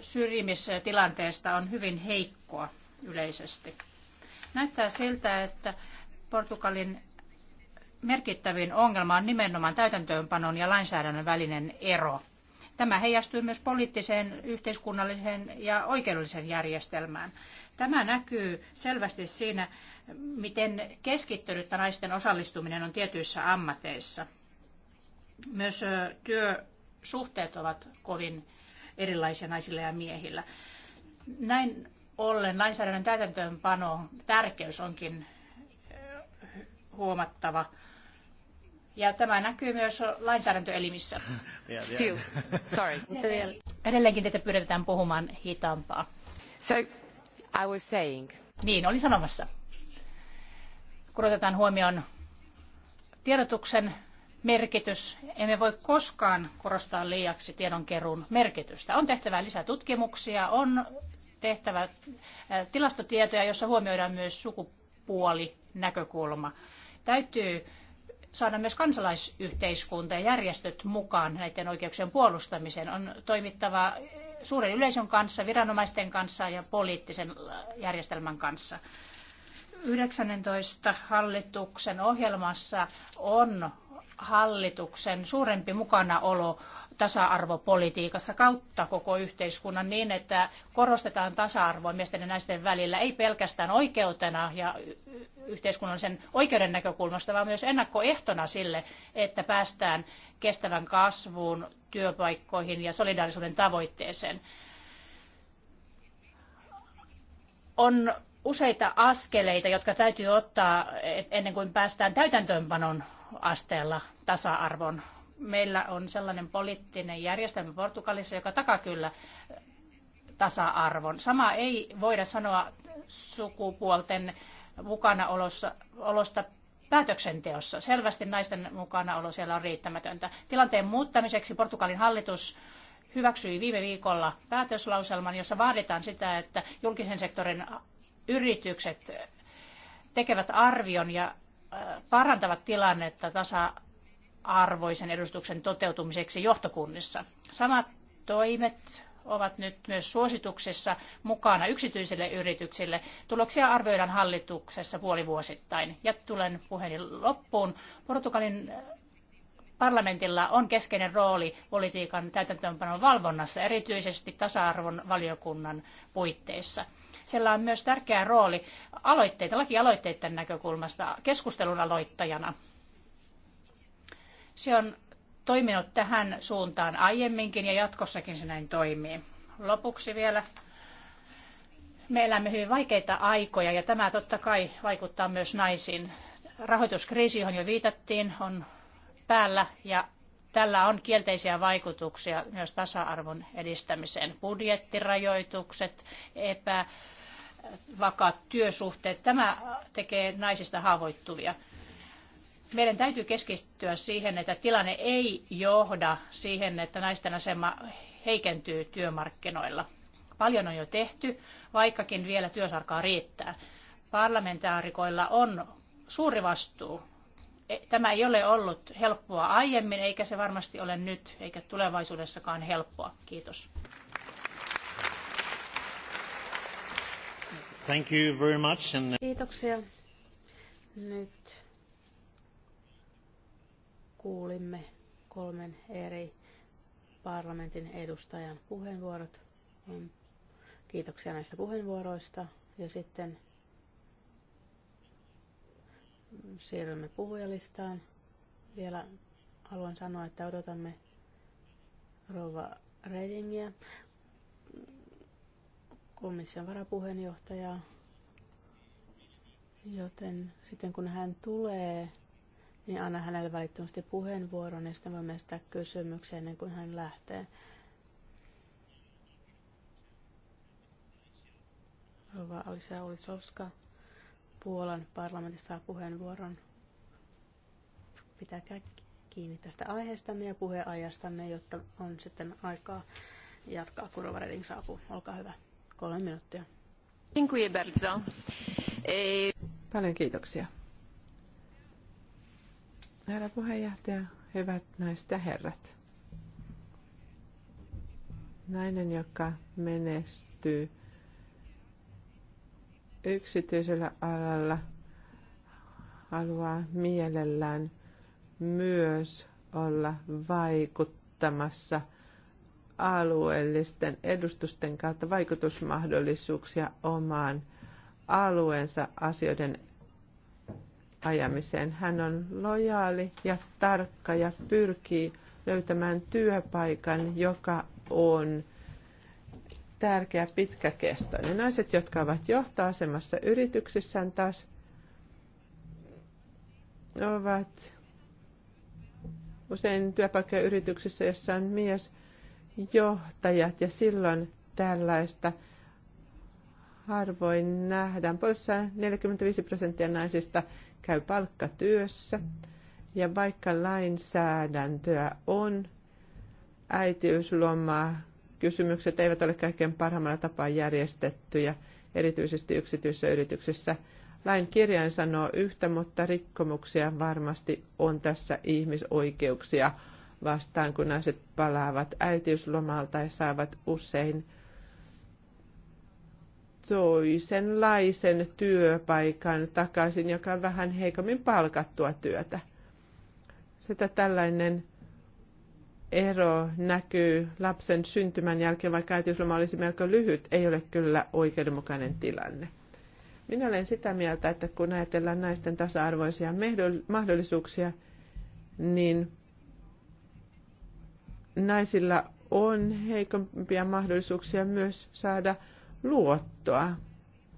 syrjimistilanteesta on hyvin heikkoa yleisesti. Näyttää siltä, että Portugalin merkittävin ongelma on nimenomaan täytäntöönpanon ja lainsäädännön välinen ero. Tämä heijastuu myös poliittiseen, yhteiskunnalliseen ja oikeudelliseen järjestelmään. Tämä näkyy selvästi siinä, miten keskittynyttä naisten osallistuminen on tietyissä ammateissa. Myös työsuhteet ovat kovin erilaisia naisilla ja miehillä. Näin ollen lainsäädännön täytäntöönpano tärkeys onkin huomattava. Ja tämä näkyy myös lainsäädäntöelimissä. *laughs* Still, sorry. Edelleenkin teitä pyydetään puhumaan hitaampaa. So, I was saying. Niin, olin sanomassa. Kun otetaan huomioon tiedotuksen merkitys, emme voi koskaan korostaa liiaksi tiedonkeruun merkitystä. On tehtävä lisää tutkimuksia, on tehtävä äh, tilastotietoja, jossa huomioidaan myös sukupuolinäkökulma. Täytyy saada myös kansalaisyhteiskunta ja järjestöt mukaan näiden oikeuksien puolustamiseen. On toimittava suuren yleisön kanssa, viranomaisten kanssa ja poliittisen järjestelmän kanssa. 19 hallituksen ohjelmassa on hallituksen suurempi mukanaolo tasa-arvopolitiikassa kautta koko yhteiskunnan niin, että korostetaan tasa-arvoa miesten ja naisten välillä, ei pelkästään oikeutena ja yhteiskunnallisen oikeuden näkökulmasta, vaan myös ennakkoehtona sille, että päästään kestävän kasvuun, työpaikkoihin ja solidaarisuuden tavoitteeseen. On useita askeleita, jotka täytyy ottaa e-, ennen kuin päästään täytäntöönpanon asteella tasa-arvon meillä on sellainen poliittinen järjestelmä Portugalissa, joka takaa kyllä tasa-arvon. Sama ei voida sanoa sukupuolten olosta päätöksenteossa. Selvästi naisten mukanaolo siellä on riittämätöntä. Tilanteen muuttamiseksi Portugalin hallitus hyväksyi viime viikolla päätöslauselman, jossa vaaditaan sitä, että julkisen sektorin yritykset tekevät arvion ja äh, parantavat tilannetta tasa arvoisen edustuksen toteutumiseksi johtokunnissa. Samat toimet ovat nyt myös suosituksessa mukana yksityisille yrityksille. Tuloksia arvioidaan hallituksessa puolivuosittain. Ja tulen puheeni loppuun. Portugalin parlamentilla on keskeinen rooli politiikan täytäntöönpanon valvonnassa, erityisesti tasa-arvon valiokunnan puitteissa. Sillä on myös tärkeä rooli aloitteita, lakialoitteiden näkökulmasta keskustelun aloittajana. Se on toiminut tähän suuntaan aiemminkin ja jatkossakin se näin toimii. Lopuksi vielä me elämme hyvin vaikeita aikoja ja tämä totta kai vaikuttaa myös naisiin. Rahoituskriisi, johon jo viitattiin, on päällä ja tällä on kielteisiä vaikutuksia myös tasa-arvon edistämiseen. Budjettirajoitukset, epävakaat työsuhteet, tämä tekee naisista haavoittuvia meidän täytyy keskittyä siihen, että tilanne ei johda siihen, että naisten asema heikentyy työmarkkinoilla. Paljon on jo tehty, vaikkakin vielä työsarkaa riittää. Parlamentaarikoilla on suuri vastuu. E, tämä ei ole ollut helppoa aiemmin, eikä se varmasti ole nyt, eikä tulevaisuudessakaan helppoa. Kiitos. Thank you very much. Kiitoksia. Nyt kuulimme kolmen eri parlamentin edustajan puheenvuorot. Kiitoksia näistä puheenvuoroista ja sitten siirrymme puhujalistaan. Vielä haluan sanoa, että odotamme Rova Redingiä, komission varapuheenjohtajaa, joten sitten kun hän tulee, niin anna hänelle välittömästi puheenvuoron ja sitten voimme esittää kysymyksiä ennen kuin hän lähtee. Rova Alisa Olisovska Puolan parlamentissa saa puheenvuoron. Pitäkää kiinni tästä aiheestamme ja puheajastanne, jotta on sitten aikaa jatkaa, kun Rova Reding saapuu. Olkaa hyvä. Kolme minuuttia. E, Paljon kiitoksia. Herra puheenjohtaja, hyvät naiset ja herrat. Nainen, joka menestyy yksityisellä alalla, haluaa mielellään myös olla vaikuttamassa alueellisten edustusten kautta vaikutusmahdollisuuksia omaan alueensa asioiden ajamiseen. Hän on lojaali ja tarkka ja pyrkii löytämään työpaikan, joka on tärkeä pitkäkestoinen. Naiset, jotka ovat johtoasemassa yrityksissään taas ovat usein työpaikkoja yrityksissä, jossa on mies johtajat ja silloin tällaista harvoin nähdään. Puolessa 45 prosenttia naisista käy palkkatyössä. Ja vaikka lainsäädäntöä on, äitiyslomaa, kysymykset eivät ole kaikkein parhaimmalla tapaa järjestettyjä, erityisesti yksityisissä yrityksissä. Lain kirjain sanoo yhtä, mutta rikkomuksia varmasti on tässä ihmisoikeuksia vastaan, kun naiset palaavat äitiyslomalta ja saavat usein toisenlaisen työpaikan takaisin, joka on vähän heikommin palkattua työtä. Sitä tällainen ero näkyy lapsen syntymän jälkeen, vaikka äitiysloma olisi melko lyhyt, ei ole kyllä oikeudenmukainen tilanne. Minä olen sitä mieltä, että kun ajatellaan naisten tasa-arvoisia mahdollisuuksia, niin naisilla on heikompia mahdollisuuksia myös saada – luottoa,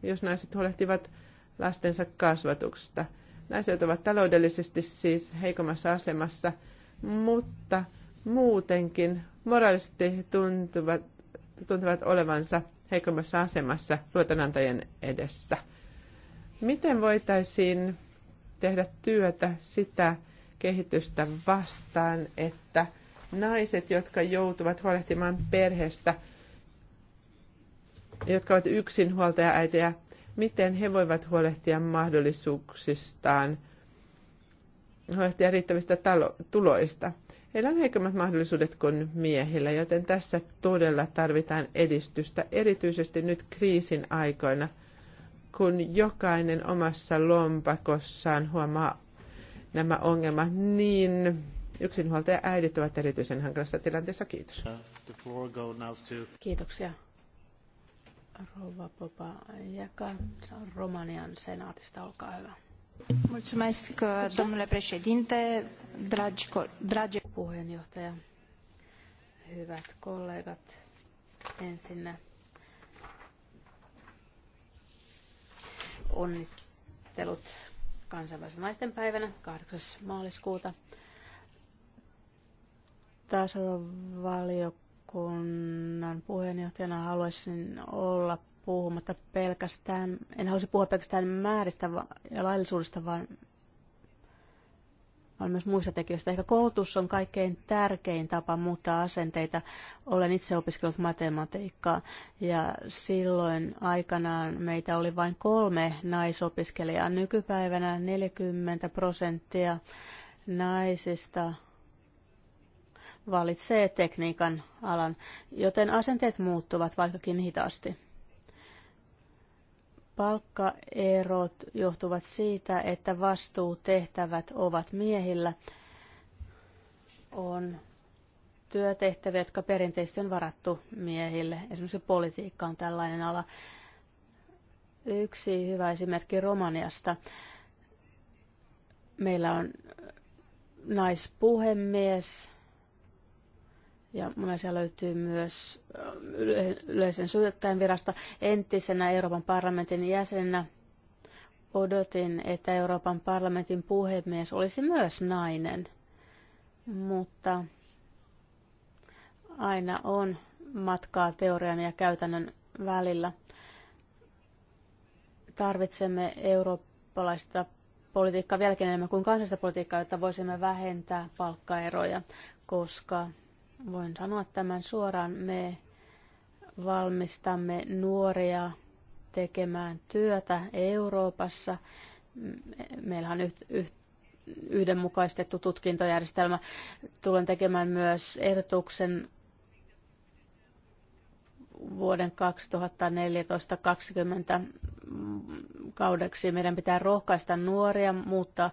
jos naiset huolehtivat lastensa kasvatuksesta. Naiset ovat taloudellisesti siis heikommassa asemassa, mutta muutenkin moraalisesti tuntuvat, tuntuvat olevansa heikommassa asemassa luotonantajien edessä. Miten voitaisiin tehdä työtä sitä kehitystä vastaan, että naiset, jotka joutuvat huolehtimaan perheestä, jotka ovat yksinhuoltajaäitejä, miten he voivat huolehtia mahdollisuuksistaan, huolehtia riittävistä talo- tuloista. Heillä on heikommat mahdollisuudet kuin miehillä, joten tässä todella tarvitaan edistystä, erityisesti nyt kriisin aikoina, kun jokainen omassa lompakossaan huomaa nämä ongelmat, niin yksinhuoltaja äidit ovat erityisen hankalassa tilanteessa. Kiitos. Kiitoksia. Rova Popa Iaca, Romanian Senaatista, olkaa hyvä. Mulțumesc, domnule președinte, dragi, dragi puheenjohtaja, hyvät kollegat. Ensinnä onnittelut kansainvälisen naisten päivänä 8. maaliskuuta. Tasa-arvovaliokunta valiokunnan puheenjohtajana haluaisin olla puhumatta pelkästään, en halusi puhua pelkästään määristä ja laillisuudesta, vaan, vaan myös muista tekijöistä. Ehkä koulutus on kaikkein tärkein tapa muuttaa asenteita. Olen itse opiskellut matematiikkaa ja silloin aikanaan meitä oli vain kolme naisopiskelijaa. Nykypäivänä 40 prosenttia naisista valitsee tekniikan alan, joten asenteet muuttuvat vaikkakin hitaasti. Palkkaerot johtuvat siitä, että vastuutehtävät ovat miehillä. On työtehtäviä, jotka perinteisesti on varattu miehille. Esimerkiksi politiikka on tällainen ala. Yksi hyvä esimerkki Romaniasta. Meillä on naispuhemies, ja Malesia löytyy myös äh, yleisen syytettäjän virasta. Entisenä Euroopan parlamentin jäsenenä odotin, että Euroopan parlamentin puhemies olisi myös nainen, mutta aina on matkaa teorian ja käytännön välillä. Tarvitsemme eurooppalaista politiikkaa vieläkin enemmän kuin kansallista politiikkaa, jotta voisimme vähentää palkkaeroja, koska Voin sanoa tämän suoraan. Me valmistamme nuoria tekemään työtä Euroopassa. Meillä on yht, yht, yhdenmukaistettu tutkintojärjestelmä. Tulen tekemään myös ehdotuksen vuoden 2014-2020 kaudeksi. Meidän pitää rohkaista nuoria muuttaa,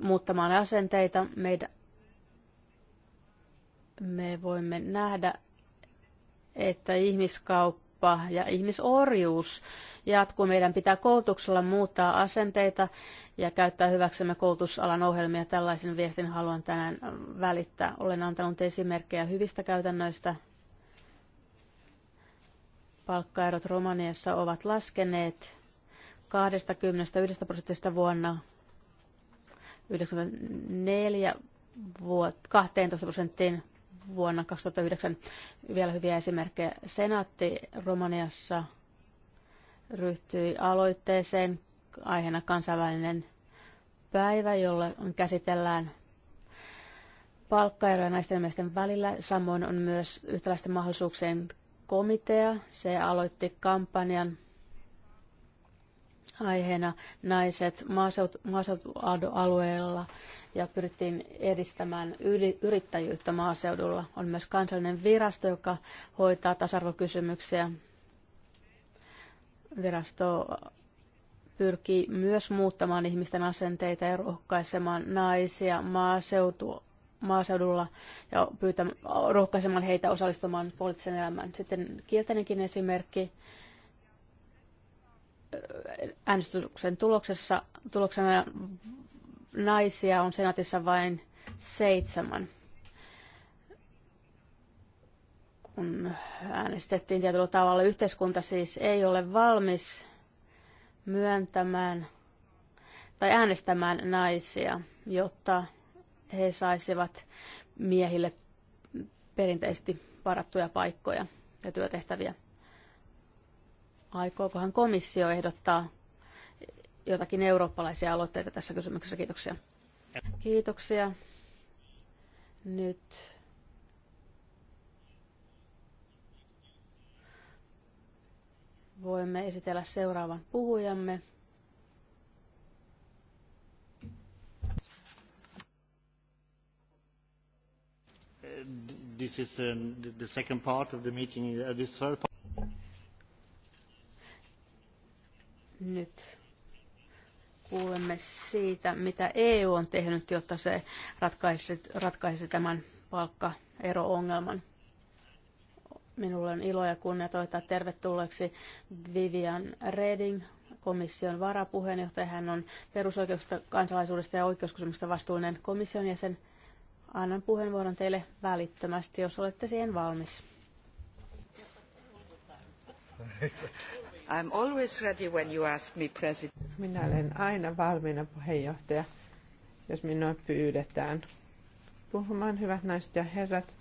muuttamaan asenteita. Meidän, me voimme nähdä, että ihmiskauppa ja ihmisorjuus jatkuu. Meidän pitää koulutuksella muuttaa asenteita ja käyttää hyväksemme koulutusalan ohjelmia. Tällaisen viestin haluan tänään välittää. Olen antanut esimerkkejä hyvistä käytännöistä. Palkkaerot Romaniassa ovat laskeneet 21 prosentista vuonna 1994 12 prosenttiin vuonna 2009. Vielä hyviä esimerkkejä. Senaatti Romaniassa ryhtyi aloitteeseen aiheena kansainvälinen päivä, jolle käsitellään palkkaeroja naisten ja miesten välillä. Samoin on myös yhtäläisten mahdollisuuksien komitea. Se aloitti kampanjan aiheena naiset maaseutu, ja pyrittiin edistämään yrittäjyyttä maaseudulla. On myös kansallinen virasto, joka hoitaa tasa-arvokysymyksiä. Virasto pyrkii myös muuttamaan ihmisten asenteita ja rohkaisemaan naisia maaseutua maaseudulla ja pyytä, rohkaisemaan heitä osallistumaan poliittiseen elämään. Sitten kielteinenkin esimerkki äänestyksen tuloksessa, tuloksena naisia on senaatissa vain seitsemän. Kun äänestettiin tietyllä tavalla, yhteiskunta siis ei ole valmis myöntämään tai äänestämään naisia, jotta he saisivat miehille perinteisesti varattuja paikkoja ja työtehtäviä. Aikookohan komissio ehdottaa jotakin eurooppalaisia aloitteita tässä kysymyksessä. Kiitoksia. Kiitoksia. Nyt voimme esitellä seuraavan puhujamme. Uh, this is uh, the second part of the meeting, uh, this third part. Nyt kuulemme siitä, mitä EU on tehnyt, jotta se ratkaisi, ratkaisi tämän palkkaero-ongelman. Minulla on ilo ja kunnia toivottaa tervetulleeksi Vivian Reding, komission varapuheenjohtaja. Hän on perusoikeuksista, kansalaisuudesta ja oikeuskysymyksistä vastuullinen komission jäsen. Annan puheenvuoron teille välittömästi, jos olette siihen valmis. *laughs* I'm always ready when you ask me, president. Minä olen aina valmiina, puheenjohtaja, jos minua pyydetään puhumaan, hyvät naiset ja herrat.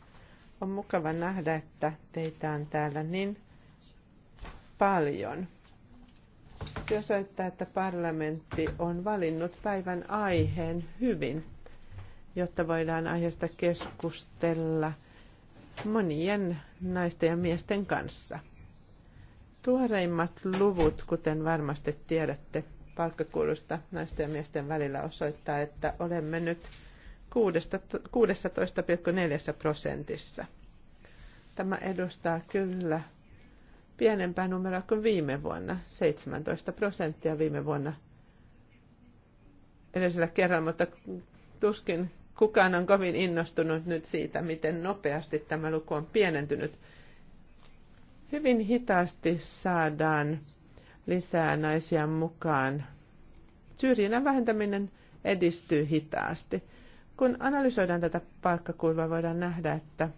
On mukava nähdä, että teitä on täällä niin paljon. Se osoittaa, että parlamentti on valinnut päivän aiheen hyvin, jotta voidaan aiheesta keskustella monien naisten ja miesten kanssa – Tuoreimmat luvut, kuten varmasti tiedätte, palkkakuilusta naisten ja miesten välillä osoittaa, että olemme nyt 16,4 prosentissa. Tämä edustaa kyllä pienempää numeroa kuin viime vuonna, 17 prosenttia viime vuonna edellisellä kerralla, mutta tuskin kukaan on kovin innostunut nyt siitä, miten nopeasti tämä luku on pienentynyt Hyvin hitaasti saadaan lisää naisia mukaan. Syrjinnän vähentäminen edistyy hitaasti. Kun analysoidaan tätä palkkakulmaa, voidaan nähdä, että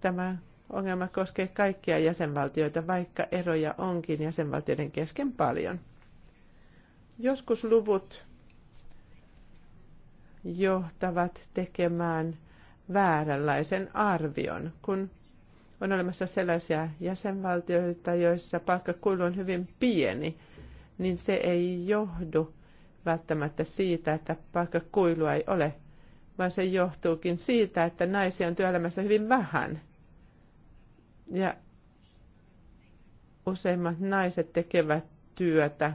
tämä ongelma koskee kaikkia jäsenvaltioita, vaikka eroja onkin jäsenvaltioiden kesken paljon. Joskus luvut johtavat tekemään vääränlaisen arvion, kun on olemassa sellaisia jäsenvaltioita, joissa palkkakuilu on hyvin pieni, niin se ei johdu välttämättä siitä, että palkkakuilua ei ole, vaan se johtuukin siitä, että naisia on työelämässä hyvin vähän. Ja useimmat naiset tekevät työtä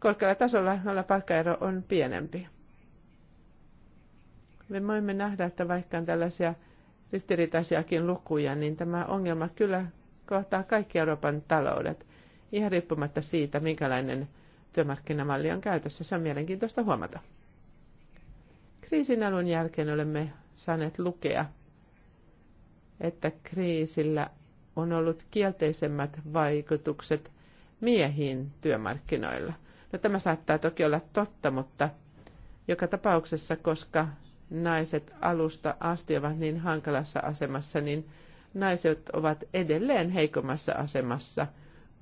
korkealla tasolla, jolla palkkaero on pienempi. Me voimme nähdä, että vaikka on tällaisia – ristiriitaisiakin lukuja, niin tämä ongelma kyllä kohtaa kaikki Euroopan taloudet, ihan riippumatta siitä, minkälainen työmarkkinamalli on käytössä. Se on mielenkiintoista huomata. Kriisin alun jälkeen olemme saaneet lukea, että kriisillä on ollut kielteisemmät vaikutukset miehiin työmarkkinoilla. No, tämä saattaa toki olla totta, mutta joka tapauksessa, koska naiset alusta asti ovat niin hankalassa asemassa, niin naiset ovat edelleen heikommassa asemassa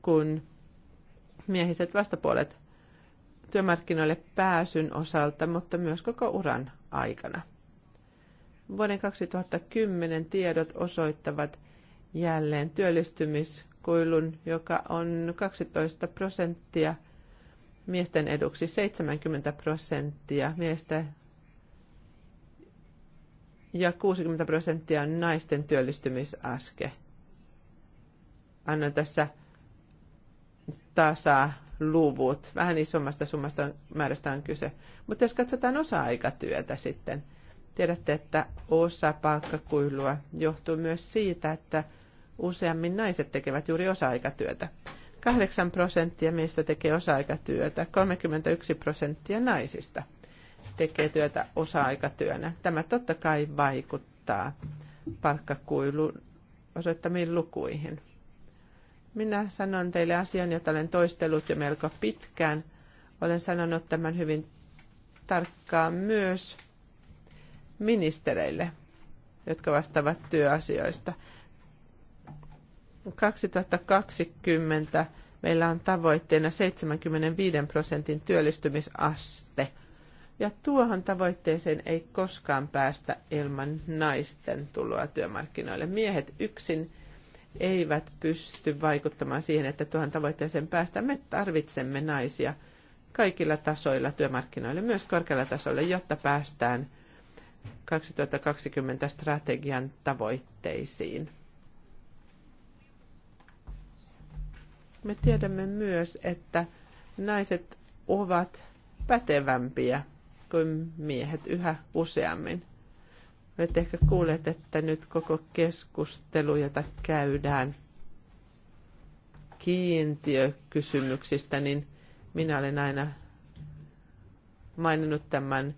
kuin miehiset vastapuolet työmarkkinoille pääsyn osalta, mutta myös koko uran aikana. Vuoden 2010 tiedot osoittavat jälleen työllistymiskuilun, joka on 12 prosenttia miesten eduksi, 70 prosenttia miesten ja 60 prosenttia on naisten työllistymisaske. Annan tässä tasa-luvut. Vähän isommasta summasta määrästä on kyse. Mutta jos katsotaan osa-aikatyötä sitten, tiedätte, että osa palkkakuilua johtuu myös siitä, että useammin naiset tekevät juuri osa-aikatyötä. 8 prosenttia miestä tekee osa-aikatyötä, 31 prosenttia naisista – tekee työtä osa-aikatyönä. Tämä totta kai vaikuttaa palkkakuilun osoittamiin lukuihin. Minä sanon teille asian, jota olen toistellut jo melko pitkään. Olen sanonut tämän hyvin tarkkaan myös ministereille, jotka vastaavat työasioista. 2020 meillä on tavoitteena 75 prosentin työllistymisaste – ja tuohon tavoitteeseen ei koskaan päästä ilman naisten tuloa työmarkkinoille. Miehet yksin eivät pysty vaikuttamaan siihen, että tuohon tavoitteeseen päästään. Me tarvitsemme naisia kaikilla tasoilla työmarkkinoille, myös korkealla tasolla, jotta päästään 2020 strategian tavoitteisiin. Me tiedämme myös, että naiset ovat pätevämpiä kuin miehet yhä useammin. Olet ehkä kuulet, että nyt koko keskustelu, jota käydään kiintiökysymyksistä, niin minä olen aina maininnut tämän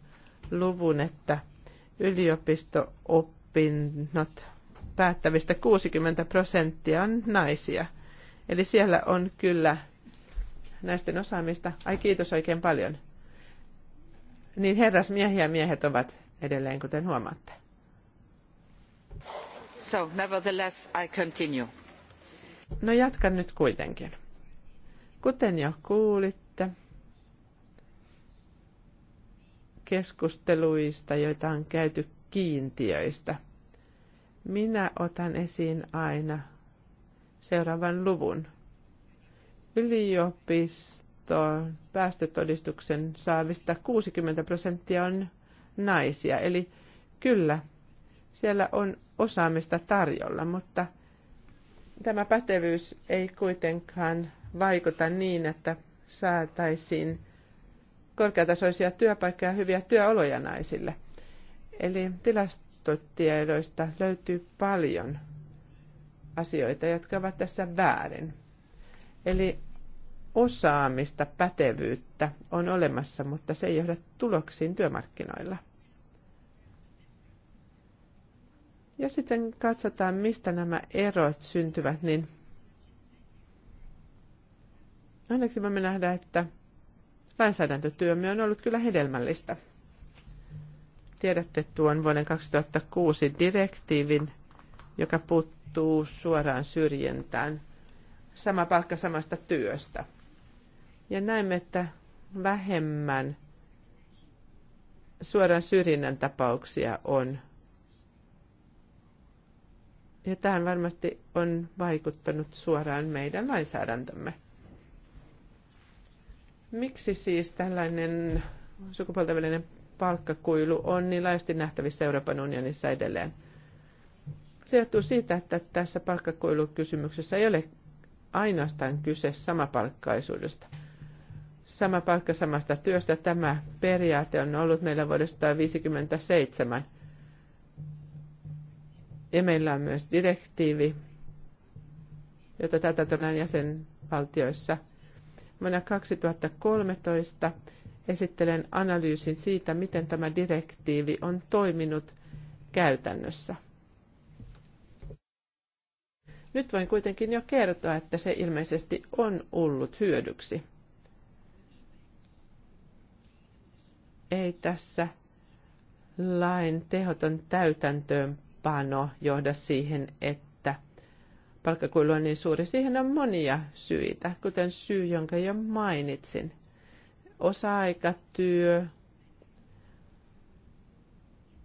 luvun, että yliopisto-opinnot päättävistä 60 prosenttia on naisia. Eli siellä on kyllä naisten osaamista. Ai kiitos oikein paljon. Niin herrasmiehiä miehet ovat edelleen, kuten huomaatte. So, nevertheless, I continue. No jatkan nyt kuitenkin. Kuten jo kuulitte, keskusteluista, joita on käyty kiintiöistä, minä otan esiin aina seuraavan luvun. Yliopisto ilmasto päästötodistuksen saavista 60 prosenttia on naisia. Eli kyllä, siellä on osaamista tarjolla, mutta tämä pätevyys ei kuitenkaan vaikuta niin, että saataisiin korkeatasoisia työpaikkoja ja hyviä työoloja naisille. Eli tilastotiedoista löytyy paljon asioita, jotka ovat tässä väärin. Eli osaamista, pätevyyttä on olemassa, mutta se ei johda tuloksiin työmarkkinoilla. Ja sitten katsotaan, mistä nämä erot syntyvät, niin onneksi me nähdään, että lainsäädäntötyömme on ollut kyllä hedelmällistä. Tiedätte tuon vuoden 2006 direktiivin, joka puuttuu suoraan syrjintään. Sama palkka samasta työstä – ja näemme, että vähemmän suoran syrjinnän tapauksia on. Ja tähän varmasti on vaikuttanut suoraan meidän lainsäädäntömme. Miksi siis tällainen sukupuolten välinen palkkakuilu on niin laajasti nähtävissä Euroopan unionissa edelleen? Se johtuu siitä, että tässä palkkakuilukysymyksessä ei ole ainoastaan kyse samapalkkaisuudesta – sama palkka samasta työstä. Tämä periaate on ollut meillä vuodesta 1957. Ja meillä on myös direktiivi, jota tätä tullaan jäsenvaltioissa. Vuonna 2013 esittelen analyysin siitä, miten tämä direktiivi on toiminut käytännössä. Nyt voin kuitenkin jo kertoa, että se ilmeisesti on ollut hyödyksi. ei tässä lain tehoton täytäntöönpano johda siihen, että palkkakuilu on niin suuri. Siihen on monia syitä, kuten syy, jonka jo mainitsin. Osa-aikatyö,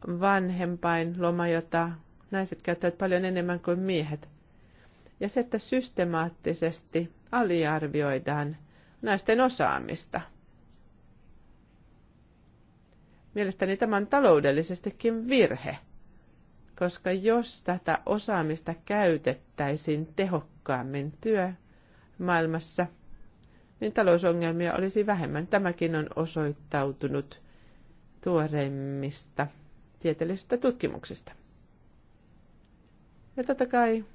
vanhempain loma, jota naiset käyttävät paljon enemmän kuin miehet. Ja se, että systemaattisesti aliarvioidaan naisten osaamista – Mielestäni tämä on taloudellisestikin virhe, koska jos tätä osaamista käytettäisiin tehokkaammin työmaailmassa, niin talousongelmia olisi vähemmän. Tämäkin on osoittautunut tuoreimmista tieteellisistä tutkimuksista. Ja totta kai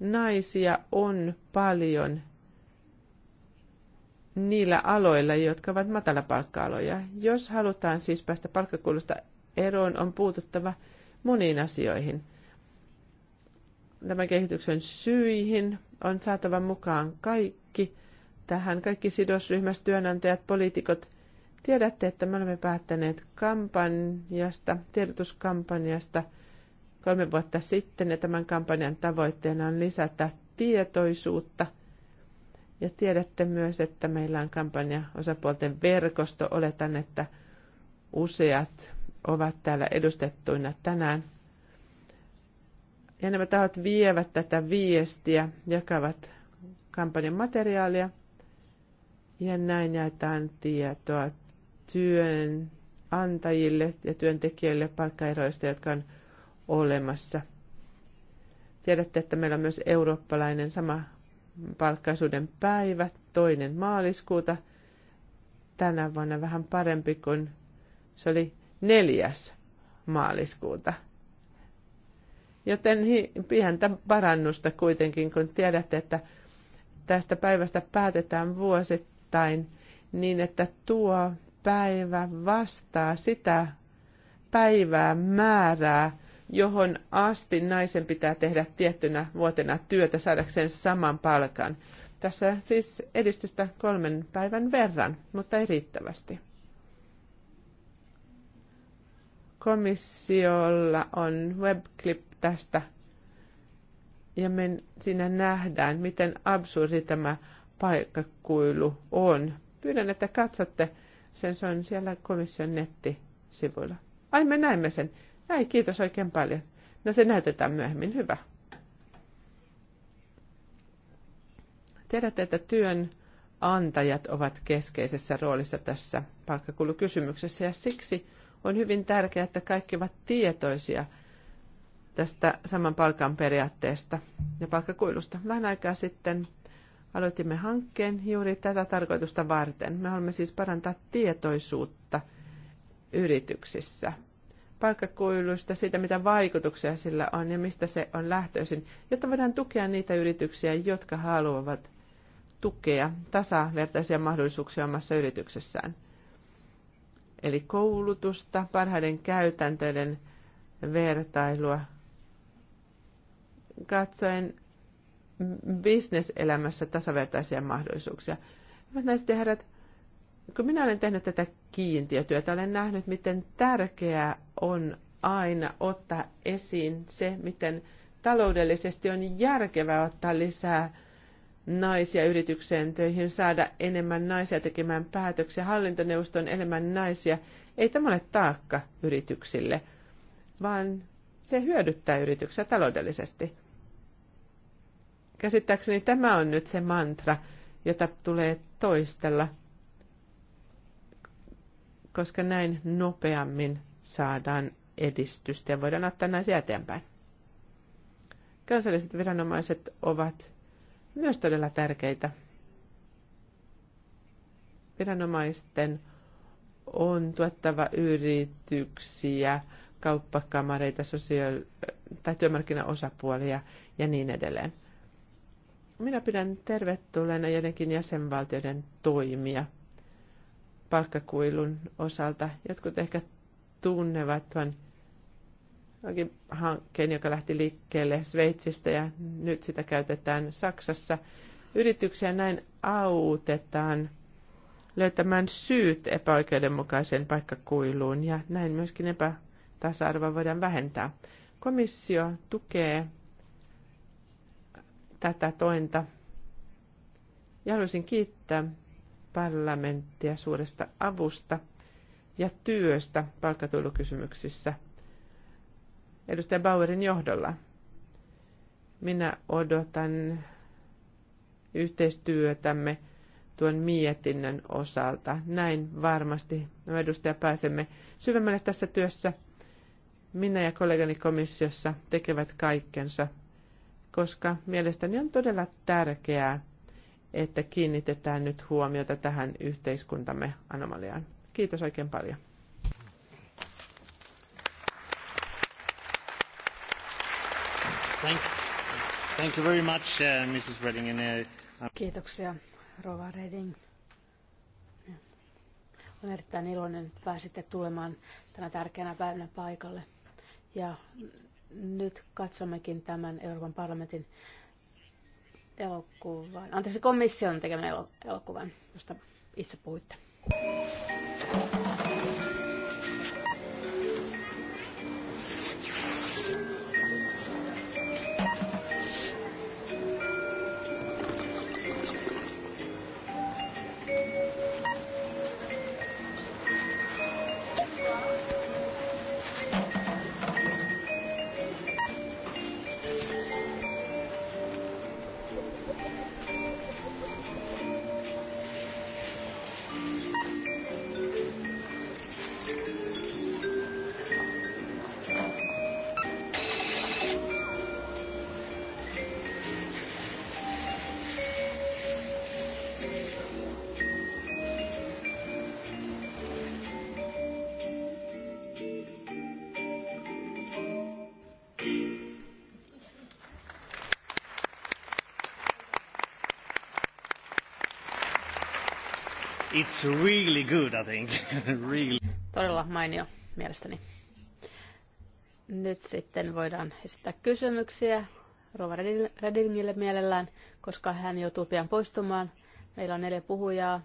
naisia on paljon niillä aloilla, jotka ovat matalapalkka-aloja. Jos halutaan siis päästä palkkakulusta eroon, on puututtava moniin asioihin. Tämän kehityksen syihin on saatava mukaan kaikki. Tähän kaikki sidosryhmässä työnantajat, poliitikot. Tiedätte, että me olemme päättäneet kampanjasta, tiedotuskampanjasta kolme vuotta sitten, ja tämän kampanjan tavoitteena on lisätä tietoisuutta – ja tiedätte myös, että meillä on kampanja osapuolten verkosto. Oletan, että useat ovat täällä edustettuina tänään. Ja nämä tahot vievät tätä viestiä, jakavat kampanjan materiaalia ja näin jaetaan tietoa työn antajille ja työntekijöille palkkaeroista, jotka on olemassa. Tiedätte, että meillä on myös eurooppalainen sama palkkaisuuden päivä, toinen maaliskuuta. Tänä vuonna vähän parempi kuin se oli neljäs maaliskuuta. Joten pientä parannusta kuitenkin, kun tiedätte, että tästä päivästä päätetään vuosittain niin, että tuo päivä vastaa sitä päivää määrää, johon asti naisen pitää tehdä tiettynä vuotena työtä saadakseen saman palkan. Tässä siis edistystä kolmen päivän verran, mutta ei riittävästi. Komissiolla on webclip tästä ja me siinä nähdään, miten absurdi tämä paikkakuilu on. Pyydän, että katsotte sen, se on siellä komission nettisivuilla. Ai me näemme sen. Ei, kiitos oikein paljon. No se näytetään myöhemmin. Hyvä. Tiedätte, että työn antajat ovat keskeisessä roolissa tässä palkkakulukysymyksessä ja siksi on hyvin tärkeää, että kaikki ovat tietoisia tästä saman palkan periaatteesta ja palkkakuilusta. Vähän aikaa sitten aloitimme hankkeen juuri tätä tarkoitusta varten. Me haluamme siis parantaa tietoisuutta yrityksissä palkkakuiluista, siitä mitä vaikutuksia sillä on ja mistä se on lähtöisin, jotta voidaan tukea niitä yrityksiä, jotka haluavat tukea tasavertaisia mahdollisuuksia omassa yrityksessään. Eli koulutusta, parhaiden käytäntöiden vertailua. Katsoen bisneselämässä tasavertaisia mahdollisuuksia. Hyvät naiset ja herrat, kun minä olen tehnyt tätä kiintiötyötä, olen nähnyt, miten tärkeää on aina ottaa esiin se, miten taloudellisesti on järkevää ottaa lisää naisia yritykseen töihin, saada enemmän naisia tekemään päätöksiä, hallintoneuvoston enemmän naisia. Ei tämä ole taakka yrityksille, vaan se hyödyttää yrityksiä taloudellisesti. Käsittääkseni tämä on nyt se mantra, jota tulee toistella – koska näin nopeammin saadaan edistystä ja voidaan ottaa naisia eteenpäin. Kansalliset viranomaiset ovat myös todella tärkeitä. Viranomaisten on tuottava yrityksiä, kauppakamareita, sosiaali- tai työmarkkinaosapuolia ja niin edelleen. Minä pidän tervetulleena joidenkin jäsenvaltioiden toimia – palkkakuilun osalta. Jotkut ehkä tunnevat tuon hankkeen, joka lähti liikkeelle Sveitsistä ja nyt sitä käytetään Saksassa. Yrityksiä näin autetaan löytämään syyt epäoikeudenmukaiseen paikkakuiluun ja näin myöskin epätasa-arvoa voidaan vähentää. Komissio tukee tätä tointa ja haluaisin kiittää parlamenttia suuresta avusta ja työstä palkkatuilukysymyksissä edustaja Bauerin johdolla. Minä odotan yhteistyötämme tuon mietinnön osalta. Näin varmasti me edustaja pääsemme syvemmälle tässä työssä. Minä ja kollegani komissiossa tekevät kaikkensa, koska mielestäni on todella tärkeää, että kiinnitetään nyt huomiota tähän yhteiskuntamme anomaliaan. Kiitos oikein paljon. Thank, thank you very much, uh, Mrs. Redding. And, uh, um, Kiitoksia, Rova Redding. Olen erittäin iloinen, että pääsitte tulemaan tänä tärkeänä päivänä paikalle. Ja nyt katsommekin tämän Euroopan parlamentin elokuvan, anteeksi komission tekemän elokuvan, josta itse puhuitte. It's really good, I think. *laughs* really. Todella mainio mielestäni. Nyt sitten voidaan esittää kysymyksiä Rova Redingille mielellään, koska hän joutuu pian poistumaan. Meillä on neljä puhujaa.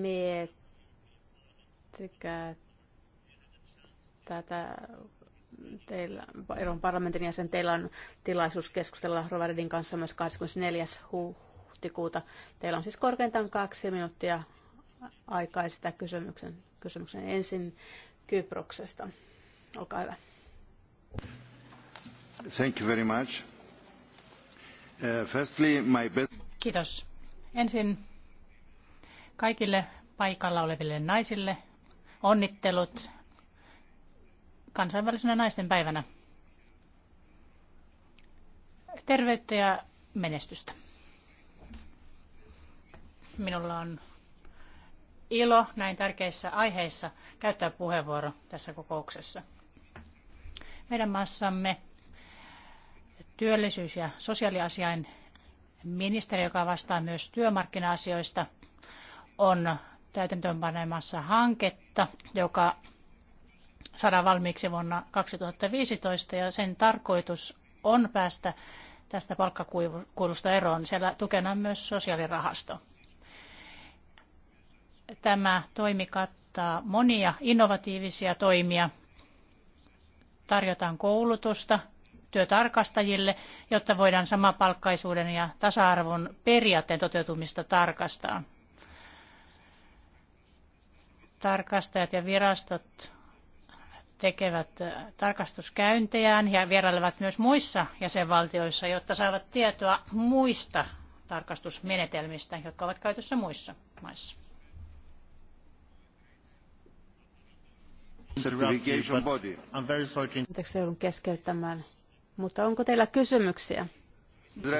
Miettikää tätä teillä, Euroopan parlamentin jäsen, teillä on tilaisuus keskustella Rovaridin kanssa myös 24. huhtikuuta. Teillä on siis korkeintaan kaksi minuuttia aikaa sitä kysymyksen, kysymyksen ensin Kyproksesta. Olkaa hyvä. Thank you very much. Uh, firstly, my best... Kiitos. Ensin kaikille paikalla oleville naisille onnittelut kansainvälisenä naisten päivänä. Terveyttä ja menestystä. Minulla on ilo näin tärkeissä aiheissa käyttää puheenvuoro tässä kokouksessa. Meidän maassamme työllisyys- ja sosiaaliasiain ministeri, joka vastaa myös työmarkkina-asioista, on täytäntöönpanemassa hanketta, joka saadaan valmiiksi vuonna 2015 ja sen tarkoitus on päästä tästä palkkakuilusta eroon. Siellä tukena on myös sosiaalirahasto. Tämä toimi kattaa monia innovatiivisia toimia. Tarjotaan koulutusta työtarkastajille, jotta voidaan samapalkkaisuuden ja tasa-arvon periaatteen toteutumista tarkastaa. Tarkastajat ja virastot tekevät äh, tarkastuskäyntejään ja vierailevat myös muissa jäsenvaltioissa, jotta saavat tietoa muista tarkastusmenetelmistä, jotka ovat käytössä muissa maissa. Anteeksi, joudun keskeyttämään. Mutta onko teillä kysymyksiä? Uh,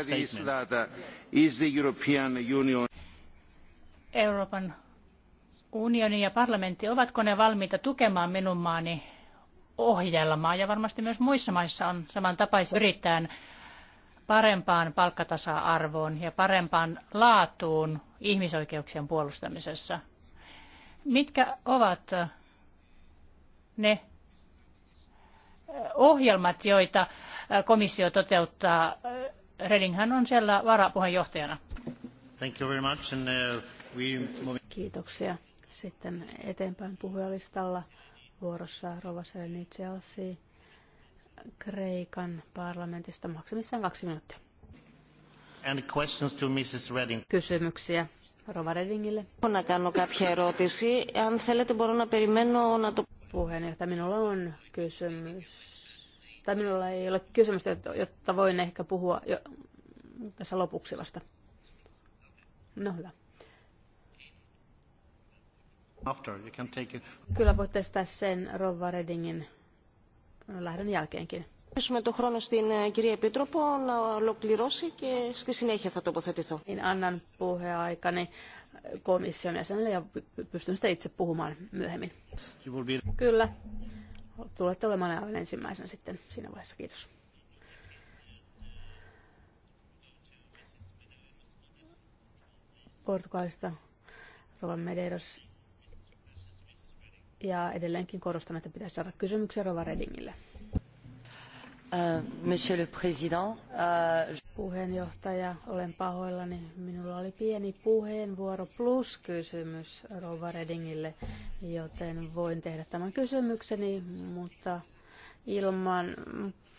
Euroopan unioni ja parlamentti, ovatko ne valmiita tukemaan minun maani ohjelmaa ja varmasti myös muissa maissa on samantapaisia yrittäen parempaan palkkatasa-arvoon ja parempaan laatuun ihmisoikeuksien puolustamisessa. Mitkä ovat ne ohjelmat, joita komissio toteuttaa? Redinghän on siellä varapuheenjohtajana. Thank you very much and, uh, Kiitoksia. Sitten eteenpäin puhujalistalla vuorossa Rova Seleni Chelsea Kreikan parlamentista maksimissaan kaksi minuuttia. And questions to Mrs. Redding. Kysymyksiä Rova Redingille. Να κάνω κάποια ερώτηση. Αν θέλετε μπορώ να περιμένω να το... Puheenjohtaja, minulla on kysymys. Tai minulla ei ole kysymystä, jotta voin ehkä puhua jo tässä lopuksi vasta. No hyvä. After, you can take it. Kyllä voit testata sen Rova Redingin lähdön jälkeenkin. Ευχαριστούμε το χρόνο στην κυρία Επίτροπο να ολοκληρώσει και στη συνέχεια θα τοποθετηθώ. Niin annan puheaikani komission jäsenelle ja pystyn sitä itse puhumaan myöhemmin. Kyllä. Tulette olemaan aivan ensimmäisenä sitten siinä vaiheessa. Kiitos. Portugalista Rovan Medeiros ja edelleenkin korostan, että pitäisi saada kysymyksiä Rova Redingille. Uh, monsieur le Président, uh... Puheenjohtaja, olen pahoillani. Minulla oli pieni puheenvuoro plus kysymys Rova Redingille, joten voin tehdä tämän kysymykseni, mutta ilman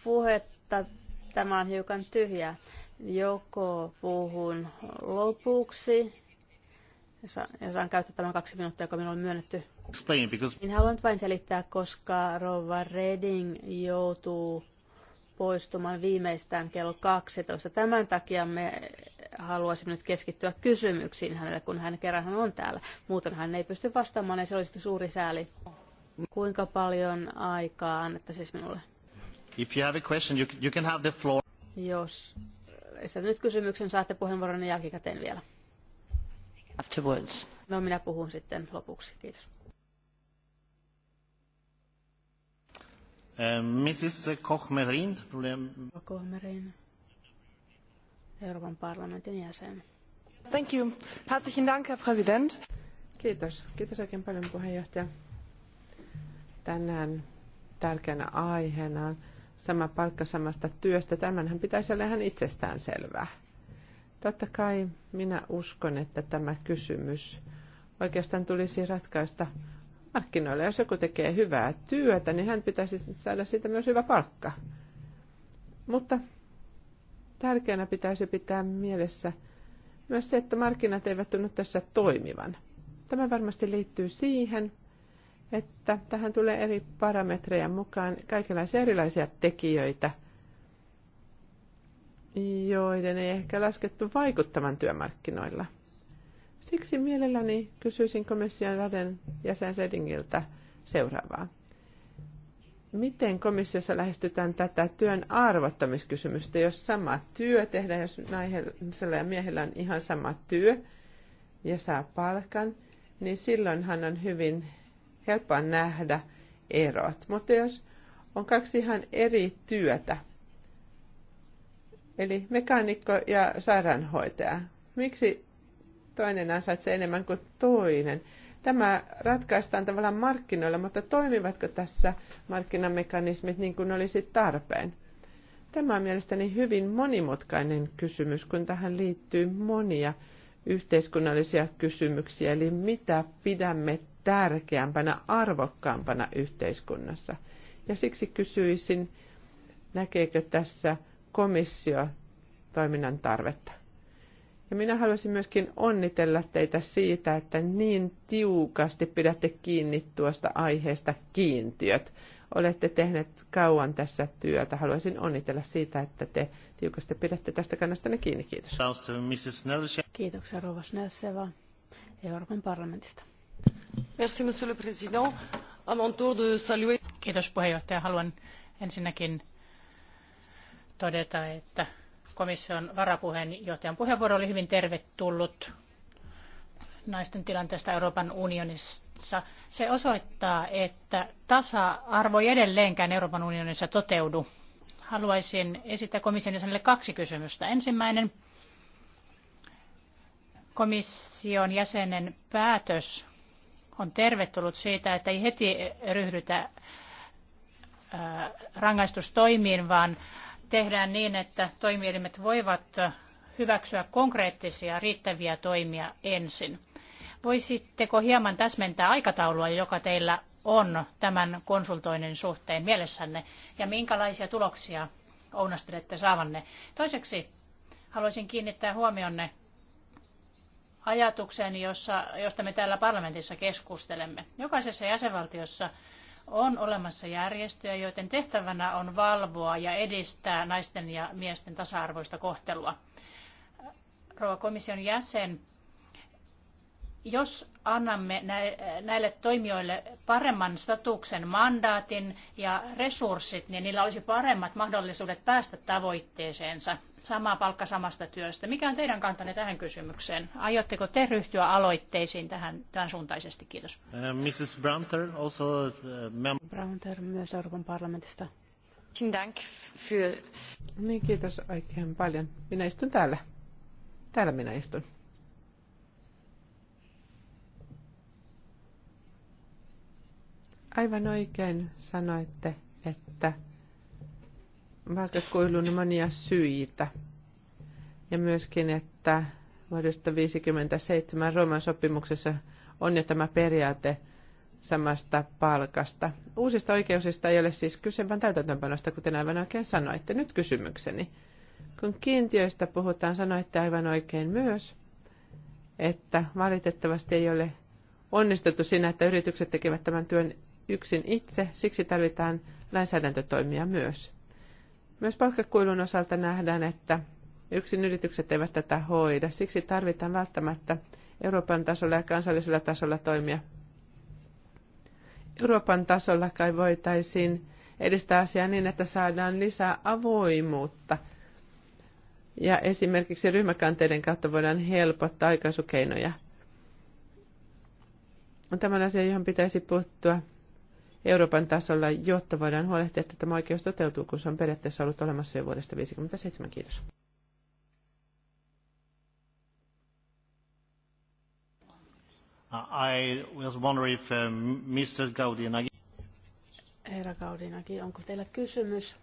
puhetta tämä on hiukan tyhjä. Joko puhun lopuksi, ja saan käyttää tämän kaksi minuuttia, joka minulle on myönnetty Explain, because... Niin haluan vain selittää, koska Rova Reding joutuu poistumaan viimeistään kello 12. Tämän takia me haluaisimme nyt keskittyä kysymyksiin hänelle, kun hän kerran hän on täällä. Muuten hän ei pysty vastaamaan ja niin se olisi suuri sääli. Kuinka paljon aikaa annetta siis minulle? If you have a question, you, you can have the floor. Jos esität nyt kysymyksen, saatte puheenvuoron jälkikäteen vielä. Afterwards. No minä puhun sitten lopuksi. Kiitos. Eh, Mrs. Koch-Merin, Koch Euroopan parlamentin jäsen. Thank you. Herzlichen Dank, Herr Präsident. Kiitos. Kiitos oikein paljon puheenjohtaja. Tänään tärkeänä aiheena on sama palkka samasta työstä. Tämänhän pitäisi olla ihan itsestään selvää. Totta kai minä uskon, että tämä kysymys oikeastaan tulisi ratkaista markkinoilla. Jos joku tekee hyvää työtä, niin hän pitäisi saada siitä myös hyvä palkka. Mutta tärkeänä pitäisi pitää mielessä myös se, että markkinat eivät tunnu tässä toimivan. Tämä varmasti liittyy siihen, että tähän tulee eri parametreja mukaan kaikenlaisia erilaisia tekijöitä, joiden ei ehkä laskettu vaikuttavan työmarkkinoilla – Siksi mielelläni kysyisin komission raden jäsen Redingiltä seuraavaa. Miten komissiossa lähestytään tätä työn arvottamiskysymystä, jos sama työ tehdään, jos naisella ja miehellä on ihan sama työ ja saa palkan, niin silloinhan on hyvin helppoa nähdä erot. Mutta jos on kaksi ihan eri työtä, eli mekaanikko ja sairaanhoitaja, miksi toinen ansaitsee enemmän kuin toinen. Tämä ratkaistaan tavallaan markkinoilla, mutta toimivatko tässä markkinamekanismit niin kuin olisi tarpeen? Tämä on mielestäni hyvin monimutkainen kysymys, kun tähän liittyy monia yhteiskunnallisia kysymyksiä, eli mitä pidämme tärkeämpänä, arvokkaampana yhteiskunnassa. Ja siksi kysyisin, näkeekö tässä komissio toiminnan tarvetta? Ja minä haluaisin myöskin onnitella teitä siitä, että niin tiukasti pidätte kiinni tuosta aiheesta kiintiöt. Olette tehneet kauan tässä työtä. Haluaisin onnitella siitä, että te tiukasti pidätte tästä kannastanne kiinni. Kiitos. Kiitoksia Rova Snellseva Euroopan parlamentista. Merci, monsieur le président. À mon tour de saluer. Kiitos puheenjohtaja. Haluan ensinnäkin todeta, että komission varapuheenjohtajan puheenvuoro oli hyvin tervetullut naisten tilanteesta Euroopan unionissa. Se osoittaa, että tasa-arvo ei edelleenkään Euroopan unionissa toteudu. Haluaisin esittää komission jäsenelle kaksi kysymystä. Ensimmäinen, komission jäsenen päätös on tervetullut siitä, että ei heti ryhdytä rangaistustoimiin, vaan tehdään niin, että toimielimet voivat hyväksyä konkreettisia riittäviä toimia ensin. Voisitteko hieman täsmentää aikataulua, joka teillä on tämän konsultoinnin suhteen mielessänne ja minkälaisia tuloksia ounastelette saavanne? Toiseksi haluaisin kiinnittää huomionne ajatukseen, jossa, josta me täällä parlamentissa keskustelemme. Jokaisessa jäsenvaltiossa on olemassa järjestöjä, joiden tehtävänä on valvoa ja edistää naisten ja miesten tasa-arvoista kohtelua. Rouva komission jäsen, jos annamme näille toimijoille paremman statuksen, mandaatin ja resurssit, niin niillä olisi paremmat mahdollisuudet päästä tavoitteeseensa. Sama palkka samasta työstä. Mikä on teidän kantanne tähän kysymykseen? Aiotteko te ryhtyä aloitteisiin tähän, tämän suuntaisesti? Kiitos. Uh, Mrs. Brunter, also, uh, Brunter myös Euroopan parlamentista. Niin, kiitos oikein paljon. Minä istun täällä. Täällä minä istun. Aivan oikein sanoitte, että vaakakuilun monia syitä. Ja myöskin, että vuodesta 1957 Rooman sopimuksessa on jo tämä periaate samasta palkasta. Uusista oikeusista ei ole siis kyse, vaan täytäntöönpanosta, kuten aivan oikein sanoitte. Nyt kysymykseni. Kun kiintiöistä puhutaan, sanoitte aivan oikein myös, että valitettavasti ei ole onnistuttu siinä, että yritykset tekevät tämän työn yksin itse, siksi tarvitaan lainsäädäntötoimia myös. Myös palkkakuilun osalta nähdään, että yksin yritykset eivät tätä hoida, siksi tarvitaan välttämättä Euroopan tasolla ja kansallisella tasolla toimia. Euroopan tasolla kai voitaisiin edistää asiaa niin, että saadaan lisää avoimuutta. Ja esimerkiksi ryhmäkanteiden kautta voidaan helpottaa aikaisukeinoja. Tämän asian, johon pitäisi puuttua Euroopan tasolla, jotta voidaan huolehtia, että tämä oikeus toteutuu, kun se on periaatteessa ollut olemassa jo vuodesta 1957. Kiitos. I was wondering if Mr. Um, Gaudinagi... Herra Gaudinagi, onko teillä kysymys?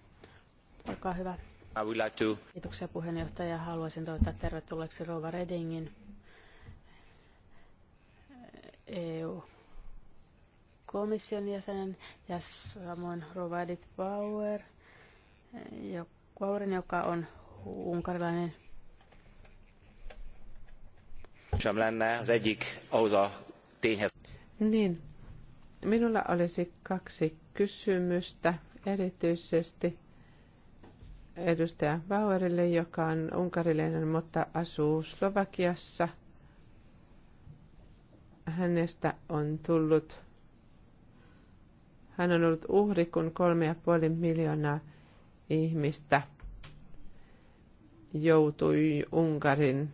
Olkaa hyvä. I would like to... Kiitoksia puheenjohtaja. Haluaisin toivottaa tervetulleeksi Rova Redingin EU komission jäsenen ja samoin Rovadit Bauer, Bauerin, joka on unkarilainen lenne. Az egyik ahhoz a tényhez. Niin. Minulla olisi kaksi kysymystä erityisesti edustaja Bauerille, joka on unkarilainen, mutta asuu Slovakiassa. Hänestä on tullut hän on ollut uhri, kun 3,5 miljoonaa ihmistä joutui Unkarin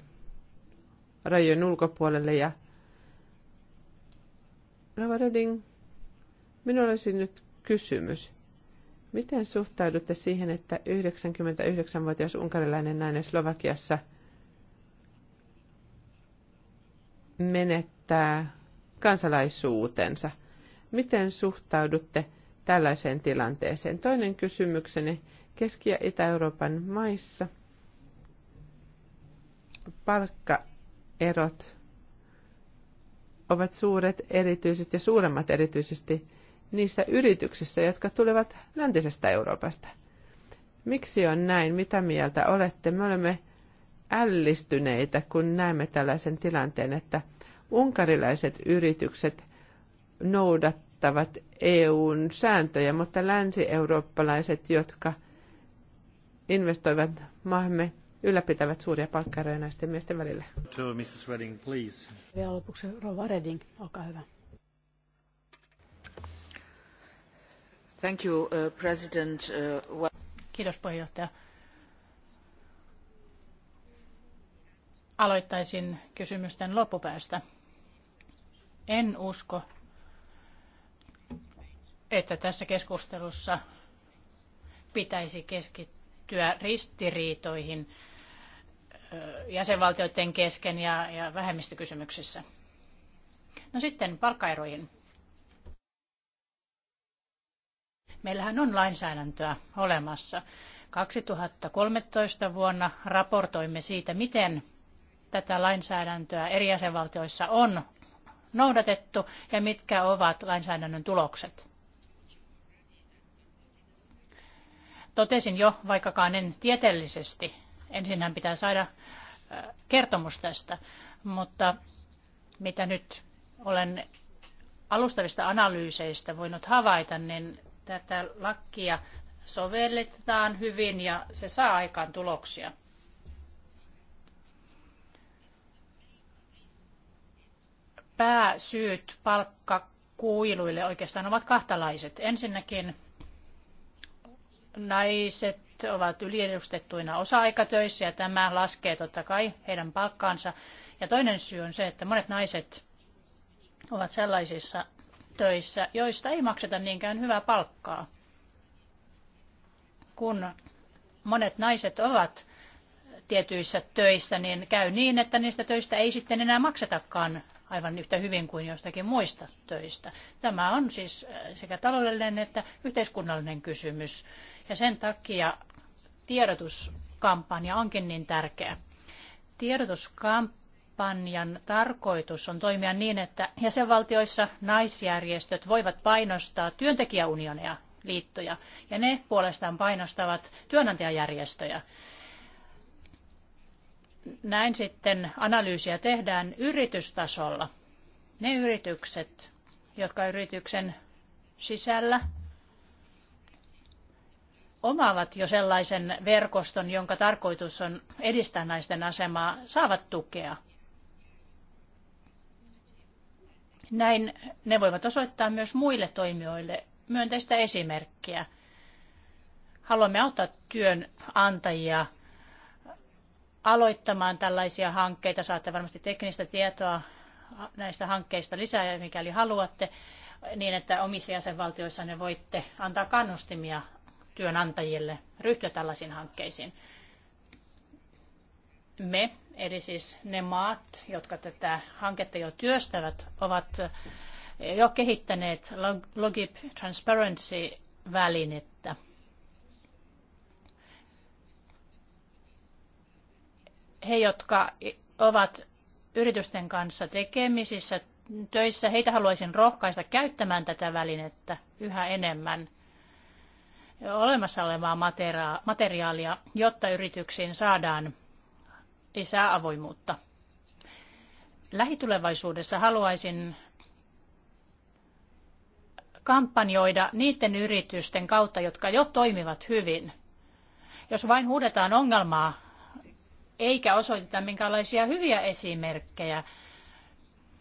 rajojen ulkopuolelle. Ja Rava Reding, minulla olisi nyt kysymys. Miten suhtaudutte siihen, että 99-vuotias unkarilainen nainen Slovakiassa menettää kansalaisuutensa – Miten suhtaudutte tällaiseen tilanteeseen? Toinen kysymykseni Keski- ja Itä-Euroopan maissa palkkaerot ovat suuret erityisesti ja suuremmat erityisesti niissä yrityksissä, jotka tulevat läntisestä Euroopasta. Miksi on näin? Mitä mieltä olette? Me olemme ällistyneitä, kun näemme tällaisen tilanteen, että unkarilaiset yritykset noudat noudattavat EUn sääntöjä, mutta länsi-eurooppalaiset, jotka investoivat maahamme, ylläpitävät suuria palkkaeroja naisten miesten välillä. To Mrs. Redding, please. Vielä lopuksi Rova Redding, olkaa hyvä. Thank you, uh, President. Uh, Kiitos puheenjohtaja. Aloittaisin kysymysten loppupäästä. En usko, että tässä keskustelussa pitäisi keskittyä ristiriitoihin jäsenvaltioiden kesken ja, ja vähemmistökysymyksissä. No sitten palkkaeroihin. Meillähän on lainsäädäntöä olemassa. 2013 vuonna raportoimme siitä, miten tätä lainsäädäntöä eri jäsenvaltioissa on noudatettu ja mitkä ovat lainsäädännön tulokset. Totesin jo, vaikkakaan en tieteellisesti, ensinhän pitää saada kertomus tästä, mutta mitä nyt olen alustavista analyyseistä voinut havaita, niin tätä lakia sovelletaan hyvin ja se saa aikaan tuloksia. Pääsyyt palkkakuiluille oikeastaan ovat kahtalaiset. Ensinnäkin naiset ovat yliedustettuina osa-aikatöissä ja tämä laskee totta kai heidän palkkaansa. Ja toinen syy on se, että monet naiset ovat sellaisissa töissä, joista ei makseta niinkään hyvää palkkaa. Kun monet naiset ovat tietyissä töissä, niin käy niin, että niistä töistä ei sitten enää maksetakaan aivan yhtä hyvin kuin jostakin muista töistä. Tämä on siis äh, sekä taloudellinen että yhteiskunnallinen kysymys ja sen takia tiedotuskampanja onkin niin tärkeä. Tiedotuskampanjan tarkoitus on toimia niin, että jäsenvaltioissa naisjärjestöt voivat painostaa työntekijäunioneja liittoja ja ne puolestaan painostavat työnantajajärjestöjä näin sitten analyysiä tehdään yritystasolla. Ne yritykset, jotka yrityksen sisällä omaavat jo sellaisen verkoston, jonka tarkoitus on edistää naisten asemaa, saavat tukea. Näin ne voivat osoittaa myös muille toimijoille myönteistä esimerkkiä. Haluamme auttaa työnantajia aloittamaan tällaisia hankkeita. Saatte varmasti teknistä tietoa näistä hankkeista lisää, mikäli haluatte, niin että omissa jäsenvaltioissa ne voitte antaa kannustimia työnantajille ryhtyä tällaisiin hankkeisiin. Me, eli siis ne maat, jotka tätä hanketta jo työstävät, ovat jo kehittäneet Logip Transparency-välinettä – he, jotka ovat yritysten kanssa tekemisissä töissä, heitä haluaisin rohkaista käyttämään tätä välinettä yhä enemmän olemassa olevaa materiaalia, jotta yrityksiin saadaan lisää avoimuutta. Lähitulevaisuudessa haluaisin kampanjoida niiden yritysten kautta, jotka jo toimivat hyvin. Jos vain huudetaan ongelmaa eikä osoiteta minkälaisia hyviä esimerkkejä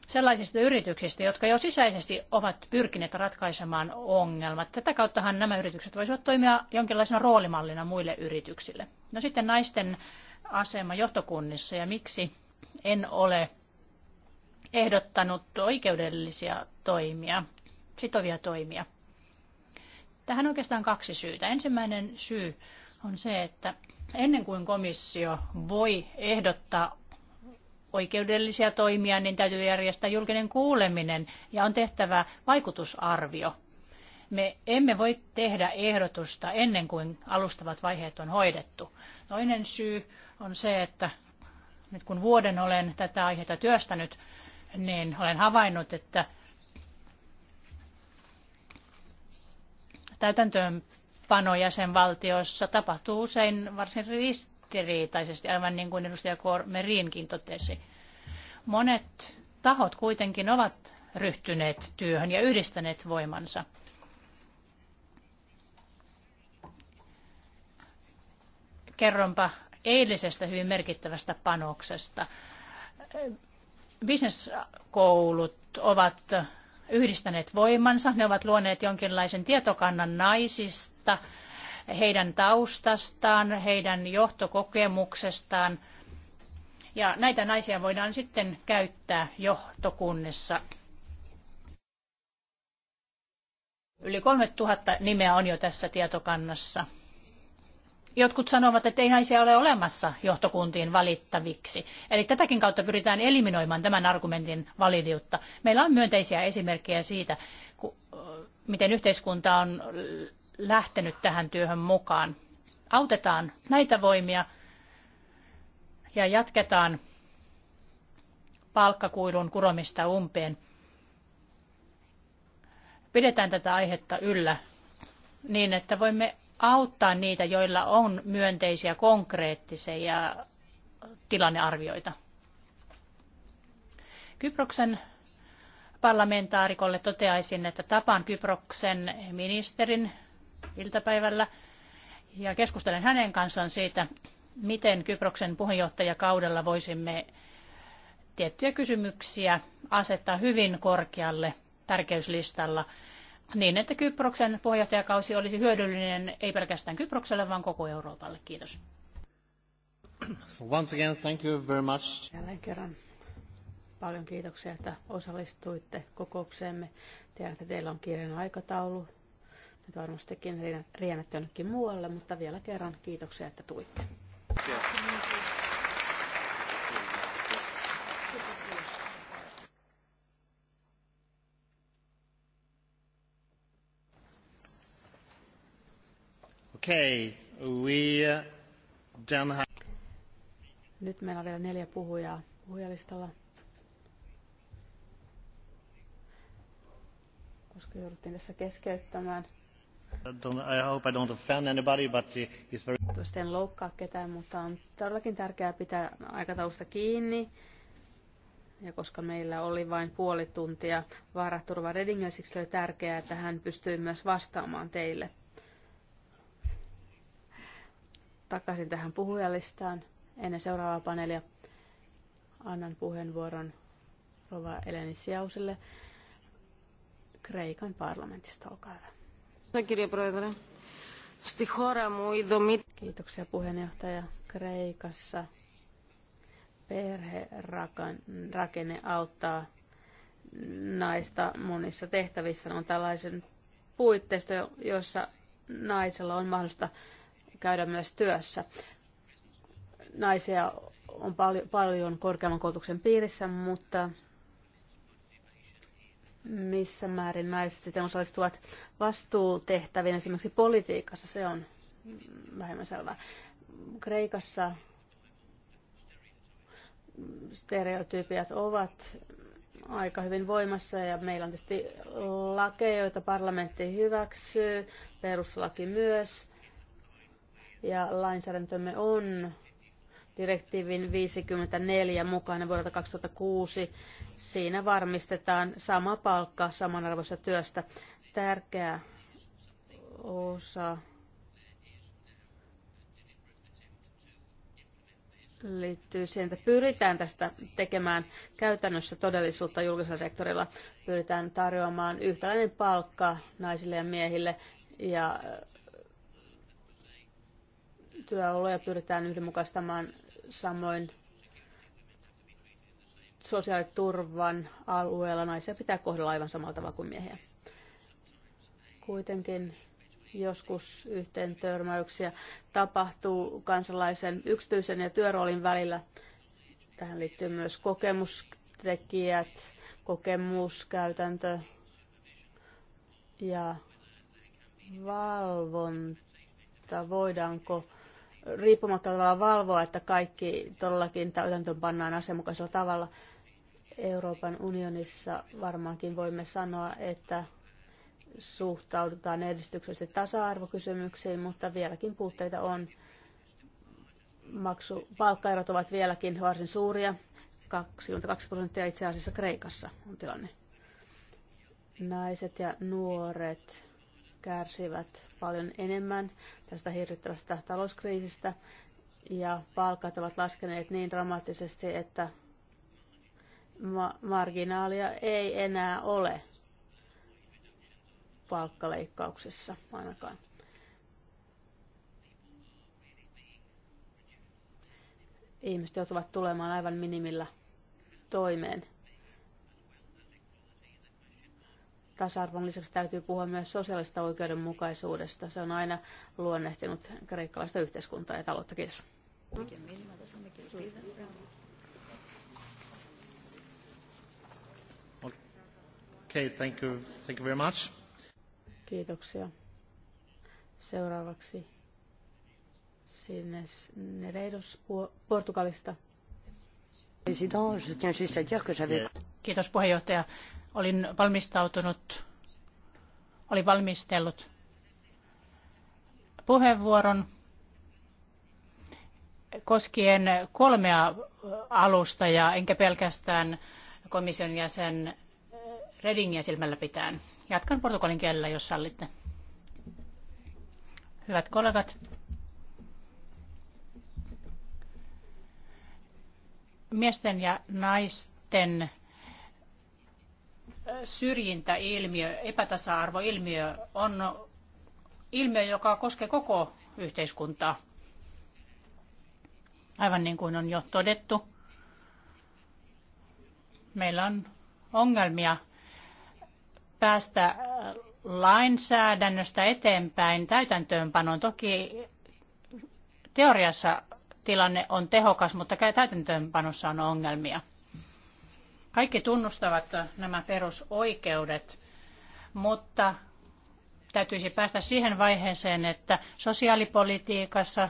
sellaisista yrityksistä, jotka jo sisäisesti ovat pyrkineet ratkaisemaan ongelmat. Tätä kauttahan nämä yritykset voisivat toimia jonkinlaisena roolimallina muille yrityksille. No sitten naisten asema johtokunnissa ja miksi en ole ehdottanut oikeudellisia toimia, sitovia toimia. Tähän on oikeastaan kaksi syytä. Ensimmäinen syy on se, että Ennen kuin komissio voi ehdottaa oikeudellisia toimia, niin täytyy järjestää julkinen kuuleminen ja on tehtävä vaikutusarvio. Me emme voi tehdä ehdotusta ennen kuin alustavat vaiheet on hoidettu. Toinen syy on se, että nyt kun vuoden olen tätä aihetta työstänyt, niin olen havainnut, että täytäntöön toimeenpano jäsenvaltioissa tapahtuu usein varsin ristiriitaisesti, aivan niin kuin edustaja Merinkin totesi. Monet tahot kuitenkin ovat ryhtyneet työhön ja yhdistäneet voimansa. Kerronpa eilisestä hyvin merkittävästä panoksesta. Businesskoulut ovat yhdistäneet voimansa. Ne ovat luoneet jonkinlaisen tietokannan naisista riippumatta heidän taustastaan, heidän johtokokemuksestaan. Ja näitä naisia voidaan sitten käyttää johtokunnissa. Yli 3000 nimeä on jo tässä tietokannassa. Jotkut sanovat, että ei naisia ole olemassa johtokuntiin valittaviksi. Eli tätäkin kautta pyritään eliminoimaan tämän argumentin validiutta. Meillä on myönteisiä esimerkkejä siitä, miten yhteiskunta on lähtenyt tähän työhön mukaan. Autetaan näitä voimia ja jatketaan palkkakuilun kuromista umpeen. Pidetään tätä aihetta yllä niin, että voimme auttaa niitä, joilla on myönteisiä konkreettisia tilannearvioita. Kyproksen parlamentaarikolle toteaisin, että tapaan Kyproksen ministerin iltapäivällä ja keskustelen hänen kanssaan siitä, miten Kyproksen puheenjohtajakaudella voisimme tiettyjä kysymyksiä asettaa hyvin korkealle tärkeyslistalla niin, että Kyproksen puheenjohtajakausi olisi hyödyllinen ei pelkästään Kyprokselle, vaan koko Euroopalle. Kiitos. So once again, thank you very much. Jälleen kerran paljon kiitoksia, että osallistuitte kokoukseemme. Tiedän, että teillä on kiireinen aikataulu nyt varmastikin riennätte jonnekin muualle, mutta vielä kerran kiitoksia, että tuitte. Okay, we uh, then have... Nyt meillä on vielä neljä puhujaa puhujalistalla. Koska jouduttiin tässä keskeyttämään. Toivottavasti en loukkaa ketään, mutta on todellakin tärkeää pitää aikataulusta kiinni. Ja koska meillä oli vain puoli tuntia vaaraturva Redingillä, siksi oli tärkeää, että hän pystyi myös vastaamaan teille. Takaisin tähän puhujalistaan. Ennen seuraavaa paneelia annan puheenvuoron Rova Eleni Siauselle Kreikan parlamentista. Olkaa hyvä. Kiitoksia puheenjohtaja Kreikassa. Perherakenne auttaa naista monissa tehtävissä. On tällaisen puitteisto, jossa naisella on mahdollista käydä myös työssä. Naisia on paljon, paljon korkeamman koulutuksen piirissä, mutta missä määrin naiset sitten osallistuvat vastuutehtäviin esimerkiksi politiikassa, se on vähemmän selvää. Kreikassa stereotypiat ovat aika hyvin voimassa ja meillä on tietysti lakeja, joita parlamentti hyväksyy, peruslaki myös. Ja lainsäädäntömme on direktiivin 54 mukainen vuodelta 2006. Siinä varmistetaan sama palkka samanarvoisesta työstä. Tärkeä osa liittyy siihen, että pyritään tästä tekemään käytännössä todellisuutta julkisella sektorilla. Pyritään tarjoamaan yhtäläinen palkka naisille ja miehille ja työoloja pyritään yhdenmukaistamaan samoin sosiaaliturvan alueella naisia pitää kohdella aivan samalla tavalla kuin miehiä. Kuitenkin joskus yhteen törmäyksiä tapahtuu kansalaisen yksityisen ja työroolin välillä. Tähän liittyy myös kokemustekijät, kokemuskäytäntö ja valvonta. Voidaanko riippumatta tavalla valvoa, että kaikki todellakin täytäntöön pannaan asianmukaisella tavalla. Euroopan unionissa varmaankin voimme sanoa, että suhtaudutaan edistyksellisesti tasa-arvokysymyksiin, mutta vieläkin puutteita on. Maksu, palkkaerot ovat vieläkin varsin suuria. 22 prosenttia itse asiassa Kreikassa on tilanne. Naiset ja nuoret kärsivät paljon enemmän tästä hirvittävästä talouskriisistä ja palkat ovat laskeneet niin dramaattisesti, että ma- marginaalia ei enää ole palkkaleikkauksessa ainakaan. Ihmiset joutuvat tulemaan aivan minimillä toimeen. tasa-arvon lisäksi täytyy puhua myös sosiaalista oikeudenmukaisuudesta. Se on aina luonnehtinut kreikkalaista yhteiskuntaa ja taloutta. Kiitos. Okay, thank you. Thank you very much. Kiitoksia. Seuraavaksi sinne Nereidos Portugalista. Kiitos puheenjohtaja. Olin valmistautunut, olin valmistellut puheenvuoron koskien kolmea alusta ja enkä pelkästään komission jäsen Redingiä silmällä pitäen. Jatkan portugalin kielellä, jos sallitte. Hyvät kollegat, miesten ja naisten syrjintäilmiö, epätasa-arvoilmiö on ilmiö, joka koskee koko yhteiskuntaa. Aivan niin kuin on jo todettu, meillä on ongelmia päästä lainsäädännöstä eteenpäin täytäntöönpanoon. Toki teoriassa tilanne on tehokas, mutta täytäntöönpanossa on ongelmia. Kaikki tunnustavat nämä perusoikeudet, mutta täytyisi päästä siihen vaiheeseen, että sosiaalipolitiikassa,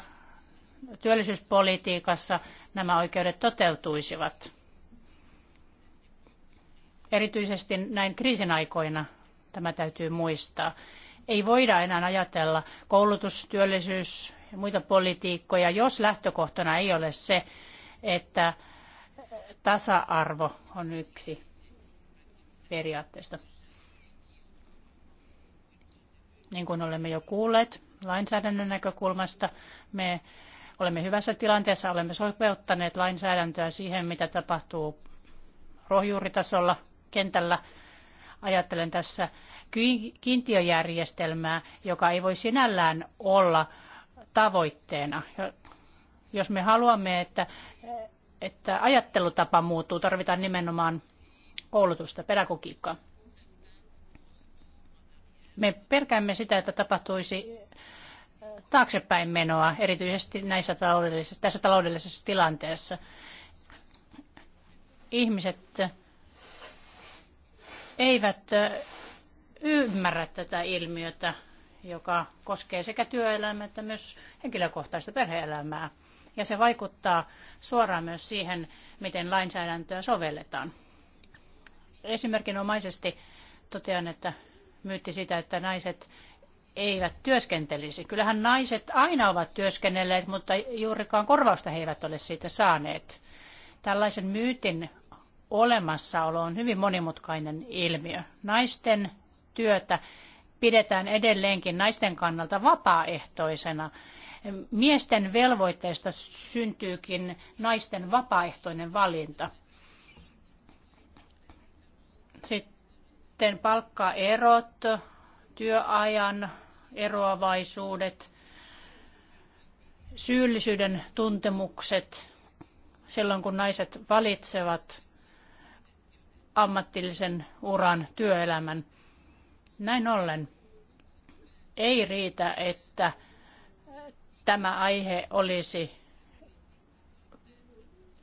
työllisyyspolitiikassa nämä oikeudet toteutuisivat. Erityisesti näin kriisin aikoina tämä täytyy muistaa. Ei voida enää ajatella koulutus, työllisyys ja muita politiikkoja, jos lähtökohtana ei ole se, että Tasa-arvo on yksi periaatteesta. Niin kuin olemme jo kuulleet lainsäädännön näkökulmasta, me olemme hyvässä tilanteessa, olemme sopeuttaneet lainsäädäntöä siihen, mitä tapahtuu rohjuuritasolla, kentällä. Ajattelen tässä kiintiöjärjestelmää, joka ei voi sinällään olla tavoitteena. Jos me haluamme, että että ajattelutapa muuttuu, tarvitaan nimenomaan koulutusta, pedagogiikkaa. Me pelkäämme sitä, että tapahtuisi taaksepäin menoa, erityisesti näissä taloudellisessa, tässä taloudellisessa tilanteessa. Ihmiset eivät ymmärrä tätä ilmiötä, joka koskee sekä työelämää että myös henkilökohtaista perheelämää. elämää ja se vaikuttaa suoraan myös siihen, miten lainsäädäntöä sovelletaan. Esimerkinomaisesti totean, että myytti sitä, että naiset eivät työskentelisi. Kyllähän naiset aina ovat työskennelleet, mutta juurikaan korvausta he eivät ole siitä saaneet. Tällaisen myytin olemassaolo on hyvin monimutkainen ilmiö. Naisten työtä pidetään edelleenkin naisten kannalta vapaaehtoisena miesten velvoitteesta syntyykin naisten vapaaehtoinen valinta. Sitten palkkaerot, työajan eroavaisuudet, syyllisyyden tuntemukset silloin, kun naiset valitsevat ammatillisen uran työelämän. Näin ollen ei riitä, että tämä aihe olisi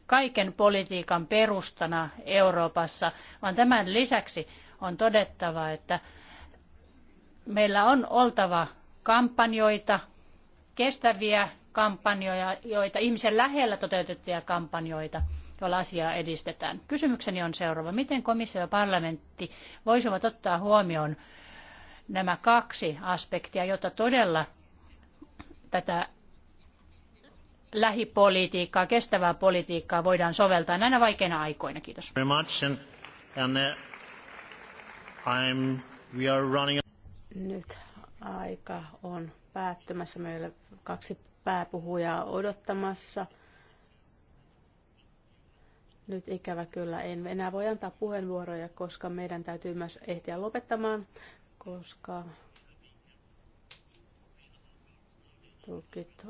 kaiken politiikan perustana Euroopassa, vaan tämän lisäksi on todettava, että meillä on oltava kampanjoita, kestäviä kampanjoja, joita ihmisen lähellä toteutettuja kampanjoita, joilla asiaa edistetään. Kysymykseni on seuraava. Miten komissio ja parlamentti voisivat ottaa huomioon nämä kaksi aspektia, jotta todella tätä lähipolitiikkaa, kestävää politiikkaa voidaan soveltaa näinä vaikeina aikoina. Kiitos. Uh, Nyt aika on päättymässä. Meillä kaksi pääpuhujaa odottamassa. Nyt ikävä kyllä en enää voi antaa puheenvuoroja, koska meidän täytyy myös ehtiä lopettamaan, koska tulkit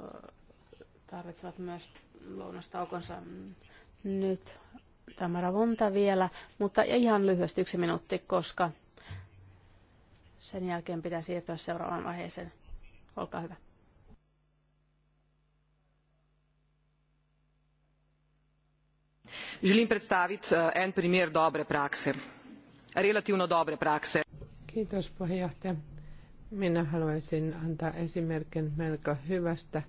tarvitsevat myös lounastaukonsa nyt. tämä ravonta vielä, mutta ihan lyhyesti yksi minuutti, koska sen jälkeen pitää siirtyä seuraavaan vaiheeseen. Olkaa hyvä. Želim predstaviti eh, en primer dobre prakse, relativno dobre prakse. Kiitos puheenjohtaja. Minä haluaisin antaa esimerkin melko hyvästä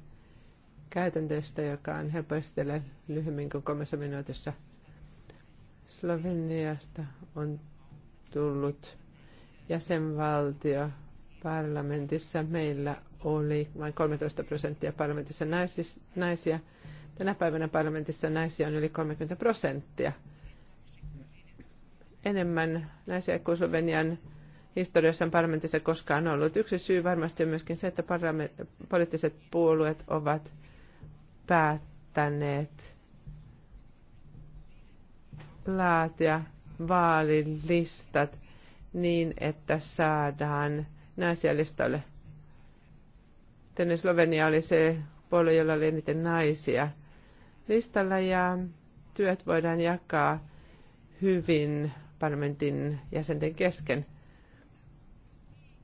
käytänteestä, joka on helppo esitellä lyhyemmin kuin kolmessa minuutissa. Sloveniasta on tullut jäsenvaltio parlamentissa. Meillä oli vain 13 prosenttia parlamentissa naisia. Tänä päivänä parlamentissa naisia on yli 30 prosenttia. Enemmän naisia kuin Slovenian historiassa on parlamentissa koskaan ollut. Yksi syy varmasti on myöskin se, että poliittiset puolueet ovat päättäneet laatia vaalilistat niin, että saadaan naisia listalle. Tänne Slovenia oli se puolue, jolla oli eniten naisia listalla ja työt voidaan jakaa hyvin parlamentin jäsenten kesken,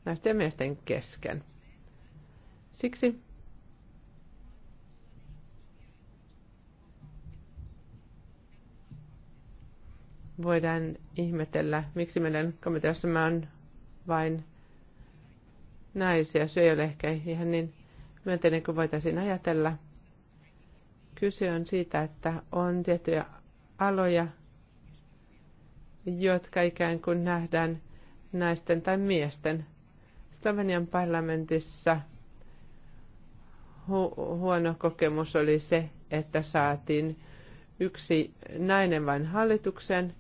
naisten ja miesten kesken. Siksi voidaan ihmetellä, miksi meidän komiteassamme on vain naisia. Se ei ole ehkä ihan niin myönteinen kuin voitaisiin ajatella. Kyse on siitä, että on tiettyjä aloja, jotka ikään kuin nähdään naisten tai miesten. Slovenian parlamentissa hu- huono kokemus oli se, että saatiin yksi nainen vain hallituksen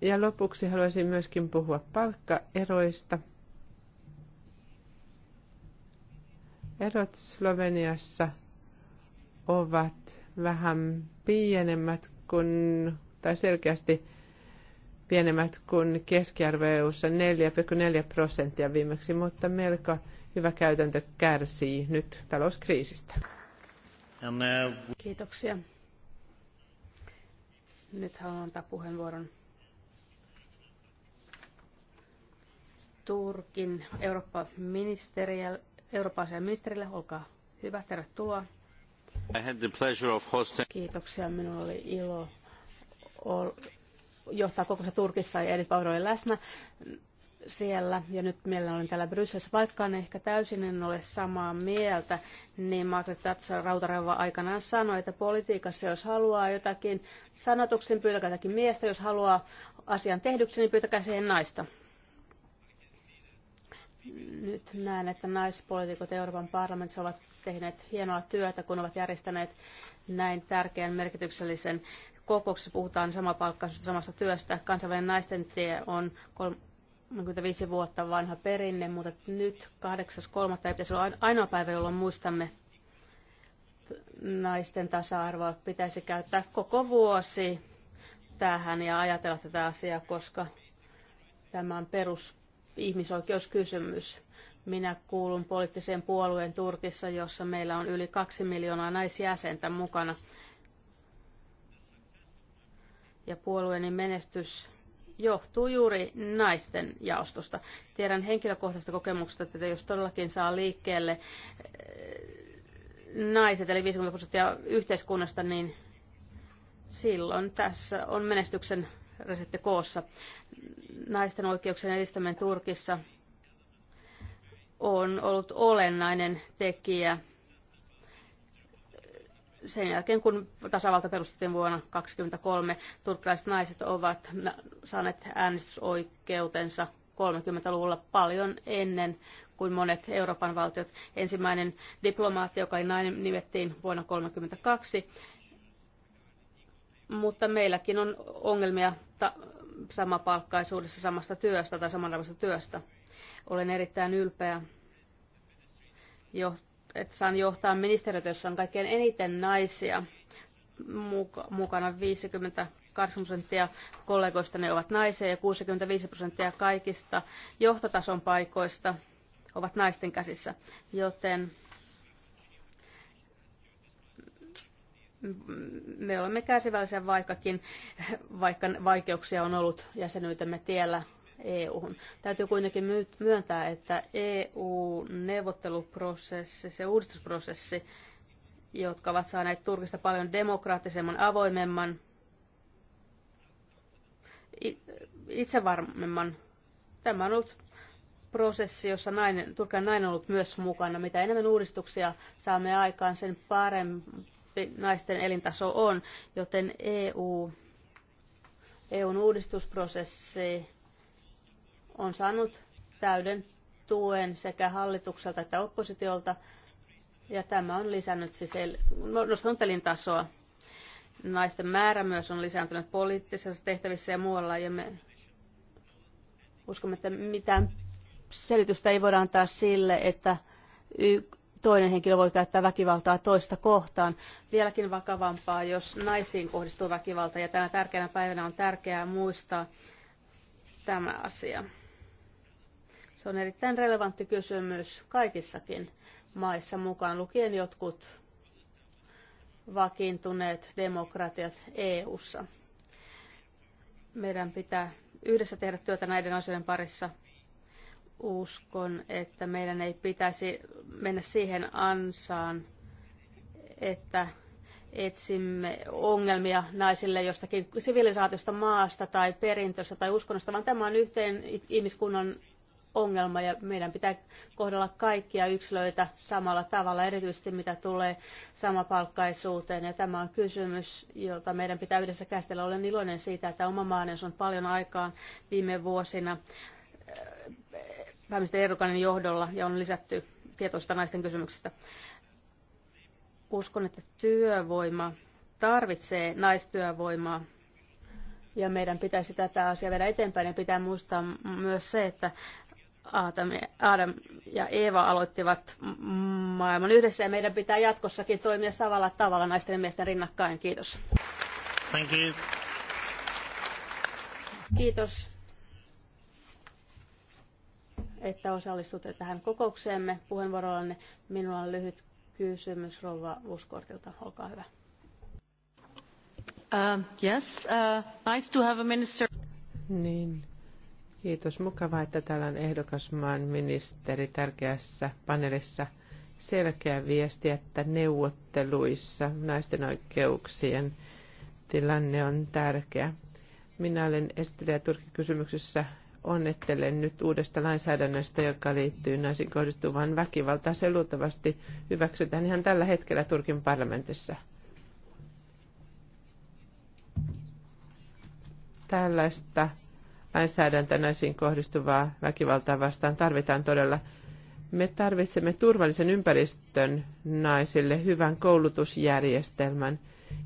ja lopuksi haluaisin myöskin puhua palkkaeroista. Erot Sloveniassa ovat vähän pienemmät kuin, tai selkeästi pienemmät kuin keskiarvo EU-ssa 4,4 prosenttia viimeksi, mutta melko hyvä käytäntö kärsii nyt talouskriisistä. Kiitoksia. Nyt haluan antaa puheenvuoron Turkin eurooppa asian Euroopan ministerille. Olkaa hyvä, tervetuloa. I had the pleasure of hosting. Kiitoksia, minulla oli ilo johtaa kokousta Turkissa ja Edith Bauer oli läsnä siellä ja nyt meillä olen täällä Brysselissä. Vaikka en niin ehkä täysin en ole samaa mieltä, niin Margaret Thatcher rautareuva aikanaan sanoi, että politiikassa jos haluaa jotakin sanotuksi, niin pyytäkää jotakin miestä. Jos haluaa asian tehdyksi, niin pyytäkää siihen naista nyt näen, että naispoliitikot Euroopan parlamentissa ovat tehneet hienoa työtä, kun ovat järjestäneet näin tärkeän merkityksellisen kokouksessa puhutaan samapalkkaisesta samasta työstä. Kansainvälinen naisten tie on 35 vuotta vanha perinne, mutta nyt 8.3. ei pitäisi olla ainoa päivä, jolloin muistamme naisten tasa-arvoa. Pitäisi käyttää koko vuosi tähän ja ajatella tätä asiaa, koska tämä on perus ihmisoikeuskysymys. Minä kuulun poliittiseen puolueen Turkissa, jossa meillä on yli kaksi miljoonaa naisjäsentä mukana. Ja puolueeni menestys johtuu juuri naisten jaostosta. Tiedän henkilökohtaisesta kokemuksesta, että jos todellakin saa liikkeelle eh, naiset, eli 50 prosenttia yhteiskunnasta, niin silloin tässä on menestyksen resepti koossa. Naisten oikeuksien edistäminen Turkissa on ollut olennainen tekijä sen jälkeen, kun tasavalta perustettiin vuonna 2023, turkkilaiset naiset ovat saaneet äänestysoikeutensa 30-luvulla paljon ennen kuin monet Euroopan valtiot. Ensimmäinen diplomaatti, joka nainen nimettiin vuonna 1932, mutta meilläkin on ongelmia Sama samapalkkaisuudessa samasta työstä tai samanlaisesta työstä. Olen erittäin ylpeä, että saan johtaa ministeriötä, jossa on kaikkein eniten naisia. Mukana 58 prosenttia kollegoista ne ovat naisia ja 65 prosenttia kaikista johtotason paikoista ovat naisten käsissä, joten me olemme kärsivällisiä vaikkakin, vaikka vaikeuksia on ollut jäsenyytemme tiellä EU-hun. Täytyy kuitenkin myöntää, että EU-neuvotteluprosessi, se uudistusprosessi, jotka ovat saaneet Turkista paljon demokraattisemman, avoimemman, itsevarmemman. Tämä on ollut prosessi, jossa nainen, Turkan nainen on ollut myös mukana. Mitä enemmän uudistuksia saamme aikaan, sen parempi pienempi naisten elintaso on, joten EU, EUn uudistusprosessi on saanut täyden tuen sekä hallitukselta että oppositiolta, ja tämä on lisännyt siis el- nostanut elintasoa. Naisten määrä myös on lisääntynyt poliittisissa tehtävissä ja muualla, ja me uskomme, että mitään selitystä ei voida antaa sille, että y- toinen henkilö voi käyttää väkivaltaa toista kohtaan. Vieläkin vakavampaa, jos naisiin kohdistuu väkivalta, ja tänä tärkeänä päivänä on tärkeää muistaa tämä asia. Se on erittäin relevantti kysymys kaikissakin maissa, mukaan lukien jotkut vakiintuneet demokratiat EU:ssa. Meidän pitää yhdessä tehdä työtä näiden asioiden parissa uskon, että meidän ei pitäisi mennä siihen ansaan, että etsimme ongelmia naisille jostakin sivilisaatiosta maasta tai perintöstä tai uskonnosta, vaan tämä on yhteen ihmiskunnan ongelma ja meidän pitää kohdella kaikkia yksilöitä samalla tavalla, erityisesti mitä tulee samapalkkaisuuteen. Ja tämä on kysymys, jota meidän pitää yhdessä käsitellä. Olen iloinen siitä, että oma maanen on paljon aikaan viime vuosina pääministeri Erdoganin johdolla ja on lisätty tietoista naisten kysymyksistä. Uskon, että työvoima tarvitsee naistyövoimaa ja meidän pitäisi tätä asiaa viedä eteenpäin ja pitää muistaa myös se, että Adam ja Eeva aloittivat maailman yhdessä ja meidän pitää jatkossakin toimia samalla tavalla naisten ja miesten rinnakkain. Kiitos. Thank you. Kiitos että osallistutte tähän kokoukseemme puheenvuorollanne. Minulla on lyhyt kysymys Rova Uskortilta. Olkaa hyvä. Uh, yes, uh, nice to have a minister. Niin. Kiitos. Mukavaa, että täällä on maan ministeri tärkeässä paneelissa. Selkeä viesti, että neuvotteluissa naisten oikeuksien tilanne on tärkeä. Minä olen esittelijä Turkin kysymyksessä onnittelen nyt uudesta lainsäädännöstä, joka liittyy naisiin kohdistuvaan väkivaltaan. Se luultavasti hyväksytään ihan tällä hetkellä Turkin parlamentissa. Tällaista lainsäädäntöä naisiin kohdistuvaa väkivaltaa vastaan tarvitaan todella. Me tarvitsemme turvallisen ympäristön naisille, hyvän koulutusjärjestelmän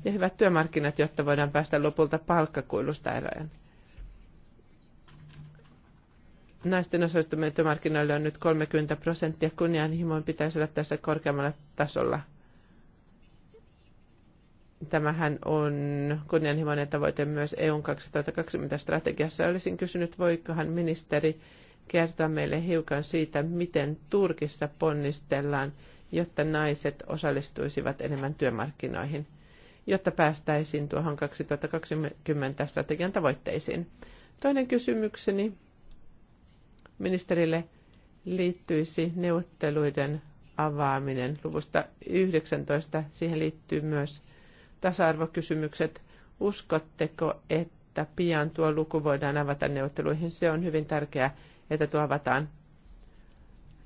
ja hyvät työmarkkinat, jotta voidaan päästä lopulta palkkakuilusta eroon naisten osallistuminen työmarkkinoille on nyt 30 prosenttia. Kunnianhimoin pitäisi olla tässä korkeammalla tasolla. Tämähän on kunnianhimoinen tavoite myös EUn 2020 strategiassa. Olisin kysynyt, voikohan ministeri kertoa meille hiukan siitä, miten Turkissa ponnistellaan, jotta naiset osallistuisivat enemmän työmarkkinoihin, jotta päästäisiin tuohon 2020 strategian tavoitteisiin. Toinen kysymykseni ministerille liittyisi neuvotteluiden avaaminen luvusta 19. Siihen liittyy myös tasa-arvokysymykset. Uskotteko, että pian tuo luku voidaan avata neuvotteluihin? Se on hyvin tärkeää, että tuo avataan.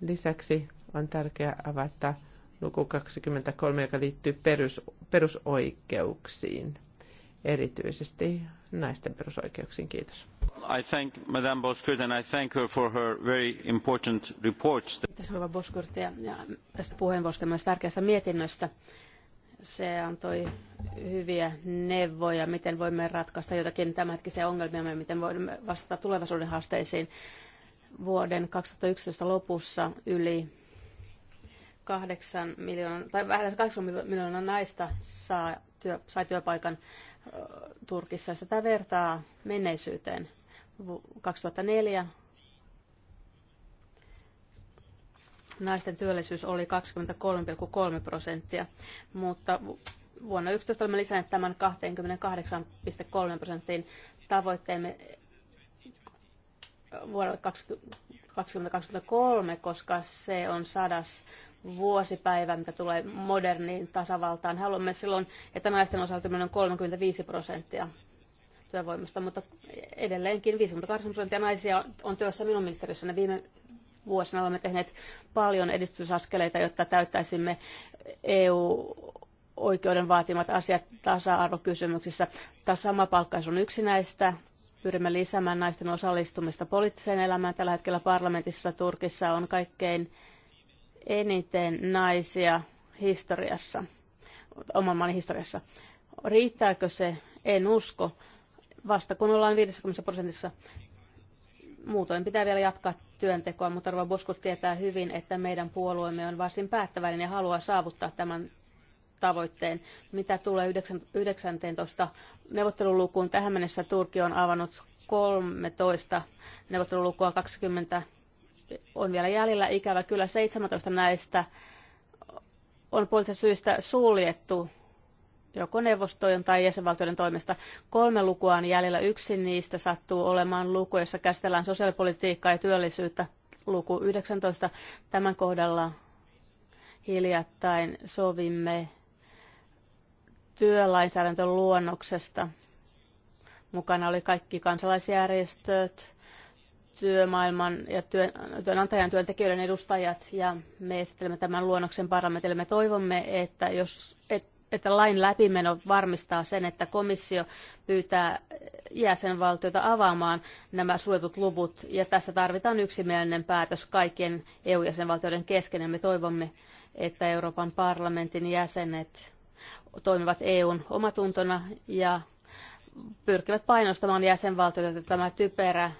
Lisäksi on tärkeää avata luku 23, joka liittyy perus, perusoikeuksiin, erityisesti naisten perusoikeuksiin. Kiitos. I thank Madam Boskurt and I thank her for her very important reports. Kiitos Rova Boskurt ja, tästä puheenvuorosta myös tärkeästä mietinnöstä. Se antoi hyviä neuvoja, miten voimme ratkaista jotakin tämänhetkisiä ongelmia ja miten voimme vastata tulevaisuuden haasteisiin. Vuoden 2011 lopussa yli 8 miljoonaa, tai vähän kahdeksan miljoonaa naista saa työ, sai työpaikan Turkissa. Sitä vertaa menneisyyteen. 2004 naisten työllisyys oli 23,3 prosenttia, mutta vuonna 2011 olemme tämän 28,3 prosenttiin tavoitteemme äh, vuodelle 2023, koska se on sadas vuosipäivä, mitä tulee moderniin tasavaltaan. Haluamme silloin, että naisten osalta on 35 prosenttia työvoimasta, mutta edelleenkin 58 prosenttia naisia on työssä minun ministeriössäni. Viime vuosina olemme tehneet paljon edistysaskeleita, jotta täyttäisimme EU oikeuden vaatimat asiat tasa-arvokysymyksissä. sama palkkaus on yksi näistä. Pyrimme lisäämään naisten osallistumista poliittiseen elämään. Tällä hetkellä parlamentissa Turkissa on kaikkein eniten naisia historiassa, oman maan historiassa. Riittääkö se? En usko. Vasta kun ollaan 50 prosentissa, muutoin pitää vielä jatkaa työntekoa, mutta Arvo Boskut tietää hyvin, että meidän puolueemme on varsin päättäväinen ja haluaa saavuttaa tämän tavoitteen. Mitä tulee 19 neuvottelulukuun, tähän mennessä Turkki on avannut 13 neuvottelulukua 20 on vielä jäljellä. Ikävä kyllä 17 näistä on poliittisista syistä suljettu joko neuvostojen tai jäsenvaltioiden toimesta. Kolme lukua on jäljellä. Yksi niistä sattuu olemaan luku, jossa käsitellään sosiaalipolitiikkaa ja työllisyyttä. Luku 19. Tämän kohdalla hiljattain sovimme työlainsäädäntöluonnoksesta. Mukana oli kaikki kansalaisjärjestöt, työmaailman ja työn, työnantajan työntekijöiden edustajat ja me esittelemme tämän luonnoksen parlamentille. Me toivomme, että, jos, et, että lain läpimeno varmistaa sen, että komissio pyytää jäsenvaltioita avaamaan nämä suljetut luvut ja tässä tarvitaan yksimielinen päätös kaikkien EU-jäsenvaltioiden kesken ja me toivomme, että Euroopan parlamentin jäsenet toimivat EUn omatuntona ja pyrkivät painostamaan jäsenvaltioita, että tämä typerä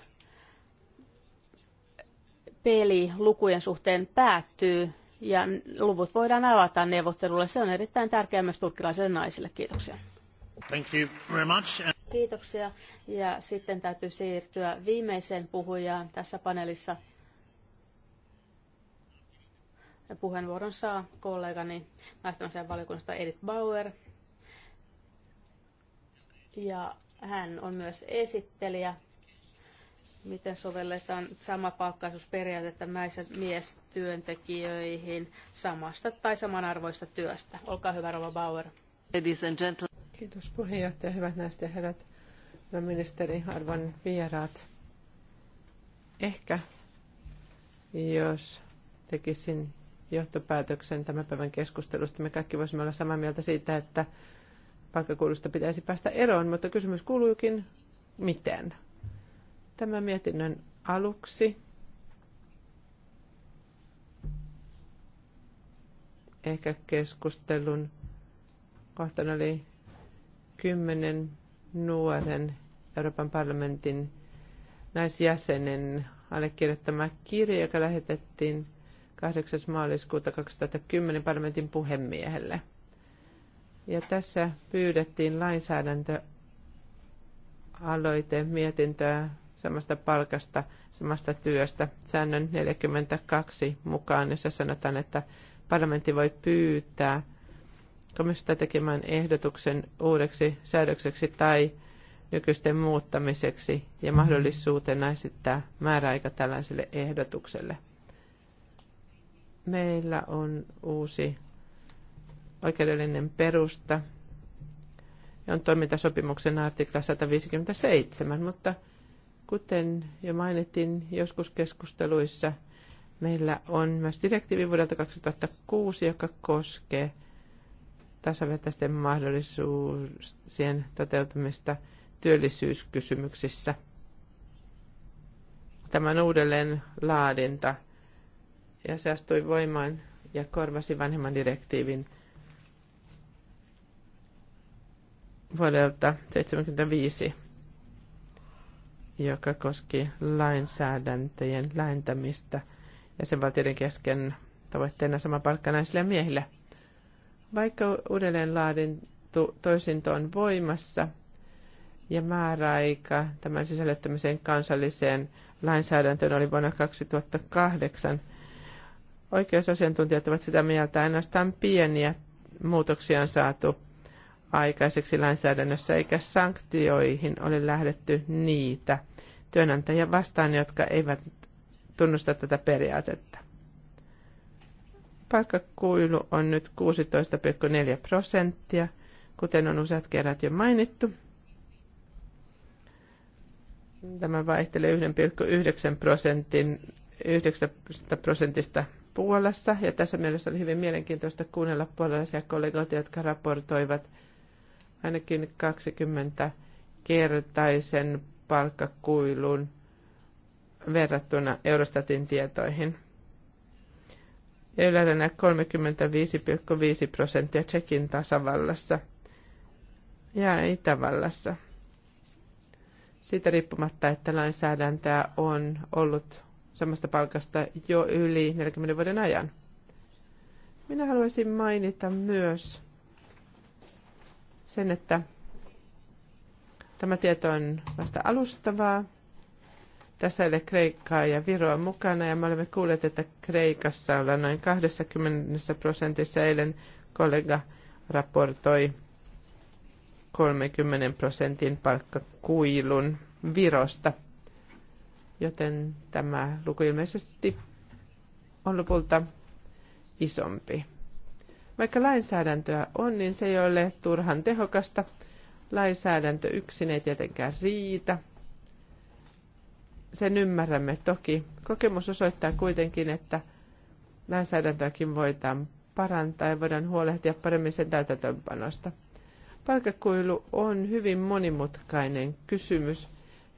peli lukujen suhteen päättyy ja luvut voidaan avata neuvottelulle. Se on erittäin tärkeää myös turkkilaisille naisille. Kiitoksia. Thank you very much. Kiitoksia. Ja sitten täytyy siirtyä viimeiseen puhujaan tässä paneelissa. Puheenvuoron saa kollegani naisten valiokunnasta Edith Bauer. Ja hän on myös esittelijä miten sovelletaan samapalkkaisuusperiaatetta näissä miestyöntekijöihin samasta tai samanarvoista työstä. Olkaa hyvä, Rova Bauer. Ladies and gentlemen. Kiitos puheenjohtaja, hyvät naiset ja herrat, hyvä ministeri, arvon vieraat. Ehkä, jos tekisin johtopäätöksen tämän päivän keskustelusta, me kaikki voisimme olla samaa mieltä siitä, että palkkakuulusta pitäisi päästä eroon, mutta kysymys kuuluukin, miten? tämän mietinnön aluksi. Ehkä keskustelun kohtana oli kymmenen nuoren Euroopan parlamentin naisjäsenen allekirjoittama kirja, joka lähetettiin 8. maaliskuuta 2010 parlamentin puhemiehelle. Ja tässä pyydettiin lainsäädäntöaloite mietintöä semmoista palkasta, semmoista työstä, säännön 42 mukaan, jossa sanotaan, että parlamentti voi pyytää komissiota tekemään ehdotuksen uudeksi säädökseksi tai nykyisten muuttamiseksi ja mahdollisuutena esittää määräaika tällaiselle ehdotukselle. Meillä on uusi oikeudellinen perusta ja on toimintasopimuksen artikla 157, mutta Kuten jo mainittiin joskus keskusteluissa, meillä on myös direktiivi vuodelta 2006, joka koskee tasavertaisten mahdollisuuksien toteutumista työllisyyskysymyksissä. Tämän uudelleen laadinta ja se astui voimaan ja korvasi vanhemman direktiivin vuodelta 1975 joka koski lainsäädäntöjen lähentämistä valtioiden kesken tavoitteena sama palkka naisille ja miehille. Vaikka uudelleen laadintu toisinto on voimassa ja määräaika tämän sisällyttämiseen kansalliseen lainsäädäntöön oli vuonna 2008, oikeusasiantuntijat ovat sitä mieltä, ainoastaan pieniä muutoksia on saatu aikaiseksi lainsäädännössä, eikä sanktioihin ole lähdetty niitä työnantajia vastaan, jotka eivät tunnusta tätä periaatetta. Palkkakuilu on nyt 16,4 prosenttia, kuten on useat kerrat jo mainittu. Tämä vaihtelee 1,9 prosentin 9 prosentista Puolassa. Ja tässä mielessä oli hyvin mielenkiintoista kuunnella puolalaisia kollegoita, jotka raportoivat – ainakin 20-kertaisen palkkakuilun verrattuna Eurostatin tietoihin. Ylärenä 35,5 prosenttia Tsekin tasavallassa ja Itävallassa. Siitä riippumatta, että lainsäädäntöä on ollut samasta palkasta jo yli 40 vuoden ajan. Minä haluaisin mainita myös sen, että tämä tieto on vasta alustavaa. Tässä ei ole Kreikkaa ja Viroa mukana ja me olemme kuulleet, että Kreikassa ollaan noin 20 prosentissa. Eilen kollega raportoi 30 prosentin palkkakuilun Virosta, joten tämä luku ilmeisesti on lopulta isompi. Vaikka lainsäädäntöä on, niin se ei ole turhan tehokasta. Lainsäädäntö yksin ei tietenkään riitä. Sen ymmärrämme toki. Kokemus osoittaa kuitenkin, että lainsäädäntöäkin voidaan parantaa ja voidaan huolehtia paremmin sen täytäntöönpanosta. Palkakuilu on hyvin monimutkainen kysymys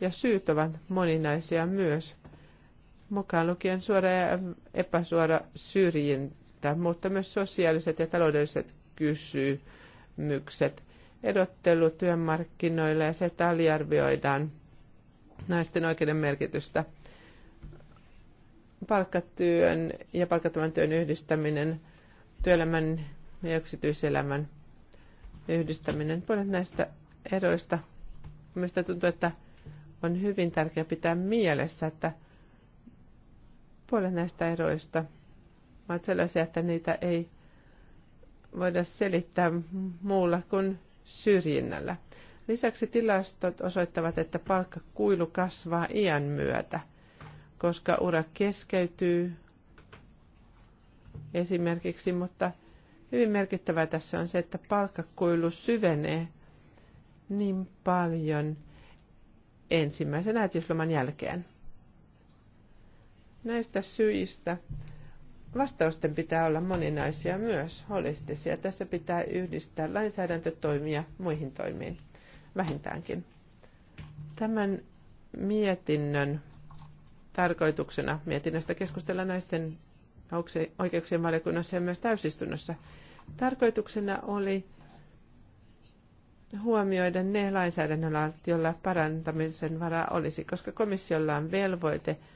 ja syyt ovat moninaisia myös, mukaan lukien suora ja epäsuora syrjintä että, mutta myös sosiaaliset ja taloudelliset kysymykset. Erottelu työmarkkinoilla ja se, että aliarvioidaan naisten oikeuden merkitystä. Palkkatyön ja palkattoman työn yhdistäminen, työelämän ja yksityiselämän yhdistäminen. Puolet näistä eroista. Mielestäni tuntuu, että on hyvin tärkeää pitää mielessä, että puolet näistä eroista – ovat sellaisia, että niitä ei voida selittää muulla kuin syrjinnällä. Lisäksi tilastot osoittavat, että palkkakuilu kasvaa iän myötä, koska ura keskeytyy esimerkiksi, mutta hyvin merkittävää tässä on se, että palkkakuilu syvenee niin paljon ensimmäisen äitiysloman jälkeen. Näistä syistä vastausten pitää olla moninaisia myös, holistisia. Tässä pitää yhdistää lainsäädäntötoimia muihin toimiin, vähintäänkin. Tämän mietinnön tarkoituksena, mietinnöstä keskustella naisten oikeuksien valiokunnassa ja myös täysistunnossa, tarkoituksena oli huomioida ne lainsäädännöllä, joilla parantamisen varaa olisi, koska komissiolla on velvoite –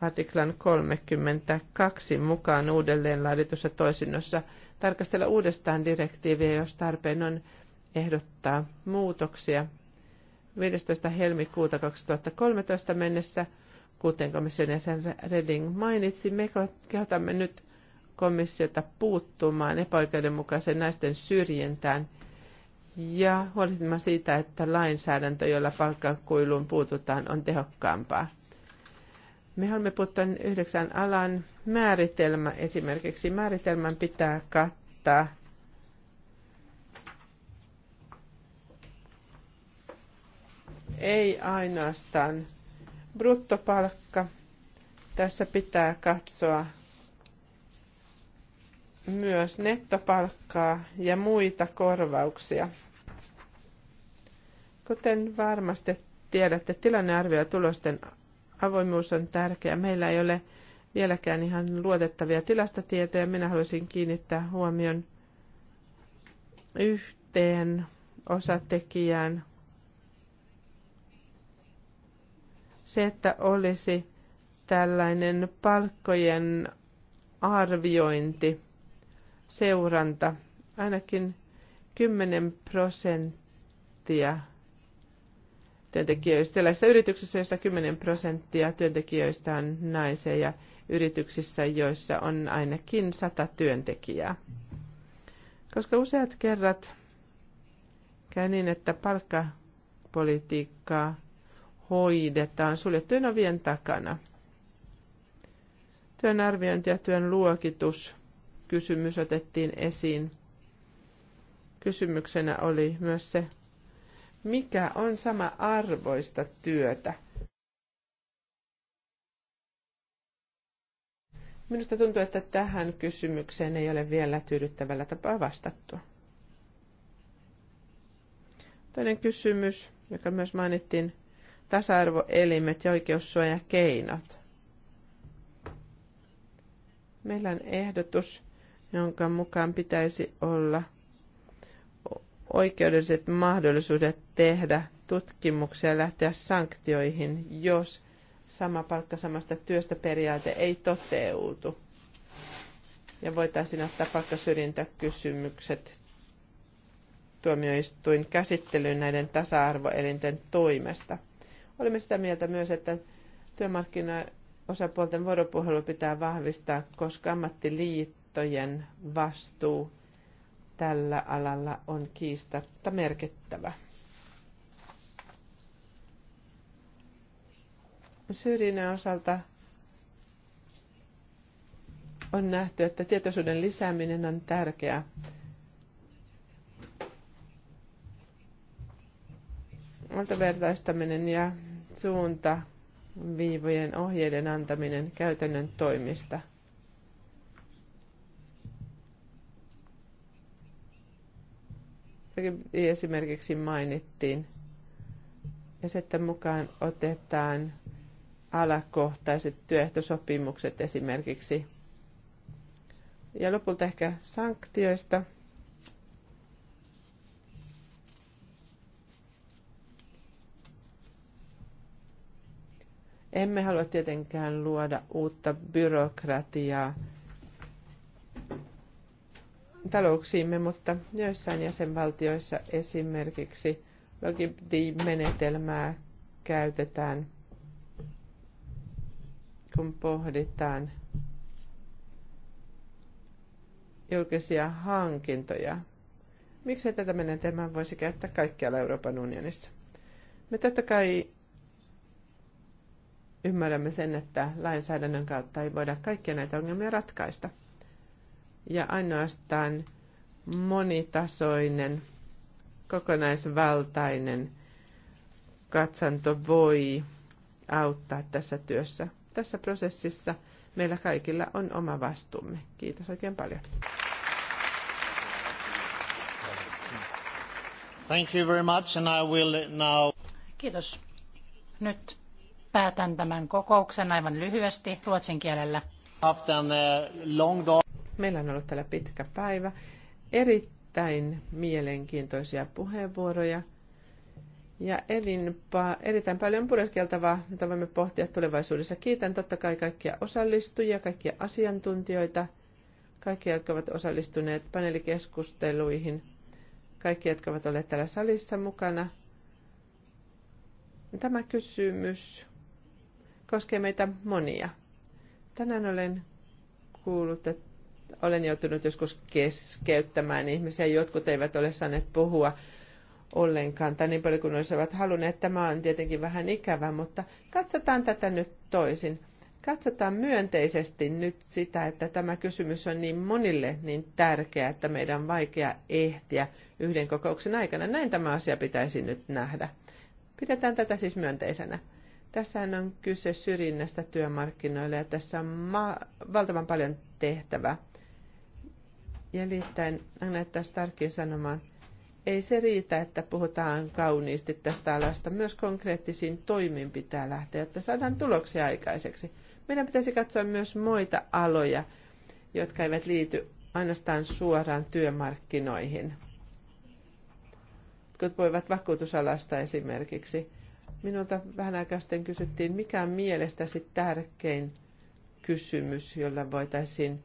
artiklan 32 mukaan uudelleen laaditussa toisinnossa tarkastella uudestaan direktiiviä, jos tarpeen on ehdottaa muutoksia 15. helmikuuta 2013 mennessä, kuten komission jäsen Reding mainitsi, me kehotamme nyt komissiota puuttumaan epäoikeudenmukaisen naisten syrjintään ja huolehtimaan siitä, että lainsäädäntö, jolla palkkakuiluun puututaan, on tehokkaampaa. Me haluamme puuttua yhdeksän alan määritelmä esimerkiksi. Määritelmän pitää kattaa ei ainoastaan bruttopalkka. Tässä pitää katsoa myös nettopalkkaa ja muita korvauksia. Kuten varmasti tiedätte, tilannearvio ja tulosten avoimuus on tärkeä. Meillä ei ole vieläkään ihan luotettavia tilastotietoja. Minä haluaisin kiinnittää huomion yhteen osatekijään. Se, että olisi tällainen palkkojen arviointi, seuranta, ainakin 10 prosenttia työntekijöistä. Sellaisissa yrityksissä, joissa 10 prosenttia työntekijöistä on naisia ja yrityksissä, joissa on ainakin 100 työntekijää. Koska useat kerrat käy niin, että palkkapolitiikkaa hoidetaan suljettujen ovien takana. Työn arviointi ja työn luokitus kysymys otettiin esiin. Kysymyksenä oli myös se, mikä on sama arvoista työtä. Minusta tuntuu, että tähän kysymykseen ei ole vielä tyydyttävällä tapaa vastattua. Toinen kysymys, joka myös mainittiin, tasa-arvoelimet ja oikeussuojakeinot. Meillä on ehdotus, jonka mukaan pitäisi olla – oikeudelliset mahdollisuudet tehdä tutkimuksia ja lähteä sanktioihin, jos sama palkka samasta työstä periaate ei toteutu. Ja voitaisiin ottaa palkkasyrjintäkysymykset tuomioistuin käsittelyyn näiden tasa-arvoelinten toimesta. Olemme sitä mieltä myös, että työmarkkinaosapuolten vuoropuhelu pitää vahvistaa, koska ammattiliittojen vastuu tällä alalla on kiistatta merkittävä. Syrjinnän osalta on nähty, että tietoisuuden lisääminen on tärkeää. Valtavertaistaminen ja suunta viivojen ohjeiden antaminen käytännön toimista esimerkiksi mainittiin. Ja sitten mukaan otetaan alakohtaiset työehtosopimukset esimerkiksi. Ja lopulta ehkä sanktioista. Emme halua tietenkään luoda uutta byrokratiaa talouksiimme, mutta joissain jäsenvaltioissa esimerkiksi Logibdi-menetelmää käytetään, kun pohditaan julkisia hankintoja. Miksei tätä menetelmää voisi käyttää kaikkialla Euroopan unionissa? Me totta kai ymmärrämme sen, että lainsäädännön kautta ei voida kaikkia näitä ongelmia ratkaista – ja ainoastaan monitasoinen, kokonaisvaltainen katsanto voi auttaa tässä työssä. Tässä prosessissa meillä kaikilla on oma vastuumme. Kiitos oikein paljon. Thank you very much and I will now... Kiitos. Nyt päätän tämän kokouksen aivan lyhyesti ruotsin kielellä. After long dog. Meillä on ollut täällä pitkä päivä. Erittäin mielenkiintoisia puheenvuoroja. Ja elinpa, erittäin paljon pureskeltavaa, mitä voimme pohtia tulevaisuudessa. Kiitän totta kai kaikkia osallistujia, kaikkia asiantuntijoita, kaikkia, jotka ovat osallistuneet paneelikeskusteluihin, kaikkia, jotka ovat olleet täällä salissa mukana. Tämä kysymys koskee meitä monia. Tänään olen kuullut, että olen joutunut joskus keskeyttämään ihmisiä. Jotkut eivät ole saaneet puhua ollenkaan tai niin paljon kuin olisivat halunneet. Tämä on tietenkin vähän ikävä, mutta katsotaan tätä nyt toisin. Katsotaan myönteisesti nyt sitä, että tämä kysymys on niin monille niin tärkeä, että meidän on vaikea ehtiä yhden kokouksen aikana. Näin tämä asia pitäisi nyt nähdä. Pidetään tätä siis myönteisenä. Tässähän on kyse syrjinnästä työmarkkinoilla ja tässä on valtavan paljon tehtävää. Ja liittäen näyttää Starkin sanomaan, ei se riitä, että puhutaan kauniisti tästä alasta. Myös konkreettisiin toimiin pitää lähteä, että saadaan tuloksia aikaiseksi. Meidän pitäisi katsoa myös muita aloja, jotka eivät liity ainoastaan suoraan työmarkkinoihin. Jotkut voivat vakuutusalasta esimerkiksi. Minulta vähän aikaa sitten kysyttiin, mikä on mielestäsi tärkein kysymys, jolla voitaisiin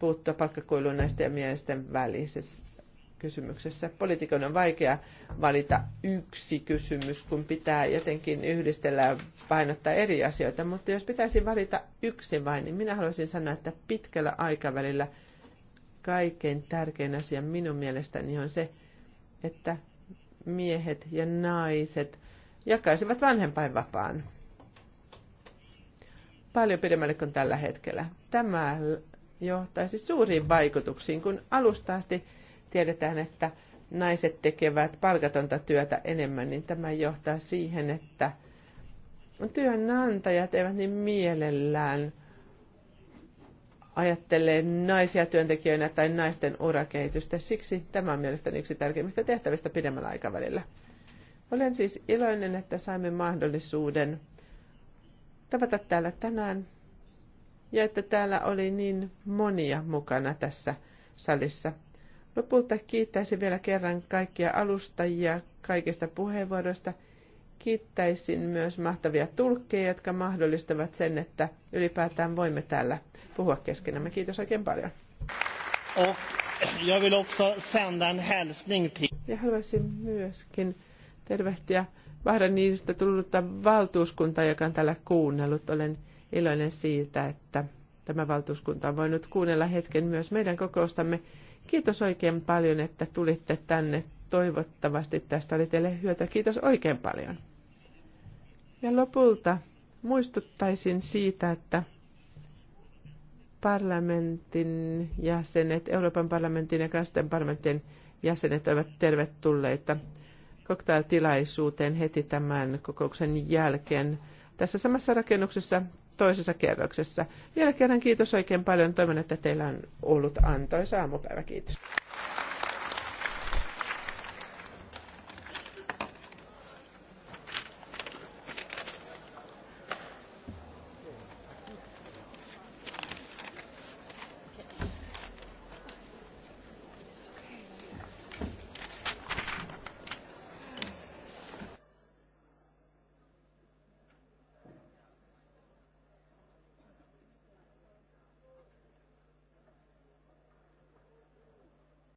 puuttua palkkakuiluun naisten ja miesten välisessä kysymyksessä. Poliitikon on vaikea valita yksi kysymys, kun pitää jotenkin yhdistellä ja painottaa eri asioita, mutta jos pitäisi valita yksi vain, niin minä haluaisin sanoa, että pitkällä aikavälillä kaikkein tärkein asia minun mielestäni on se, että miehet ja naiset jakaisivat vanhempainvapaan paljon pidemmälle kuin tällä hetkellä. Tämä johtaisi suuriin vaikutuksiin, kun alusta asti tiedetään, että naiset tekevät palkatonta työtä enemmän, niin tämä johtaa siihen, että työnantajat eivät niin mielellään ajattelee naisia työntekijöinä tai naisten urakehitystä. Siksi tämä on mielestäni yksi tärkeimmistä tehtävistä pidemmällä aikavälillä. Olen siis iloinen, että saimme mahdollisuuden tavata täällä tänään ja että täällä oli niin monia mukana tässä salissa. Lopulta kiittäisin vielä kerran kaikkia alustajia kaikista puheenvuoroista. Kiittäisin myös mahtavia tulkkeja, jotka mahdollistavat sen, että ylipäätään voimme täällä puhua keskenämme. Kiitos oikein paljon. Och jag vill också sända en hälsning till... Ja haluaisin myöskin tervehtiä Bahrainista tullutta valtuuskuntaa, joka on täällä kuunnellut. Olen iloinen siitä, että tämä valtuuskunta on voinut kuunnella hetken myös meidän kokoustamme. Kiitos oikein paljon, että tulitte tänne. Toivottavasti tästä oli teille hyötyä. Kiitos oikein paljon. Ja lopulta muistuttaisin siitä, että parlamentin jäsenet, Euroopan parlamentin ja kansallisten parlamentin jäsenet ovat tervetulleita koktailtilaisuuteen heti tämän kokouksen jälkeen tässä samassa rakennuksessa toisessa kerroksessa. Vielä kerran kiitos oikein paljon. Toivon, että teillä on ollut antoisa aamupäivä. Kiitos.